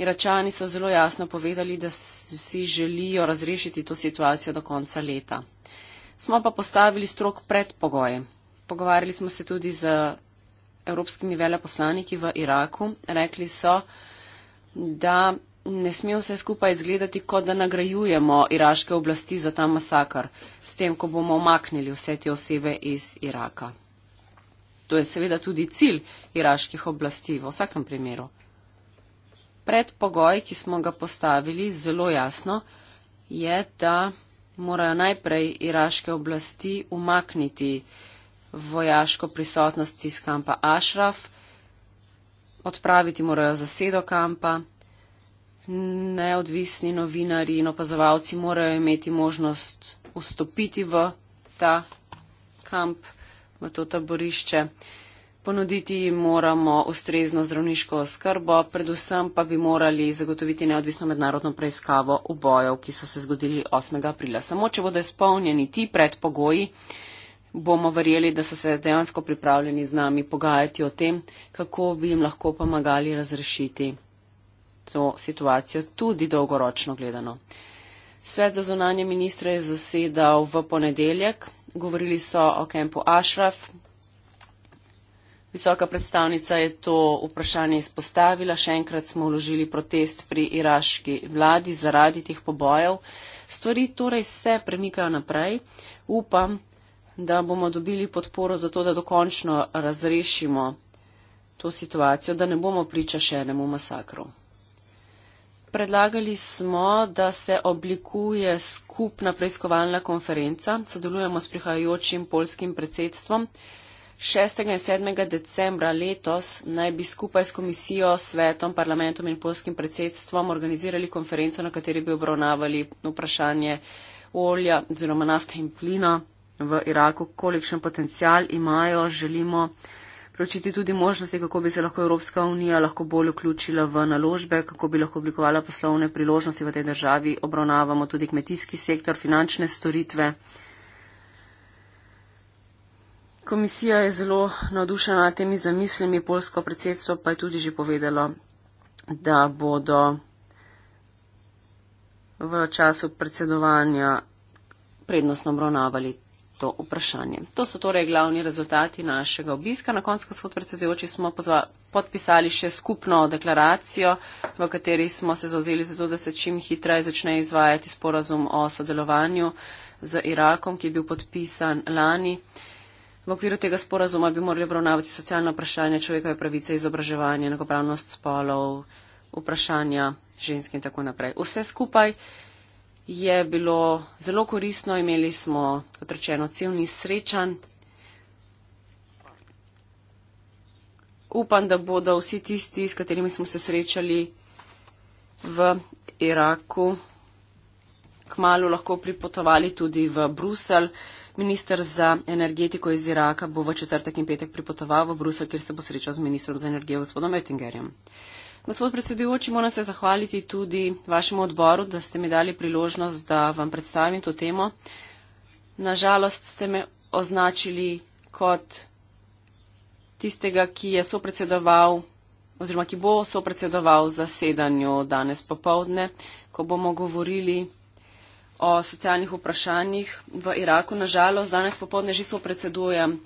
Iračani so zelo jasno povedali, da si želijo razrešiti to situacijo do konca leta. Smo pa postavili strok predpogoje. Pogovarjali smo se tudi z evropskimi veleposlaniki v Iraku. Rekli so, da ne sme vse skupaj izgledati, kot da nagrajujemo iraške oblasti za ta masakar, s tem, ko bomo omaknili vse te osebe iz Iraka. To je seveda tudi cilj iraških oblasti v vsakem primeru. Predpogoj, ki smo ga postavili zelo jasno, je, da morajo najprej iraške oblasti umakniti vojaško prisotnost iz kampa Ašraf, odpraviti morajo zasedo kampa, neodvisni novinari in opazovalci morajo imeti možnost vstopiti v ta kamp, v to taborišče. Ponuditi jim moramo ustrezno zdravniško oskrbo, predvsem pa bi morali zagotoviti neodvisno mednarodno preiskavo obojev, ki so se zgodili 8. aprila. Samo če bodo izpolnjeni ti predpogoji, bomo verjeli, da so se dejansko pripravljeni z nami pogajati o tem, kako bi jim lahko pomagali razrešiti to situacijo tudi dolgoročno gledano. Svet za zunanje ministre je zasedal v ponedeljek, govorili so o kempu Ashraf. Visoka predstavnica je to vprašanje izpostavila, še enkrat smo vložili protest pri iraški vladi zaradi teh pobojev. Stvari torej se premikajo naprej. Upam, da bomo dobili podporo za to, da dokončno razrešimo to situacijo, da ne bomo priča še enemu masakru. Predlagali smo, da se oblikuje skupna preiskovalna konferenca, sodelujemo s prihajajočim polskim predsedstvom. 6. in 7. decembra letos naj bi skupaj s komisijo, svetom, parlamentom in polskim predsedstvom organizirali konferenco, na kateri bi obravnavali vprašanje olja oziroma nafte in plina v Iraku, kolikšen potencial imajo, želimo pročiti tudi možnosti, kako bi se lahko Evropska unija lahko bolj vključila v naložbe, kako bi lahko oblikovala poslovne priložnosti v tej državi. Obravnavamo tudi kmetijski sektor, finančne storitve. Komisija je zelo navdušena temi zamislimi, polsko predsedstvo pa je tudi že povedalo, da bodo v času predsedovanja prednostno obravnavali to vprašanje. To so torej glavni rezultati našega obiska. Na koncu, gospod predsedujoči, smo podpisali še skupno deklaracijo, v kateri smo se zauzeli za to, da se čim hitreje začne izvajati sporazum o sodelovanju z Irakom, ki je bil podpisan lani. V okviru tega sporazuma bi morali obravnavati socialno vprašanje človekove pravice, izobraževanje, enakopravnost spolov, vprašanja žensk in tako naprej. Vse skupaj je bilo zelo koristno, imeli smo, kot rečeno, cel niz srečanj. Upam, da bodo vsi tisti, s katerimi smo se srečali v Iraku, kmalo lahko pripotovali tudi v Brusel. Ministr za energetiko iz Iraka bo v četrtek in petek pripotoval v Brusel, kjer se bo srečal z ministrom za energijo gospodom Oettingerjem. Gospod predsedujoči, moram se zahvaliti tudi vašemu odboru, da ste mi dali priložnost, da vam predstavim to temo. Nažalost ste me označili kot tistega, ki je sopredsedoval oziroma ki bo sopredsedoval zasedanju danes popovdne, ko bomo govorili o socialnih vprašanjih v Iraku. Nažalost, danes popovdne že sopredsedujem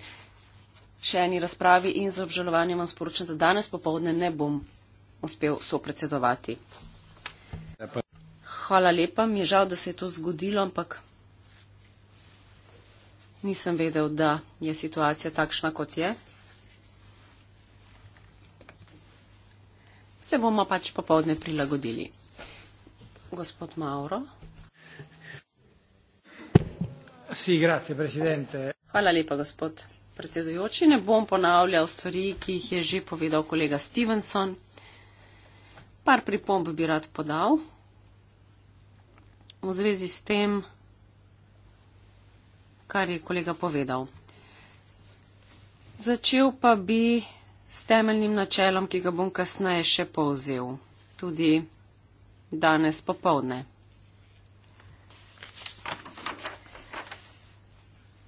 še eni razpravi in z obžalovanjem vam sporočam, da danes popovdne ne bom uspel sopredsedovati. Hvala lepa, mi je žal, da se je to zgodilo, ampak nisem vedel, da je situacija takšna, kot je. Se bomo pač popovdne prilagodili. Gospod Mauro. Hvala lepa, gospod predsedujoči. Ne bom ponavljal stvari, ki jih je že povedal kolega Stevenson. Par pripomb bi rad podal v zvezi s tem, kar je kolega povedal. Začel pa bi s temeljnim načelom, ki ga bom kasneje še povzel, tudi danes popovdne.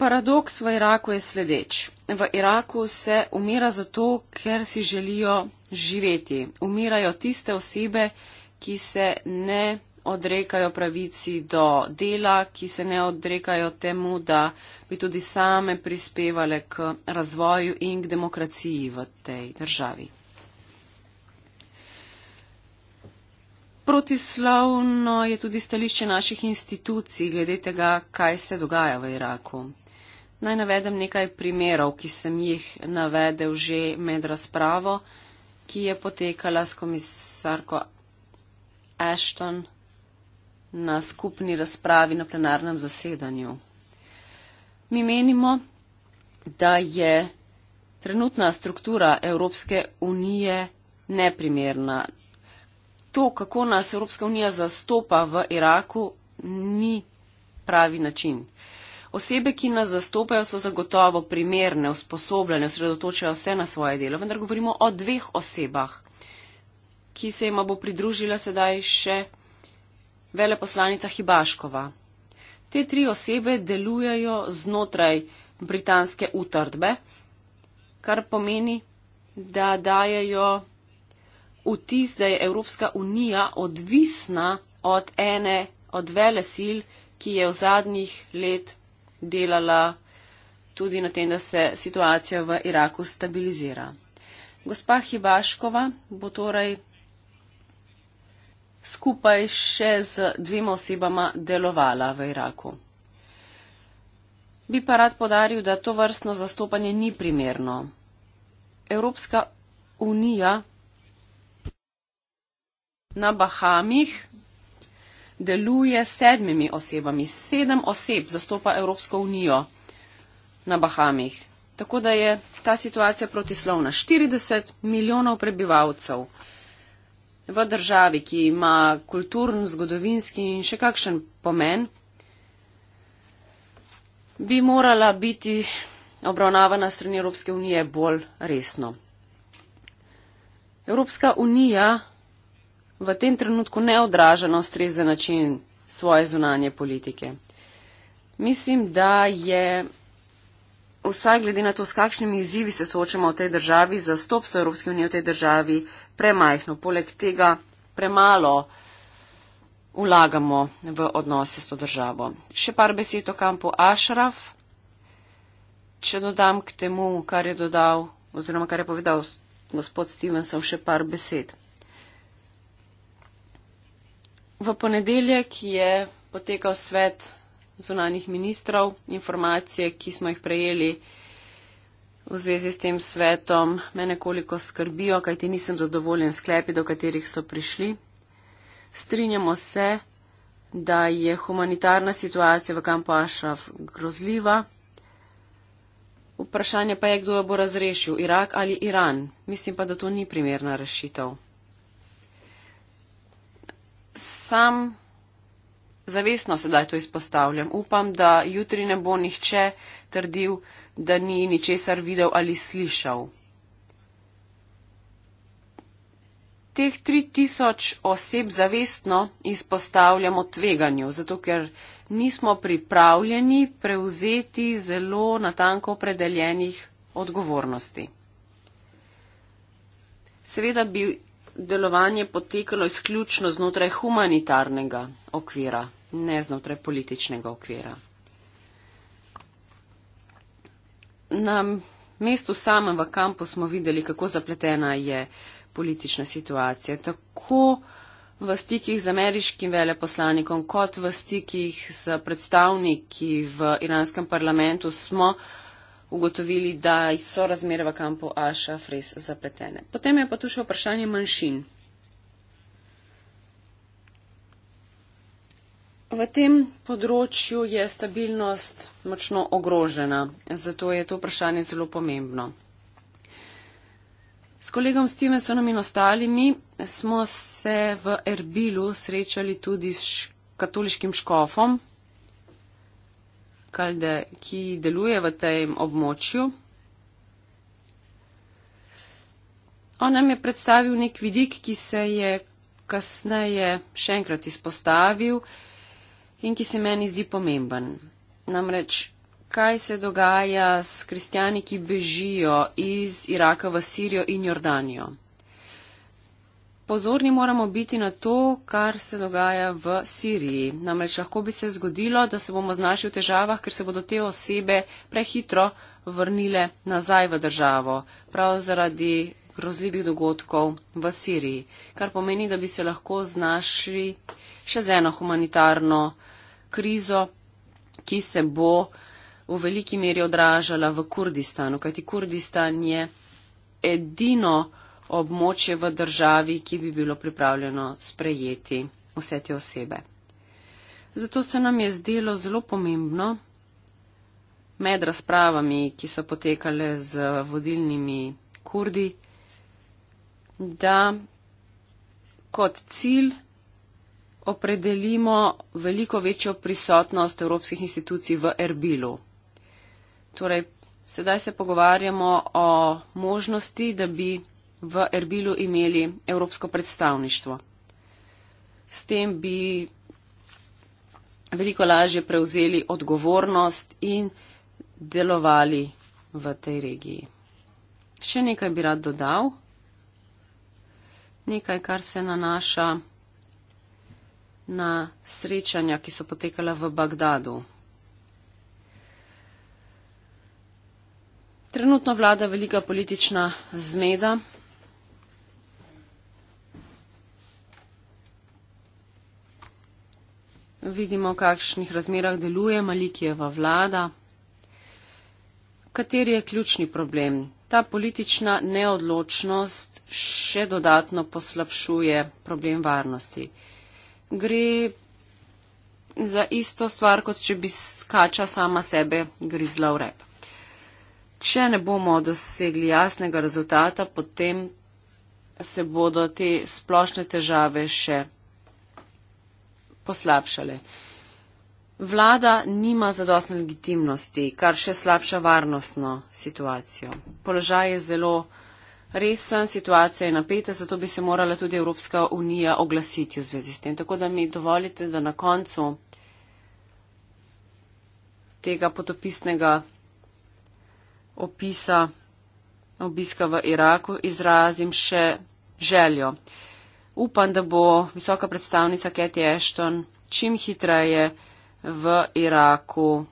Paradoks v Iraku je sledeč. V Iraku se umira zato, ker si želijo živeti. Umirajo tiste osebe, ki se ne odrekajo pravici do dela, ki se ne odrekajo temu, da bi tudi same prispevale k razvoju in k demokraciji v tej državi. Protislavno je tudi stališče naših institucij glede tega, kaj se dogaja v Iraku. Naj navedem nekaj primerov, ki sem jih navedel že med razpravo ki je potekala s komisarko Ashton na skupni razpravi na plenarnem zasedanju. Mi menimo, da je trenutna struktura Evropske unije neprimerna. To, kako nas Evropska unija zastopa v Iraku, ni pravi način. Uh, Osebe, ki nas zastopajo, so zagotovo primerne, usposobljene, osredotočajo se na svoje delo, vendar govorimo o dveh osebah, ki se jima bo pridružila sedaj še veleposlanica Hibaškova. Te tri osebe delujejo znotraj britanske utrdbe, kar pomeni, da dajejo vtis, da je Evropska unija odvisna od ene od vele sil, ki je v zadnjih let delala tudi na tem, da se situacija v Iraku stabilizira. Gospa Hibaškova bo torej skupaj še z dvema osebama delovala v Iraku. Bi pa rad podaril, da to vrstno zastopanje ni primerno. Evropska unija na Bahamih deluje s sedmimi osebami. Sedem oseb zastopa Evropsko unijo na Bahamih. Tako da je ta situacija protislovna. 40 milijonov prebivalcev v državi, ki ima kulturn, zgodovinski in še kakšen pomen, bi morala biti obravnavana strani Evropske unije bolj resno. Evropska unija v tem trenutku ne odraža na ustrezen način svoje zunanje politike. Mislim, da je vsaj glede na to, s kakšnimi izzivi se soočamo v tej državi, za stopstvo Evropske unije v tej državi premajhno. Poleg tega premalo vlagamo v odnose s to državo. Še par besed o kampu Ašraf. Če dodam k temu, kar je dodal oziroma kar je povedal gospod Stevenson, še par besed. V ponedeljek je potekal svet zunanih ministrov. Informacije, ki smo jih prejeli v zvezi s tem svetom, me nekoliko skrbijo, kajti nisem zadovoljen sklepi, do katerih so prišli. Strinjamo se, da je humanitarna situacija v kampu Ašraf grozljiva. Vprašanje pa je, kdo jo bo razrešil, Irak ali Iran. Mislim pa, da to ni primerna rešitev sam zavestno sedaj to izpostavljam. Upam, da jutri ne bo nihče trdil, da ni ničesar videl ali slišal. Teh 3000 oseb zavestno izpostavljamo tveganju, zato ker nismo pripravljeni prevzeti zelo natanko opredeljenih odgovornosti. Seveda bi delovanje potekalo izključno znotraj humanitarnega okvira, ne znotraj političnega okvira. Na mestu samem v kampu smo videli, kako zapletena je politična situacija. Tako v stikih z ameriškim veleposlanikom, kot v stikih s predstavniki v iranskem parlamentu smo ugotovili, da so razmere v kampu Aša res zapletene. Potem je pa tu še vprašanje manjšin. V tem področju je stabilnost močno ogrožena, zato je to vprašanje zelo pomembno. S kolegom Stevensonom in ostalimi smo se v Erbilu srečali tudi s katoliškim škofom, Kalde, ki deluje v tem območju. On nam je predstavil nek vidik, ki se je kasneje še enkrat izpostavil in ki se meni zdi pomemben. Namreč, kaj se dogaja s kristjani, ki bežijo iz Iraka v Sirijo in Jordanijo? Pozorni moramo biti na to, kar se dogaja v Siriji. Namreč lahko bi se zgodilo, da se bomo znašli v težavah, ker se bodo te osebe prehitro vrnile nazaj v državo, prav zaradi grozljivih dogodkov v Siriji. Kar pomeni, da bi se lahko znašli še z eno humanitarno krizo, ki se bo v veliki meri odražala v Kurdistanu, kajti Kurdistan je edino območje v državi, ki bi bilo pripravljeno sprejeti vse te osebe. Zato se nam je zdelo zelo pomembno med razpravami, ki so potekale z vodilnimi kurdi, da kot cilj opredelimo veliko večjo prisotnost evropskih institucij v Erbilu. Torej, sedaj se pogovarjamo o možnosti, da bi v Erbilu imeli evropsko predstavništvo. S tem bi veliko lažje prevzeli odgovornost in delovali v tej regiji. Še nekaj bi rad dodal. Nekaj, kar se nanaša na srečanja, ki so potekala v Bagdadu. Trenutno vlada velika politična zmeda. vidimo, v kakšnih razmerah deluje Malikijeva vlada. Kateri je ključni problem? Ta politična neodločnost še dodatno poslabšuje problem varnosti. Gre za isto stvar, kot če bi skača sama sebe grizla v rep. Če ne bomo dosegli jasnega rezultata, potem se bodo te splošne težave še poslabšale. Vlada nima zadostne legitimnosti, kar še slabša varnostno situacijo. Položaj je zelo resen, situacija je napeta, zato bi se morala tudi Evropska unija oglasiti v zvezi s tem. Tako da mi dovolite, da na koncu tega potopisnega opisa obiska v Iraku izrazim še željo upam, da bo visoka predstavnica Kathy Ashton čim hitreje v Iraku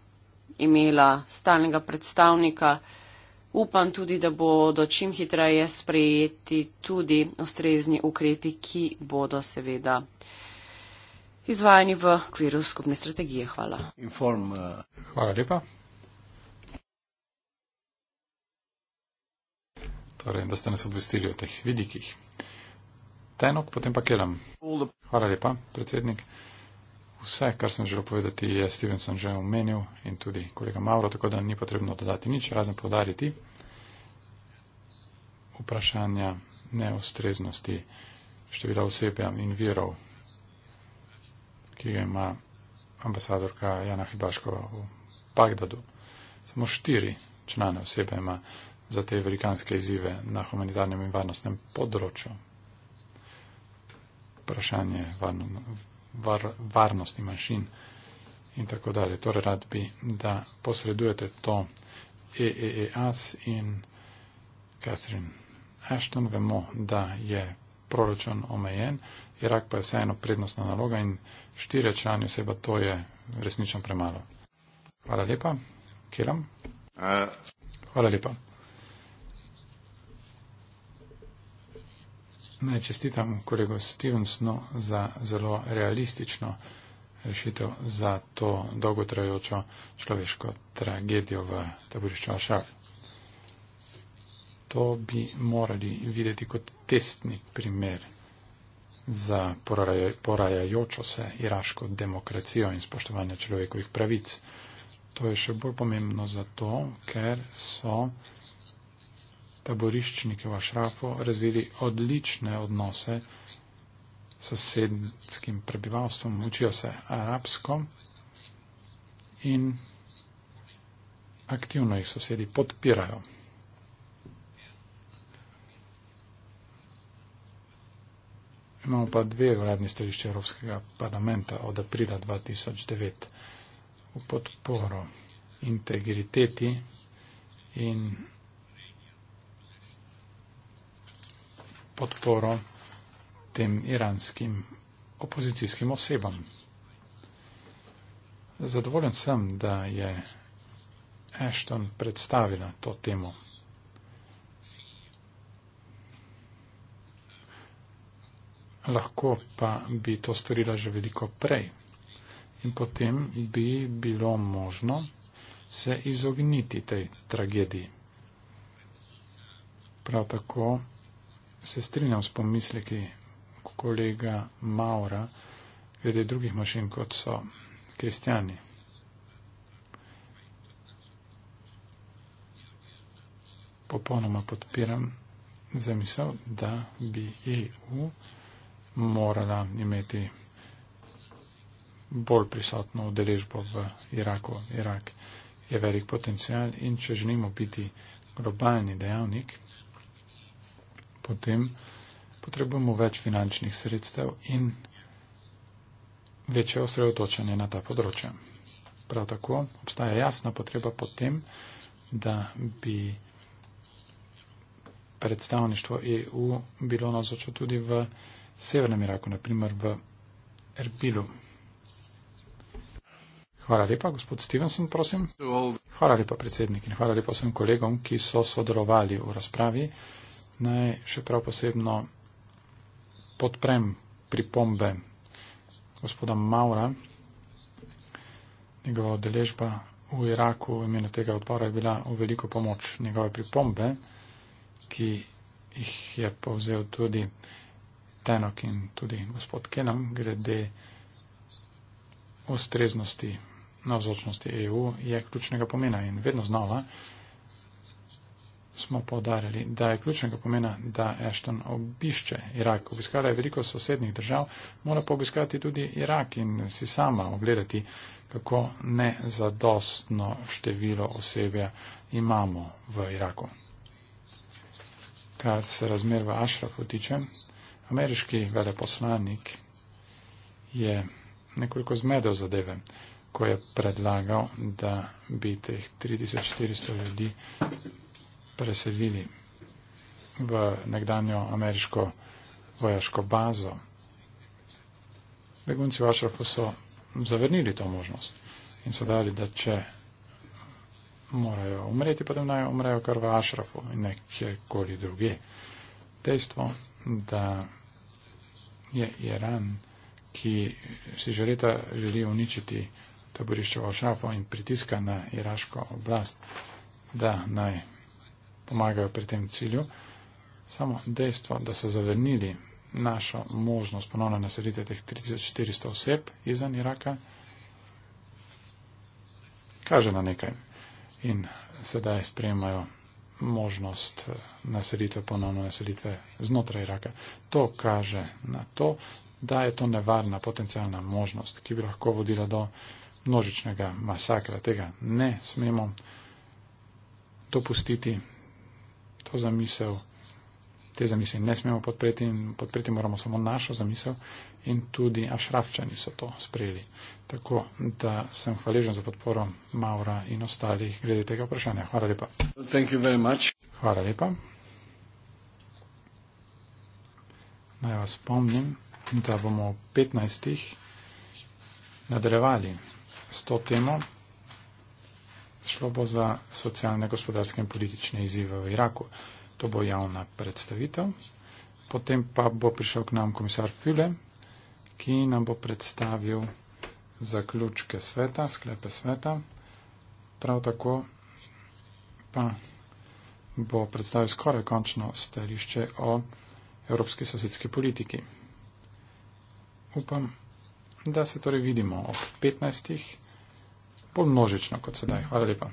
imela stalnega predstavnika. Upam tudi, da bodo čim hitreje sprejeti tudi ustrezni ukrepi, ki bodo seveda izvajani v okviru skupne strategije. Hvala. Inform, uh, hvala lepa. Torej, da ste nas obvestili o teh vidikih. Tenok, potem pa Kelem. Hvala lepa, predsednik. Vse, kar sem želel povedati, je Stevenson že omenil in tudi kolega Mauro, tako da ni potrebno dodati nič, razen povdariti vprašanja neostreznosti števila osebja in virov, ki ga ima ambasadorka Jana Hibaškova v Bagdadu. Samo štiri člane osebe ima za te velikanske izzive na humanitarnem in varnostnem področju vprašanje varno, var, varnosti manjšin in tako dalje. Torej rad bi, da posredujete to EEEAS in Catherine Ashton. Vemo, da je proračun omejen, Irak pa je vseeno prednostna naloga in štirje člani oseba, to je resnično premalo. Hvala lepa. Kiram. Uh. Hvala lepa. Naj čestitam kolego Stevensonu za zelo realistično rešitev za to dolgotrajočo človeško tragedijo v taborišču Ašaf. To bi morali videti kot testni primer za porajajočo se iraško demokracijo in spoštovanje človekovih pravic. To je še bolj pomembno zato, ker so taboriščniki v Ašrafu razvili odlične odnose s sedmskim prebivalstvom, učijo se arabsko in aktivno jih sosedi podpirajo. Imamo pa dve uradni stališče Evropskega parlamenta od aprila 2009 v podporo integriteti in podporo tem iranskim opozicijskim osebam. Zadovoljen sem, da je Ashton predstavila to temo. Lahko pa bi to storila že veliko prej in potem bi bilo možno se izogniti tej tragediji. Prav tako se strinjam s pomisleki kolega Maura glede drugih mašin, kot so kristjani. Popolnoma podpiram zamisel, da bi EU morala imeti bolj prisotno udeležbo v Iraku. Irak je velik potencial in če želimo biti globalni dejavnik, potem potrebujemo več finančnih sredstev in večje osredotočanje na ta področja. Prav tako obstaja jasna potreba potem, da bi predstavništvo EU bilo nazočo tudi v severnem Iraku, naprimer v Erbilu. Hvala lepa, gospod Stevenson, prosim. Hvala lepa, predsednik, in hvala lepa vsem kolegom, ki so sodelovali v razpravi naj še prav posebno podprem pripombe gospoda Maura. Njegova deležba v Iraku v imenu tega odbora je bila v veliko pomoč. Njegove pripombe, ki jih je povzel tudi Tenok in tudi gospod Kenam, grede ustreznosti na vzočnosti EU, je ključnega pomena in vedno znova smo povdarjali, da je ključnega pomena, da Ashton obišče Irak. Obiskala je veliko sosednjih držav, mora pa obiskati tudi Irak in si sama ogledati, kako nezadostno število osebja imamo v Iraku. Kar se razmer v Ašrafu tiče, ameriški veleposlanik je nekoliko zmedel zadeve ko je predlagal, da bi teh 3400 ljudi preselili v nekdanjo ameriško vojaško bazo. Begunci v Ašrafu so zavrnili to možnost in so dali, da če morajo umreti, potem naj umrejo kar v Ašrafu in nekjerkoli druge. Dejstvo, da je Iran, ki si že leta želi uničiti taborišče v Ašrafu in pritiska na iraško oblast, da naj pomagajo pri tem cilju. Samo dejstvo, da so zavrnili našo možnost ponovno naselitve teh 3400 oseb izven Iraka, kaže na nekaj. In sedaj sprejemajo možnost eh, naselitve, ponovno naselitve znotraj Iraka. To kaže na to, da je to nevarna potencijalna možnost, ki bi lahko vodila do množičnega masakra. Tega ne smemo dopustiti, to zamisel, te zamisli ne smemo podpreti in podpreti moramo samo našo zamisel in tudi ašrafčani so to sprejeli. Tako da sem hvaležen za podporo Maura in ostalih glede tega vprašanja. Hvala lepa. Hvala lepa. Naj vas spomnim, da bomo 15. nadaljevali s to temo. Šlo bo za socialne, gospodarske in politične izzive v Iraku. To bo javna predstavitev. Potem pa bo prišel k nam komisar File, ki nam bo predstavil zaključke sveta, sklepe sveta. Prav tako pa bo predstavil skoraj končno stališče o evropski sosedski politiki. Upam, da se torej vidimo ob 15 bolj množično kot sedaj. Hvala lepa.